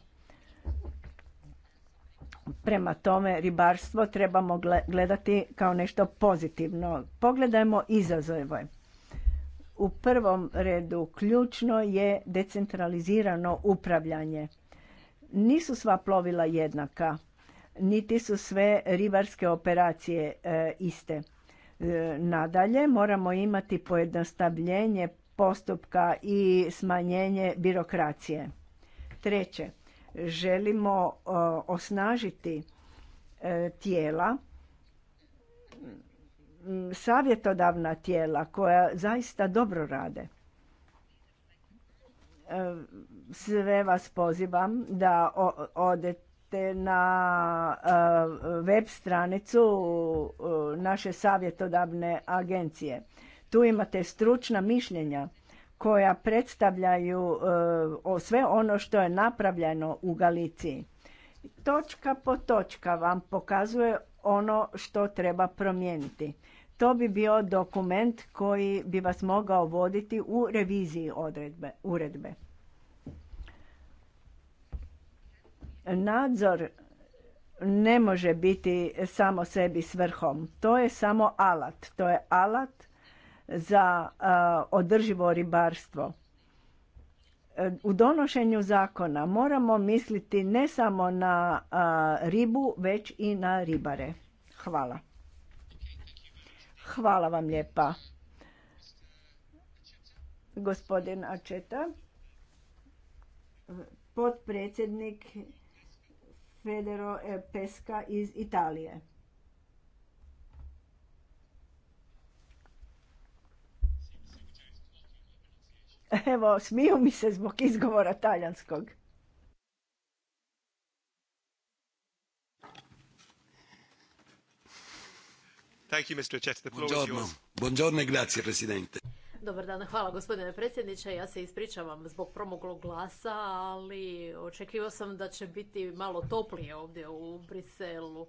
Prema tome ribarstvo trebamo gledati kao nešto pozitivno. Pogledajmo izazove. U prvom redu ključno je decentralizirano upravljanje. Nisu sva plovila jednaka, niti su sve ribarske operacije e, iste. E, nadalje moramo imati pojednostavljenje postupka i smanjenje birokracije. Treće, želimo osnažiti e, tijela, savjetodavna tijela koja zaista dobro rade. E, sve vas pozivam da odete na e, web stranicu naše savjetodavne agencije. Tu imate stručna mišljenja koja predstavljaju e, sve ono što je napravljeno u Galiciji. Točka po točka vam pokazuje ono što treba promijeniti. To bi bio dokument koji bi vas mogao voditi u reviziji odredbe, uredbe. Nadzor ne može biti samo sebi svrhom. To je samo alat. To je alat za održivo ribarstvo. E, u donošenju zakona moramo misliti ne samo na ribu, već i na ribare. Hvala. Hvala vam lijepa. Gospodin Ačeta, potpredsjednik Federo Pesca iz Italije. Evo, smiju mi se zbog izgovora talijanskog. E Dobar dan, hvala gospodine predsjedniče. Ja se ispričavam zbog promoglog glasa, ali očekivao sam da će biti malo toplije ovdje u Briselu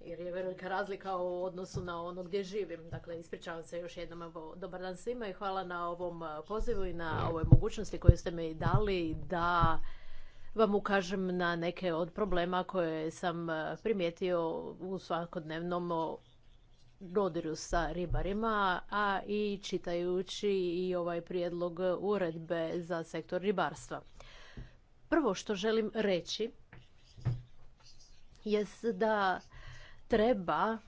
jer je velika razlika u odnosu na ono gdje živim. Dakle, ispričavam se još jednom. dobar dan svima i hvala na ovom e, pozivu i na ovoj mogućnosti koju ste mi dali da vam ukažem na neke od problema koje sam e, primijetio u svakodnevnom dodiru sa ribarima, a i čitajući i ovaj prijedlog uredbe za sektor ribarstva. Prvo što želim reći jest da treba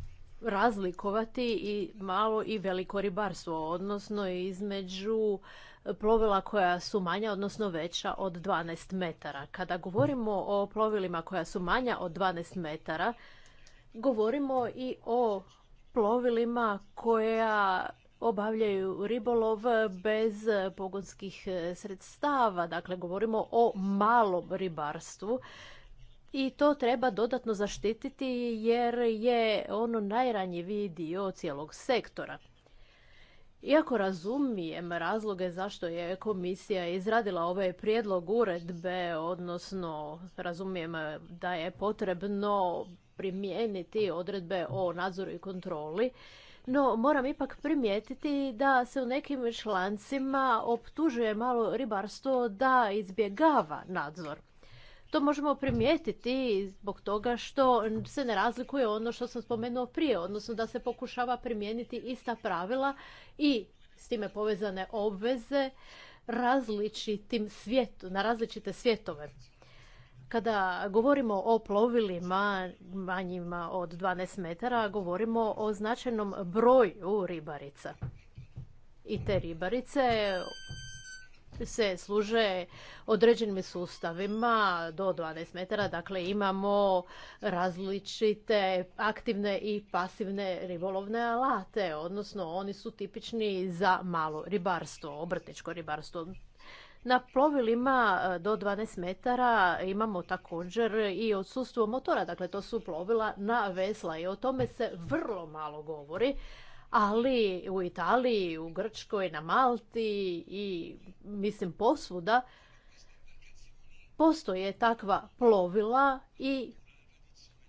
razlikovati i malo i veliko ribarstvo, odnosno između plovila koja su manja, odnosno veća od 12 metara. Kada govorimo o plovilima koja su manja od 12 metara, govorimo i o plovilima koja obavljaju ribolov bez pogonskih sredstava. Dakle, govorimo o malom ribarstvu i to treba dodatno zaštititi jer je ono najranjiviji dio cijelog sektora. Iako razumijem razloge zašto je komisija izradila ovaj prijedlog uredbe, odnosno razumijem da je potrebno primijeniti odredbe o nadzoru i kontroli, no moram ipak primijetiti da se u nekim člancima optužuje malo ribarstvo da izbjegava nadzor možemo primijetiti zbog toga što se ne razlikuje ono što sam spomenuo prije, odnosno da se pokušava primijeniti ista pravila i s time povezane obveze različitim svijetu, na različite svjetove. Kada govorimo o plovilima manjima od 12 metara, govorimo o značajnom broju ribarica. I te ribarice se služe određenim sustavima do 12 metara. Dakle, imamo različite aktivne i pasivne ribolovne alate, odnosno oni su tipični za malo ribarstvo, obrtničko ribarstvo. Na plovilima e, do 12 metara imamo također i odsustvo motora, dakle to su plovila na vesla i o tome se vrlo malo govori, ali u Italiji, u Grčkoj, na Malti i mislim posvuda postoje takva plovila i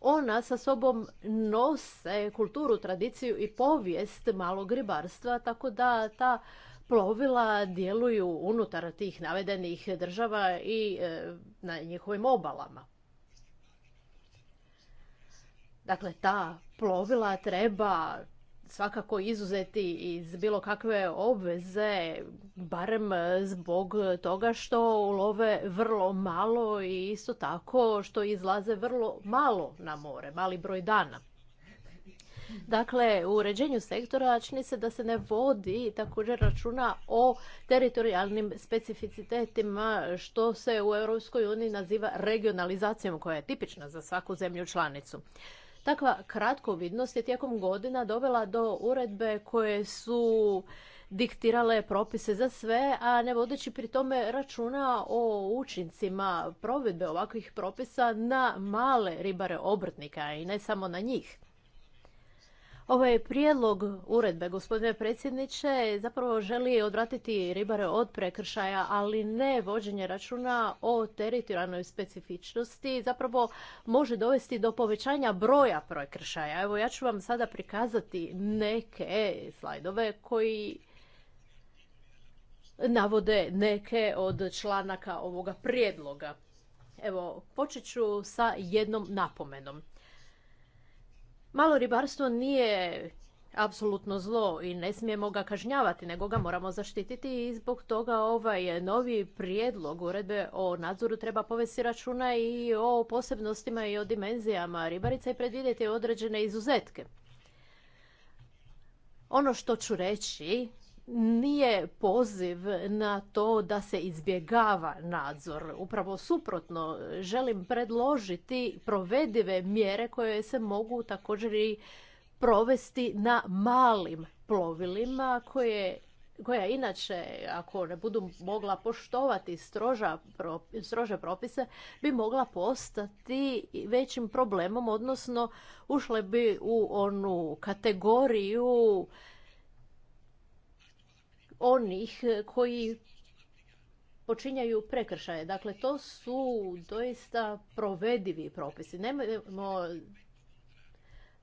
ona sa sobom nose kulturu, tradiciju i povijest malog ribarstva, tako da ta plovila djeluju unutar tih navedenih država i e, na njihovim obalama. Dakle, ta plovila treba svakako izuzeti iz bilo kakve obveze, barem zbog toga što ulove vrlo malo i isto tako što izlaze vrlo malo na more, mali broj dana. Dakle, u uređenju sektora čini se da se ne vodi također računa o teritorijalnim specificitetima što se u EU naziva regionalizacijom koja je tipična za svaku zemlju članicu. Takva kratkovidnost je tijekom godina dovela do uredbe koje su diktirale propise za sve, a ne vodeći pri tome računa o učincima provedbe ovakvih propisa na male ribare obrtnika i ne samo na njih. Ovaj prijedlog uredbe, gospodine predsjedniče, zapravo želi odvratiti ribare od prekršaja, ali ne vođenje računa o teritorijalnoj specifičnosti. Zapravo može dovesti do povećanja broja prekršaja. Evo ja ću vam sada prikazati neke slajdove koji navode neke od članaka ovoga prijedloga. Evo, počet ću sa jednom napomenom. Malo ribarstvo nije apsolutno zlo i ne smijemo ga kažnjavati, nego ga moramo zaštititi i zbog toga ovaj novi prijedlog uredbe o nadzoru treba povesti računa i o posebnostima i o dimenzijama ribarica i predvidjeti određene izuzetke. Ono što ću reći nije poziv na to da se izbjegava nadzor. Upravo suprotno, želim predložiti provedive mjere koje se mogu također i provesti na malim plovilima koje koja inače, ako ne budu mogla poštovati stroža, strože propise, bi mogla postati većim problemom, odnosno ušle bi u onu kategoriju onih e, koji počinjaju prekršaje. Dakle, to su doista provedivi propisi. Nemojmo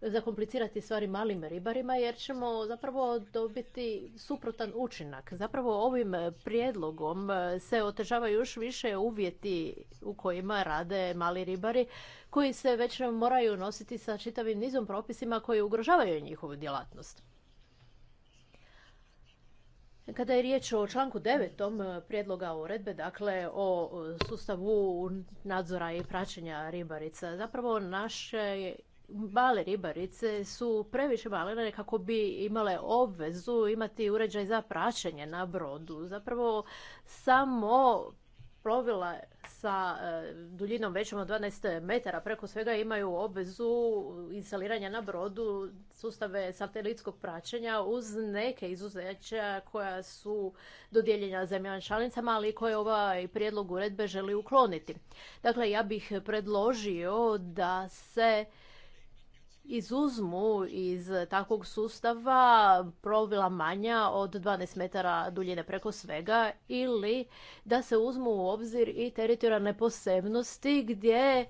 zakomplicirati stvari malim ribarima jer ćemo zapravo dobiti suprotan učinak. Zapravo ovim prijedlogom e, se otežavaju još više uvjeti u kojima rade mali ribari koji se već moraju nositi sa čitavim nizom propisima koji ugrožavaju njihovu djelatnost. Kada je riječ o članku devetom e, prijedloga uredbe, dakle o sustavu nadzora i praćenja ribarica, zapravo naše male ribarice su previše malene kako bi imale obvezu imati uređaj za praćenje na brodu. Zapravo samo plovila sa e, duljinom većom od 12 metara preko svega imaju obvezu instaliranja na brodu sustave satelitskog praćenja uz neke izuzeća koja su dodijeljena zemljama članicama, ali koje ovaj prijedlog uredbe želi ukloniti. Dakle, ja bih predložio da se izuzmu iz takvog sustava plovila manja od 12 metara duljine preko svega ili da se uzmu u obzir i teritorijalne posebnosti gdje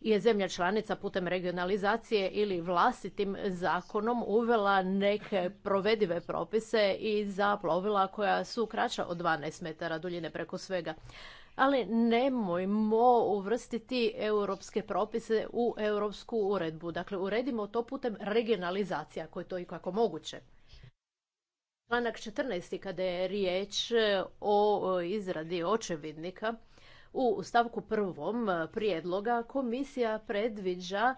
je zemlja članica putem regionalizacije ili vlastitim zakonom uvela neke provedive propise i za plovila koja su kraća od 12 metara duljine preko svega ali nemojmo uvrstiti europske propise u europsku uredbu. Dakle, uredimo to putem regionalizacije, ako je to kako moguće. Članak 14. kada je riječ o izradi očevidnika, u stavku prvom prijedloga komisija predviđa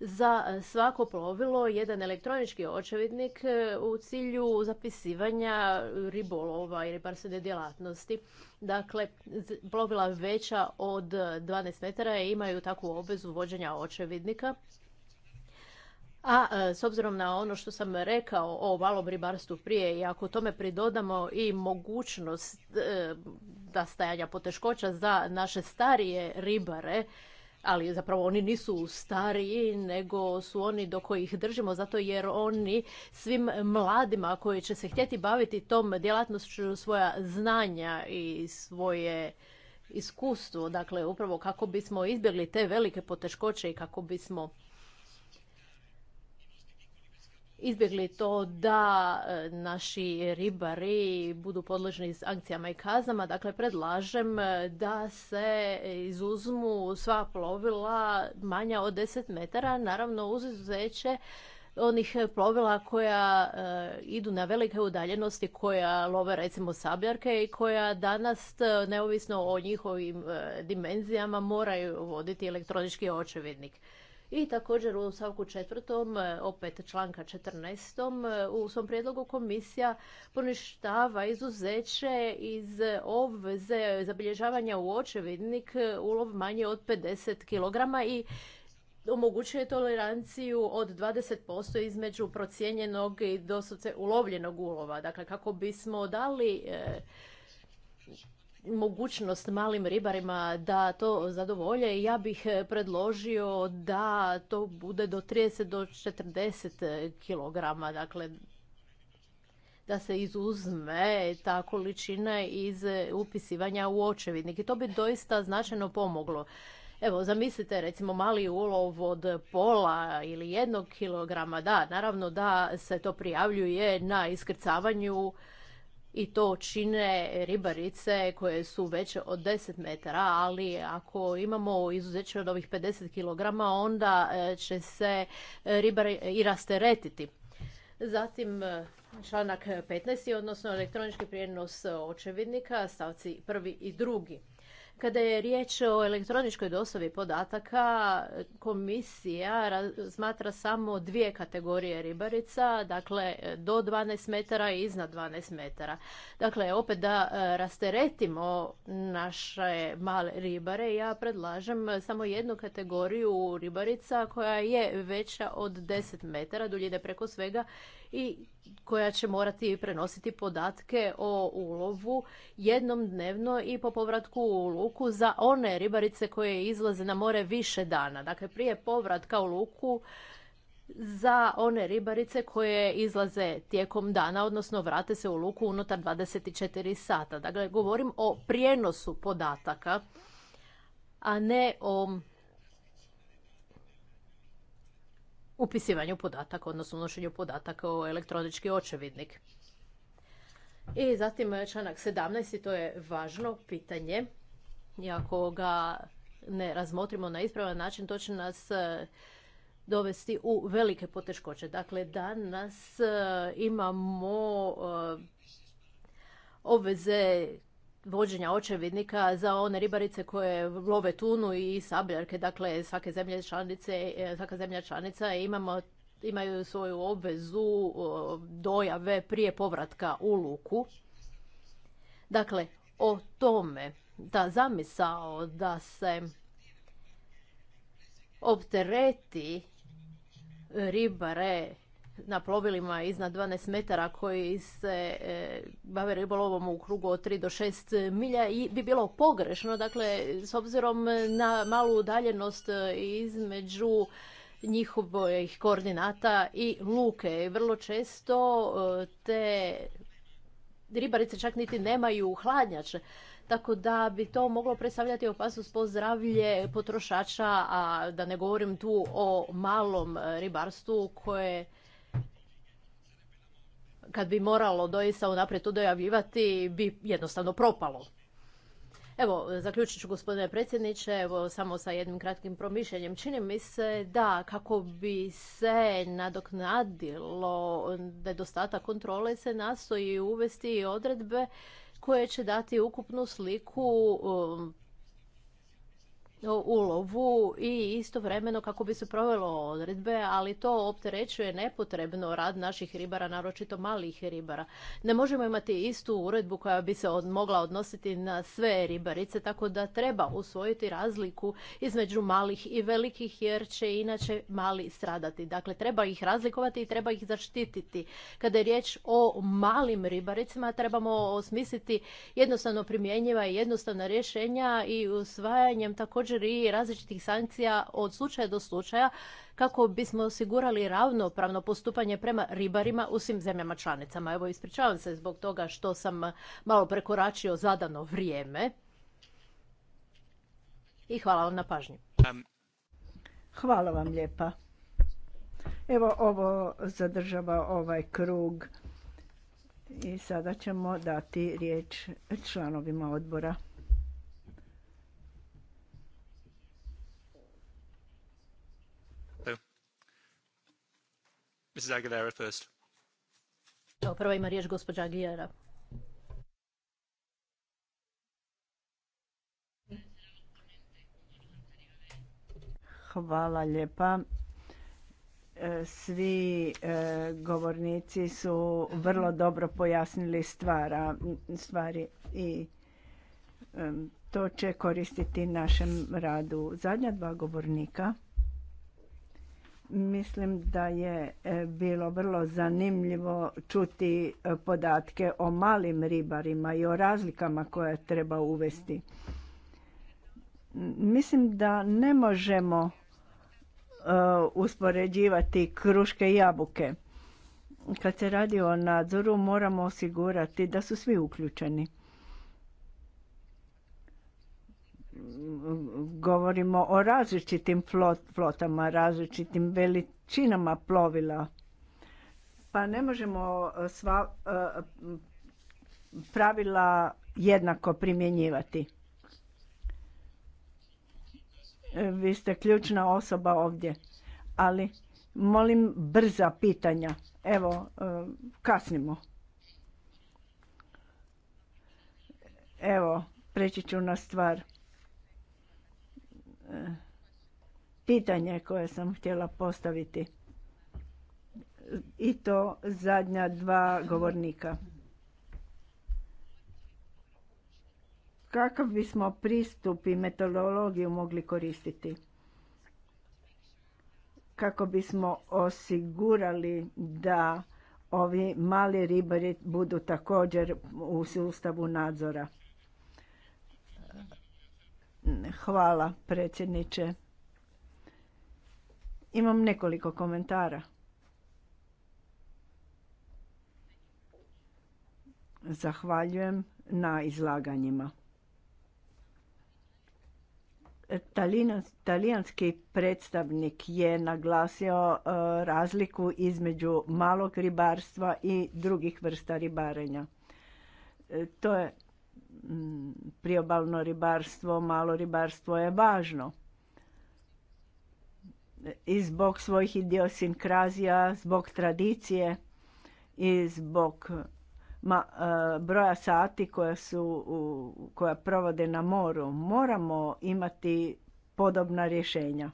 za e, svako plovilo jedan elektronički očevidnik e, u cilju zapisivanja ribolova i ribarstvene djelatnosti. Dakle, plovila veća od 12 metara imaju takvu obvezu vođenja očevidnika. A e, s obzirom na ono što sam rekao o malom ribarstvu prije i ako tome pridodamo i mogućnost da stajanja poteškoća za naše starije ribare, ali zapravo oni nisu stariji nego su oni do kojih držimo zato jer oni svim mladima koji će se htjeti baviti tom djelatnošću svoja znanja i svoje iskustvo, dakle upravo kako bismo izbjegli te velike poteškoće i kako bismo izbjegli to da e, naši ribari budu podložni sankcijama i kaznama. Dakle, predlažem e, da se izuzmu sva plovila manja od 10 metara, naravno uz izuzeće onih plovila koja e, idu na velike udaljenosti, koja love recimo sabljarke i koja danas neovisno o njihovim dimenzijama moraju voditi elektronički očevidnik. I također u stavku četvrtom, e, opet članka 14. E, u svom prijedlogu komisija poništava izuzeće iz obveze zabilježavanja u očevidnik e, ulov manje od 50 kg i omogućuje toleranciju od 20% između procijenjenog i doslovce ulovljenog ulova. Dakle, kako bismo dali mogućnost malim ribarima da to zadovolje, ja bih eh, predložio da to bude do 30 do 40 kg, dakle da se izuzme ta količina iz eh, upisivanja u očevidnik. I to bi doista značajno pomoglo. Evo, zamislite recimo mali ulov od pola ili jednog kilograma, da, naravno da se to prijavljuje na iskrcavanju i to čine ribarice koje su veće od 10 metara, ali ako imamo izuzeće od ovih 50 kg, onda e, će se e, ribari i rasteretiti. Zatim e, članak 15. odnosno elektronički prijenos očevidnika, stavci prvi i drugi. Kada je riječ o elektroničkoj dostavi podataka, komisija smatra samo dvije kategorije ribarica, dakle do 12 metara i iznad 12 metara. Dakle, opet da e, rasteretimo naše male ribare, ja predlažem samo jednu kategoriju ribarica koja je veća od 10 metara, duljine preko svega i koja će morati prenositi podatke o ulovu jednom dnevno i po povratku u luku za one ribarice koje izlaze na more više dana. Dakle, prije povratka u luku za one ribarice koje izlaze tijekom dana, odnosno vrate se u luku unutar 24 sata. Dakle, govorim o prijenosu podataka, a ne o upisivanju podataka, odnosno unošenju podataka u elektronički očevidnik. I zatim e, članak 17. to je važno pitanje. ako ga ne razmotrimo na ispravan način, to će nas e, dovesti u velike poteškoće. Dakle, danas e, imamo obveze vođenja očevidnika za one ribarice koje love tunu i sabljarke. Dakle, svake zemlje članice, svaka zemlja članica imamo imaju svoju obvezu dojave prije povratka u luku. Dakle, o tome da zamisao da se optereti ribare na plovilima iznad 12 metara koji se e, bave ribolovom u krugu od 3 do 6 milja i bi bilo pogrešno. Dakle, s obzirom na malu udaljenost e, između njihovih koordinata i luke. Vrlo često e, te ribarice čak niti nemaju hladnjače. Tako da bi to moglo predstavljati opasnost po zdravlje potrošača, a da ne govorim tu o malom ribarstvu koje kad bi moralo doista unaprijed to dojavljivati, bi jednostavno propalo. Evo, zaključit ću gospodine predsjedniče, evo samo sa jednim kratkim promišljenjem. Čini mi se da kako bi se nadoknadilo nedostatak kontrole se nastoji uvesti odredbe koje će dati ukupnu sliku um, ulovu i istovremeno kako bi se provelo odredbe, ali to opterećuje nepotrebno rad naših ribara, naročito malih ribara. Ne možemo imati istu uredbu koja bi se mogla odnositi na sve ribarice, tako da treba usvojiti razliku između malih i velikih jer će inače mali stradati. Dakle, treba ih razlikovati i treba ih zaštititi. Kada je riječ o malim ribaricama, trebamo osmisliti jednostavno primjenjiva i jednostavna rješenja i usvajanjem također također i različitih sankcija od slučaja do slučaja kako bismo osigurali ravnopravno postupanje prema ribarima u svim zemljama članicama. Evo, ispričavam se zbog toga što sam malo prekoračio zadano vrijeme. I hvala vam na pažnji. Um, hvala vam lijepa. Evo ovo zadržava ovaj krug i sada ćemo dati riječ članovima odbora. Mrs. Aguilera first. ima riječ gospođa Aguilera. Hvala lijepa. E, svi e, govornici su vrlo dobro pojasnili stvara, stvari i e, to će koristiti našem radu. Zadnja dva govornika Mislim da je e, bilo vrlo zanimljivo čuti e, podatke o malim ribarima i o razlikama koje treba uvesti. Mislim da ne možemo e, uspoređivati kruške i jabuke. Kad se radi o nadzoru moramo osigurati da su svi uključeni. govorimo o različitim flotama, različitim veličinama plovila. Pa ne možemo e, sva e, pravila jednako primjenjivati. E, vi ste ključna osoba ovdje, ali molim brza pitanja. Evo, kasnimo. Evo, preći ću na stvar pitanje koje sam htjela postaviti. I to zadnja dva govornika. Kakav bismo pristup i metodologiju mogli koristiti? Kako bismo osigurali da ovi mali ribari budu također u sustavu nadzora? Hvala predsjedniče. Imam nekoliko komentara. Zahvaljujem na izlaganjima. Talijanski predstavnik je naglasio e, razliku između malog ribarstva i drugih vrsta ribarenja. E, to je Mm, priobalno ribarstvo, malo ribarstvo je važno. I zbog svojih idiosinkrazija, zbog tradicije i zbog ma, e, broja sati koja, su, koja provode na moru. Moramo imati podobna rješenja.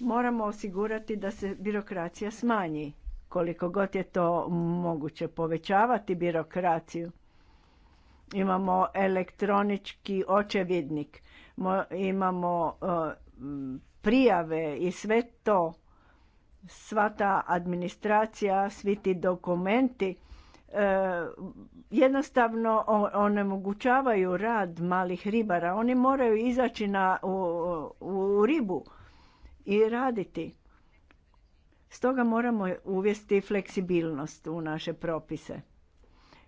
Moramo osigurati da se birokracija smanji. Koliko god je to moguće povećavati birokraciju imamo elektronički očevidnik, imamo e, prijave i sve to, sva ta administracija, svi ti dokumenti e, jednostavno onemogućavaju rad malih ribara. Oni moraju izaći na, u, u ribu i raditi. Stoga moramo uvesti fleksibilnost u naše propise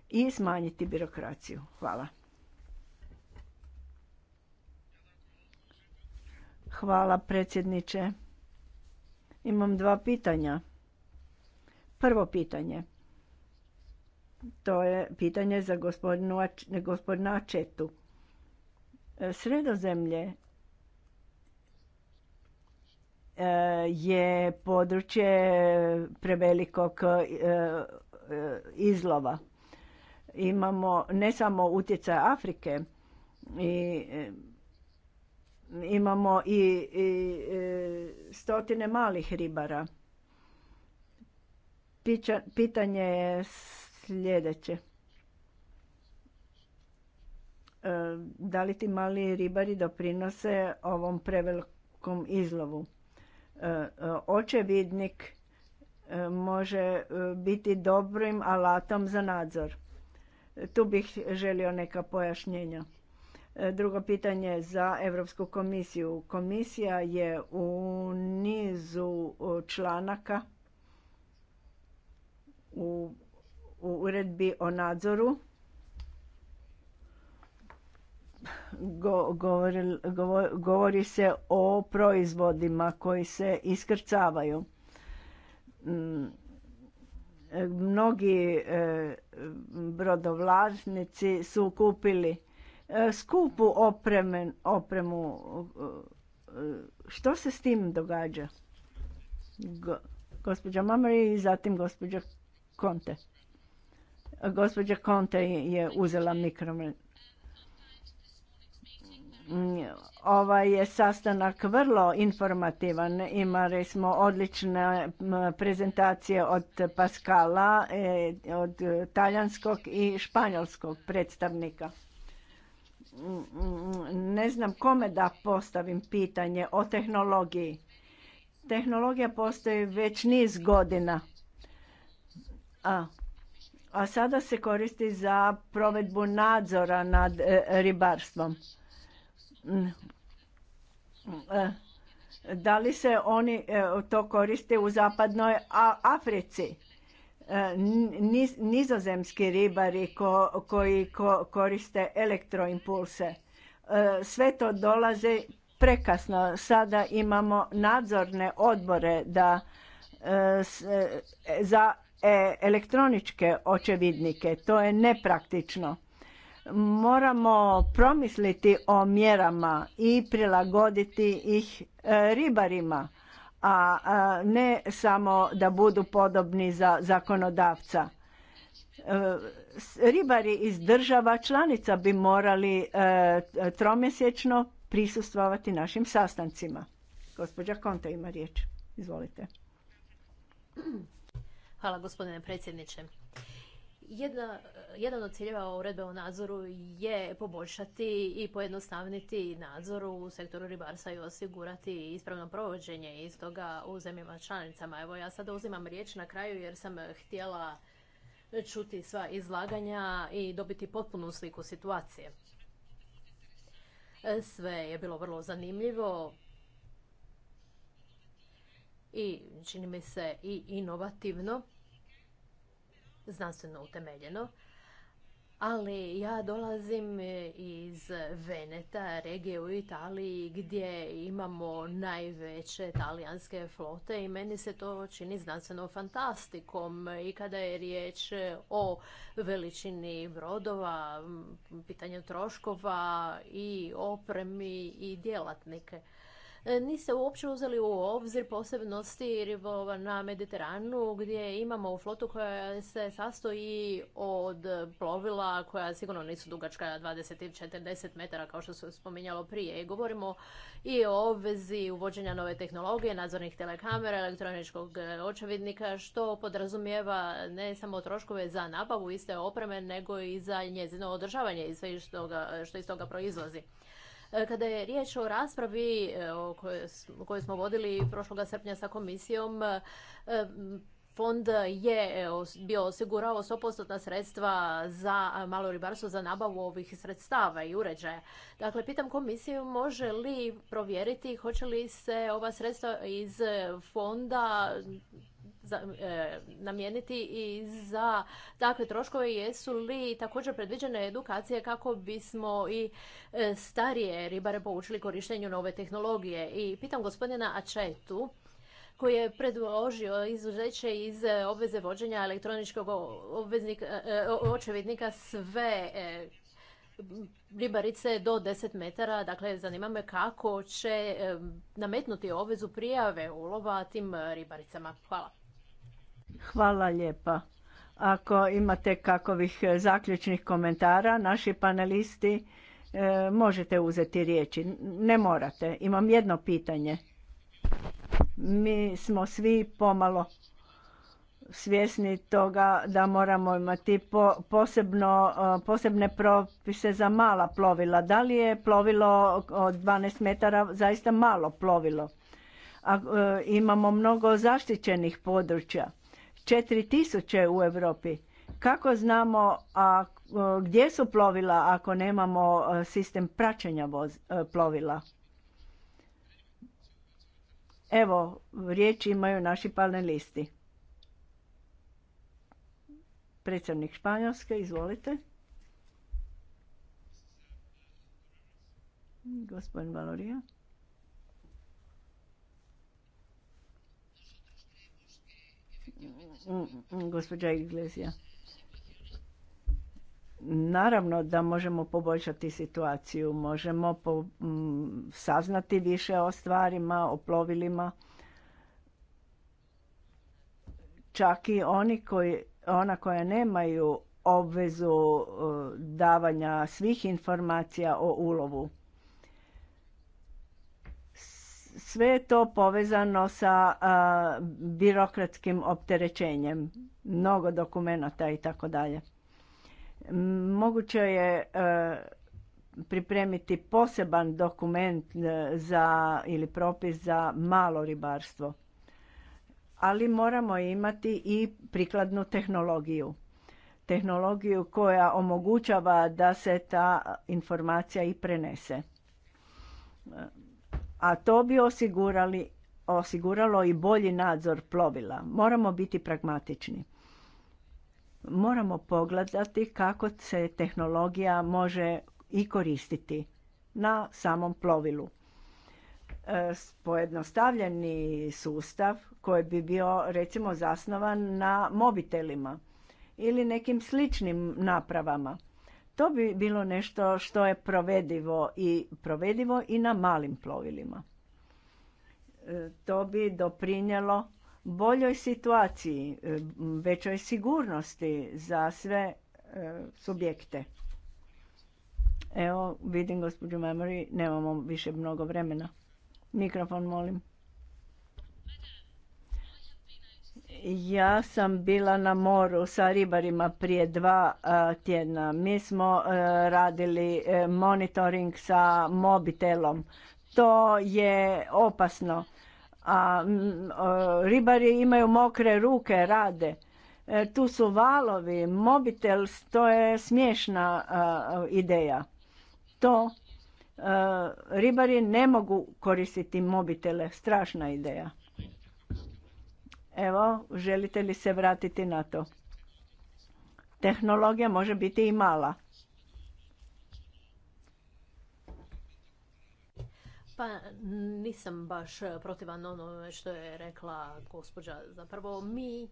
i smanjiti birokraciju. Hvala. Hvala predsjedniče. Imam dva pitanja. Prvo pitanje. To je pitanje za gospodina Četu. E, Sredozemlje e, je područje prevelikog e, izlova imamo ne samo utjecaj Afrike i e, imamo i, e, stotine malih ribara. pitanje je sljedeće. E, da li ti mali ribari doprinose ovom prevelikom izlovu? Očevidnik može biti dobrim alatom za nadzor. Tu bih želio neka pojašnjenja. E, drugo pitanje za Europsku komisiju. Komisija je u nizu članaka u, u uredbi o nadzoru govori, se o proizvodima koji se iskrcavaju. Mm, E, mnogi e, brodovlažnici su kupili e, skupu opremu. Što se s tim događa? gospođa Mamari i zatim gospođa Konte. Gospođa Konte je uzela mikrofon. Ovaj je sastanak vrlo informativan. Imali smo odlične prezentacije od Paskala, e, od talijanskog i španjolskog predstavnika. Ne znam kome da postavim pitanje o tehnologiji. Tehnologija postoji već niz godina. A, a sada se koristi za provedbu nadzora nad e, ribarstvom. Da li se oni e, to koriste u zapadnoj Africi? E, nizozemski ribari koji koriste elektroimpulse. E, sve to dolaze prekasno. Sada imamo nadzorne odbore da za elektroničke očevidnike. To je nepraktično moramo promisliti o mjerama i prilagoditi ih e, ribarima, a ne samo da budu podobni za zakonodavca. E, ribari iz država članica bi morali e, tromjesečno prisustvovati našim sastancima. Gospođa Konta ima riječ. Izvolite. Hvala gospodine predsjedniče. Jedna, jedan od ciljeva uredbe o nadzoru je poboljšati i pojednostavniti nadzor u sektoru ribarstva i osigurati ispravno provođenje toga u zemljama članicama. Evo ja sada uzimam riječ na kraju jer sam htjela čuti sva izlaganja i dobiti potpunu sliku situacije. Sve je bilo vrlo zanimljivo i čini mi se i inovativno znanstveno utemeljeno. Ali ja dolazim e, iz Veneta, regije u Italiji gdje imamo najveće talijanske flote i meni se to čini znanstveno fantastikom. I kada je riječ e, o veličini brodova, pitanju troškova i opremi i djelatnike. E, niste uopće uzeli u obzir posebnosti ribolova na Mediteranu gdje imamo flotu koja se sastoji od plovila koja sigurno nisu dugačka 20 ili 40 metara kao što se spominjalo prije. I govorimo i o obvezi uvođenja nove tehnologije, nadzornih telekamera, elektroničkog e, očevidnika što podrazumijeva ne samo troškove za nabavu iste opreme nego i za njezino održavanje i sve što, e, što iz toga proizlazi. E, kada je riječ o raspravi e, koju smo vodili prošloga srpnja sa komisijom, e, fond je bio osigurao 100% sredstva za malo ribarstvo za nabavu ovih sredstava i uređaja. Dakle, pitam komisiju može li provjeriti hoće li se ova sredstva iz fonda za, e, namijeniti i za takve troškove jesu li također predviđene edukacije kako bismo i e, starije ribare poučili korištenju nove tehnologije. I pitam gospodina Ačetu koji je predložio izuzeće iz e, obveze vođenja elektroničkog očevidnika sve ribarice do 10 metara. Dakle, zanima me kako će nametnuti obvezu prijave ulova tim ribaricama. Hvala. Hvala lijepa. Ako imate kakovih zaključnih komentara, naši panelisti e, možete uzeti riječi. Ne morate. Imam jedno pitanje. Mi smo svi pomalo svjesni toga da moramo imati posebno, e, posebne propise za mala plovila. Da li je plovilo od 12 metara zaista malo plovilo? A, e, imamo mnogo zaštićenih područja 4000 u Europi. Kako znamo a, gdje su plovila ako nemamo sistem praćenja voz, e, plovila? Evo, riječi imaju naši panelisti. Predsjednik Španjolske, izvolite. Gospodin Valorija. Mm, mm, gospođa Iglesija. Naravno da možemo poboljšati situaciju, možemo mm, saznati više o stvarima, o plovilima. Čak i oni koji, ona koja nemaju obvezu eh, davanja svih informacija o ulovu. Sve je to povezano sa birokratskim opterećenjem, mnogo dokumenata i tako dalje. Moguće je pripremiti poseban dokument e, za ili propis za malo ribarstvo. Ali moramo imati i prikladnu tehnologiju. Tehnologiju koja omogućava da se ta informacija i prenese a to bi osigurali, osiguralo i bolji nadzor plovila. Moramo biti pragmatični. Moramo pogledati kako se tehnologija može i koristiti na samom plovilu. E, pojednostavljeni sustav koji bi bio recimo zasnovan na mobitelima ili nekim sličnim napravama to bi bilo nešto što je provedivo i provedivo i na malim plovilima. E, to bi doprinjelo boljoj situaciji, e, većoj sigurnosti za sve e, subjekte. Evo, vidim gospođu Memory, nemamo više mnogo vremena. Mikrofon, molim. Ja sam bila na moru sa ribarima prije dva tjedna. Mi smo e, radili e, monitoring sa mobitelom. To je opasno. A ribari imaju mokre ruke, rade. E, tu su valovi, mobitel, to je smiješna ideja. To ribari ne mogu koristiti mobitele, strašna ideja. Evo, želite li se vratiti na to? Tehnologija može biti i mala. Pa nisam baš protivan onome što je rekla gospođa. Zapravo mi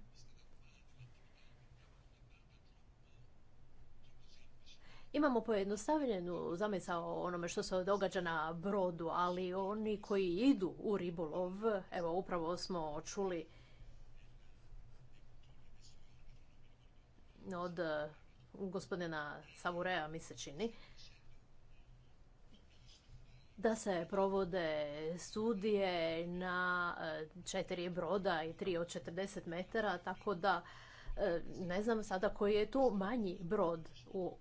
Imamo pojednostavljenu zamisao o onome što se događa na brodu, ali oni koji idu u ribolov, evo upravo smo čuli od e, gospodina Savurea, mi se čini, da se provode studije na e, četiri broda i tri od 40 metara, tako da e, ne znam sada koji je tu manji brod. U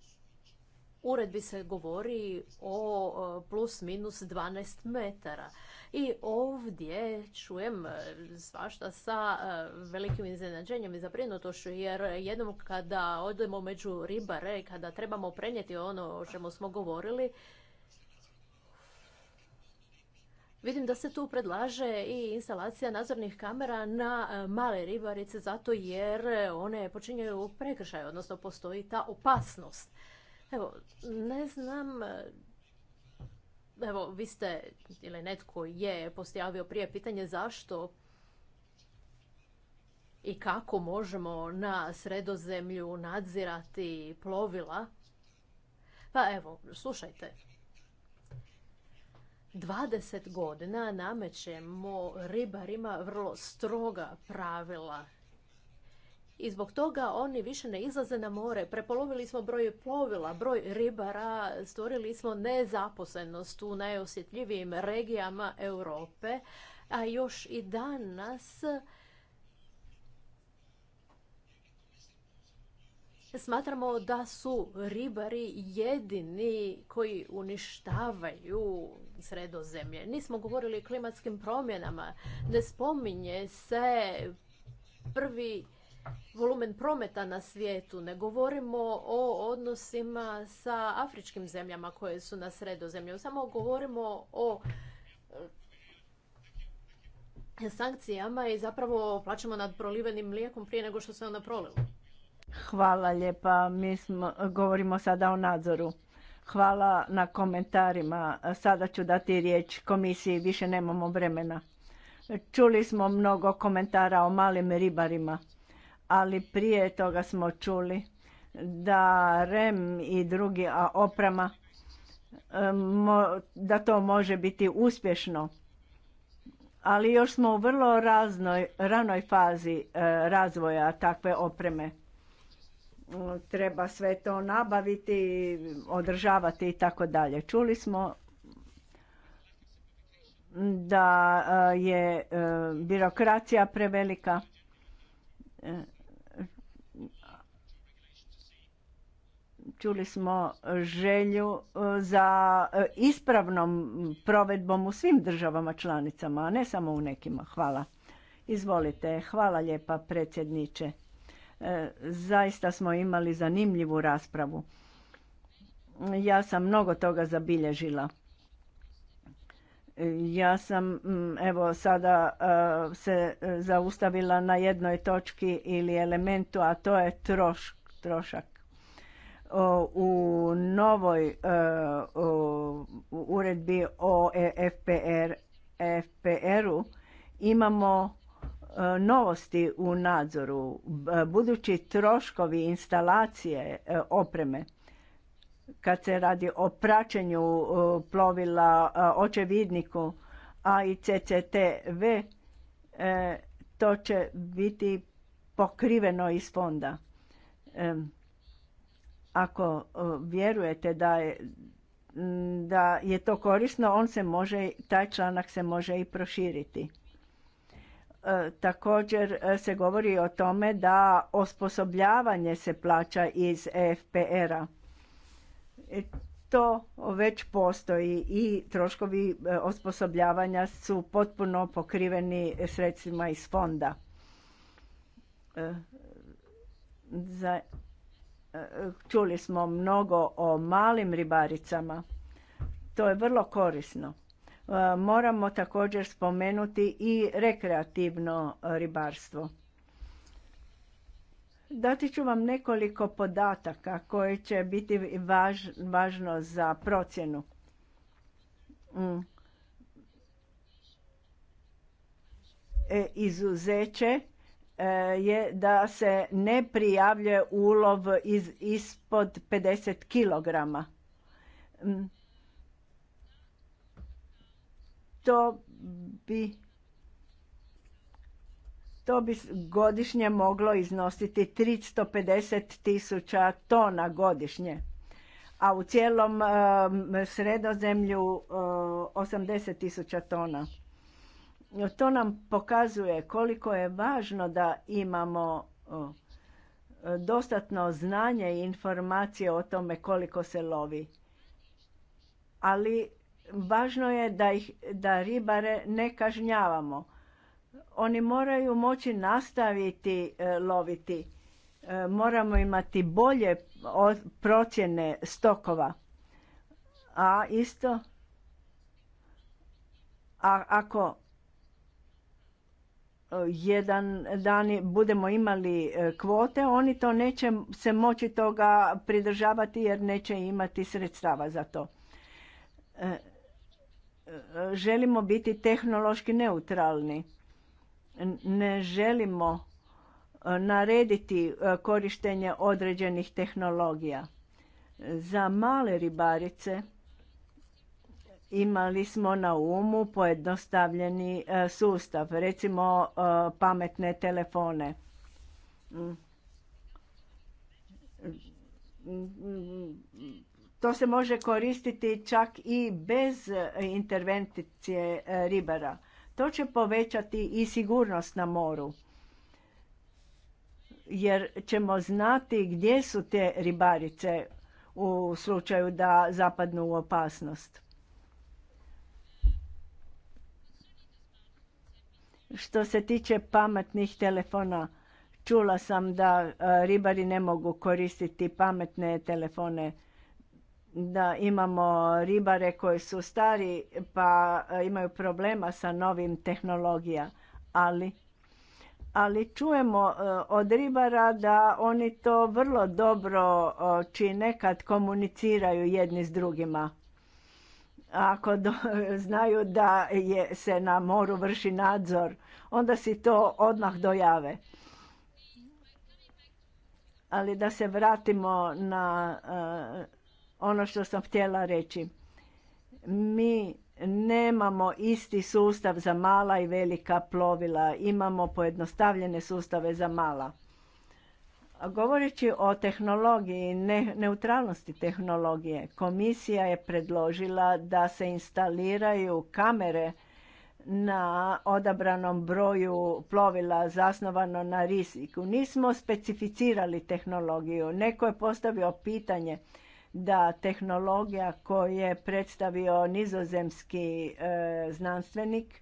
uredbi se govori o plus minus 12 metara. I ovdje čujem e, svašta sa e, velikim iznenađenjem i zabrinutošću jer jednom kada odemo među ribare, kada trebamo prenijeti ono o čemu smo govorili, Vidim da se tu predlaže i instalacija nadzornih kamera na e, male ribarice zato jer one počinjaju prekršaj, odnosno postoji ta opasnost. Evo, ne znam Evo, vi ste, ili netko je postavio prije pitanje zašto i kako možemo na sredozemlju nadzirati plovila. Pa evo, slušajte. 20 godina namećemo ribarima vrlo stroga pravila i zbog toga oni više ne izlaze na more. Prepolovili smo broj plovila, broj ribara, stvorili smo nezaposlenost u najosjetljivijim regijama Europe, a još i danas smatramo da su ribari jedini koji uništavaju sredozemlje. Nismo govorili o klimatskim promjenama, ne spominje se prvi volumen prometa na svijetu, ne govorimo o odnosima sa afričkim zemljama koje su na sredozemlju, samo govorimo o e, sankcijama i zapravo plaćamo nad prolivenim mlijekom prije nego što se ona prolila. Hvala lijepa, mi smo, govorimo sada o nadzoru. Hvala na komentarima. Sada ću dati riječ komisiji, više nemamo vremena. Čuli smo mnogo komentara o malim ribarima ali prije toga smo čuli da REM i drugi a oprama e, da to može biti uspješno. Ali još smo u vrlo ranoj fazi e, razvoja takve opreme. E, treba sve to nabaviti, održavati i tako dalje. Čuli smo da je birokracija prevelika čuli smo e, želju e, za e, ispravnom provedbom u svim državama članicama, a ne samo u nekima. Hvala. Izvolite. Hvala lijepa predsjedniče. zaista smo imali zanimljivu raspravu. Ja sam mnogo toga zabilježila. Ja sam mm, evo sada se zaustavila na jednoj točki ili elementu, a to je troš, trošak u novoj e, uredbi o e, FPR, u imamo e, novosti u nadzoru, budući troškovi instalacije opreme kad se radi o praćenju plovila, očevidniku, a i CCTV, to će biti pokriveno iz fonda. Ako e, vjerujete da je, da je to korisno, on se može, taj članak se može i proširiti. E, također e, se govori o tome da osposobljavanje se plaća iz EFPR-a. To već postoji i troškovi osposobljavanja su potpuno pokriveni sredstvima iz fonda. Za Čuli smo mnogo o malim ribaricama. To je vrlo korisno. E, moramo također spomenuti i rekreativno ribarstvo. Dati ću vam nekoliko podataka koje će biti važno za procjenu. Mm. E, izuzeće Eh, je da se ne prijavljuje ulov iz, ispod 50 kilograma. Mm. To bi to bi godišnje moglo iznositi 350 tisuća tona godišnje, a u cijelom eh, sredozemlju um, eh, 80 tisuća tona. To nam pokazuje koliko je važno da imamo dostatno znanje i informacije o tome koliko se lovi. Ali važno je da, ih, da ribare ne kažnjavamo. Oni moraju moći nastaviti e, loviti. E, moramo imati bolje procjene stokova. A isto, a ako jedan dan budemo imali e, kvote, oni to neće se moći toga pridržavati jer neće imati sredstava za to. E, e, želimo biti tehnološki neutralni. Ne želimo narediti korištenje određenih tehnologija. Za male ribarice imali smo na umu pojednostavljeni e, sustav, recimo e, pametne telefone. Mm. Mm, to se može koristiti čak i bez e, intervencije ribara. To će povećati i sigurnost na moru. Jer ćemo znati gdje su te ribarice u slučaju da zapadnu u opasnost. Što se tiče pametnih telefona, čula sam da e, ribari ne mogu koristiti pametne telefone da imamo ribare koji su stari pa e, imaju problema sa novim tehnologija, ali ali čujemo e, od ribara da oni to vrlo dobro čine kad komuniciraju jedni s drugima. Ako znaju da je, se na moru vrši nadzor, onda si to odmah dojave. Ali da se vratimo na eh, ono što sam htjela reći. Mi nemamo isti sustav za mala i velika plovila. Imamo pojednostavljene sustave za mala. Govoreći o tehnologiji, ne, neutralnosti tehnologije, komisija je predložila da se instaliraju kamere na odabranom broju plovila zasnovano na riziku. Nismo specificirali tehnologiju. Neko je postavio pitanje da tehnologija koju je predstavio nizozemski e, znanstvenik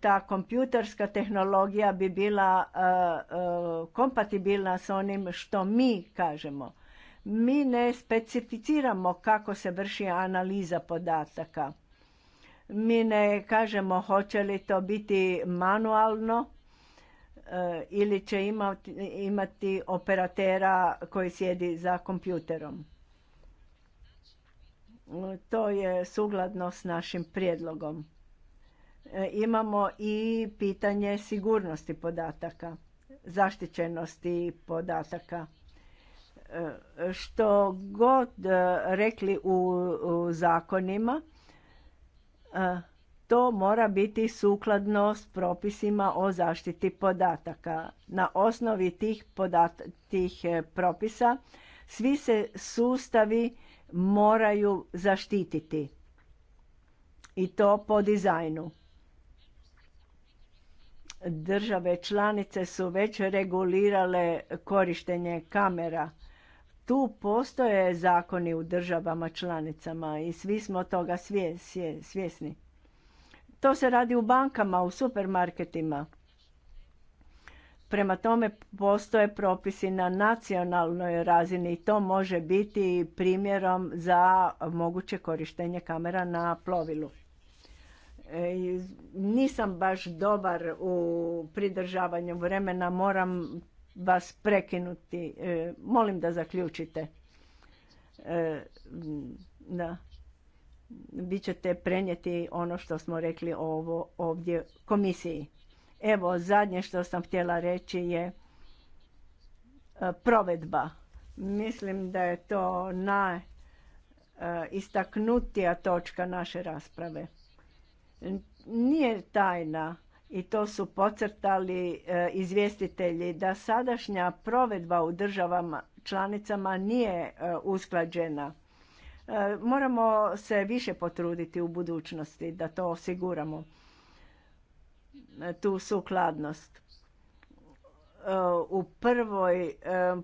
ta kompjuterska tehnologija bi bila e, e, kompatibilna s onim što mi kažemo. Mi ne specificiramo kako se vrši analiza podataka. Mi ne kažemo hoće li to biti manualno e, ili će imati, operatera koji sjedi za kompjuterom. To je sugladno s našim prijedlogom. E, imamo i pitanje sigurnosti podataka, zaštićenosti podataka. E, što god e, rekli u zakonima, to mora biti sukladno s propisima o zaštiti podataka. Na osnovi tih, tih propisa svi se sustavi moraju zaštititi i to po dizajnu. Države članice su već regulirale korištenje kamera. Tu postoje zakoni u državama članicama i svi smo toga svjesni. To se radi u bankama, u supermarketima. Prema tome postoje propisi na nacionalnoj razini i to može biti primjerom za moguće korištenje kamera na plovilu nisam baš dobar u pridržavanju vremena, moram vas prekinuti. E, molim da zaključite. E, da. Vi ćete prenijeti ono što smo rekli ovo ovdje komisiji. Evo, zadnje što sam htjela reći je e, provedba. Mislim da je to najistaknutija točka naše rasprave nije tajna i to su pocrtali e, izvjestitelji da sadašnja provedba u državama članicama nije e, usklađena. E, moramo se više potruditi u budućnosti da to osiguramo, tu sukladnost u prvoj, e,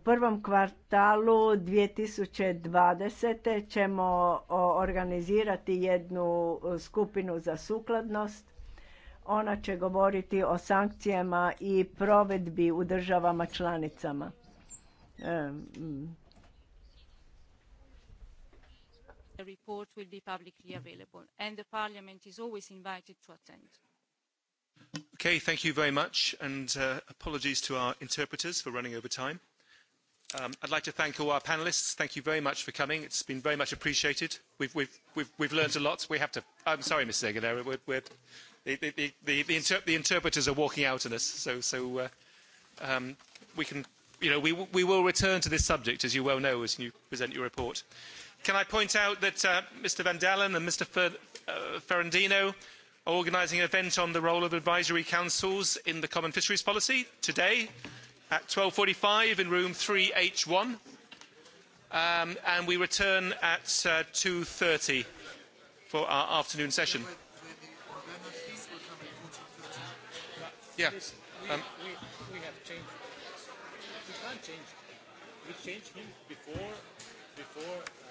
prvom kvartalu 2020. ćemo organizirati jednu e, skupinu za sukladnost. Ona će govoriti o sankcijama i provedbi u državama članicama. E, Okay, thank you very much, and uh, apologies to our interpreters for running over time. Um, I'd like to thank all our panelists. Thank you very much for coming. It's been very much appreciated. We've, we've, we've, we've learned a lot. We have to... I'm sorry, Ms. Aguilera. We're, the, the, the, the, inter the interpreters are walking out on us, so, so uh, um, we can... You know, we, we will return to this subject, as you well know, as you present your report. Can I point out that uh, Mr. Van Dalen and Mr. Fer uh, Ferrandino organising an event on the role of advisory councils in the common fisheries policy today at 12.45 in room 3H1. Um, and we return at uh, 2.30 for our afternoon session. Yeah. Um, we, have changed. We can't change. We changed him before, before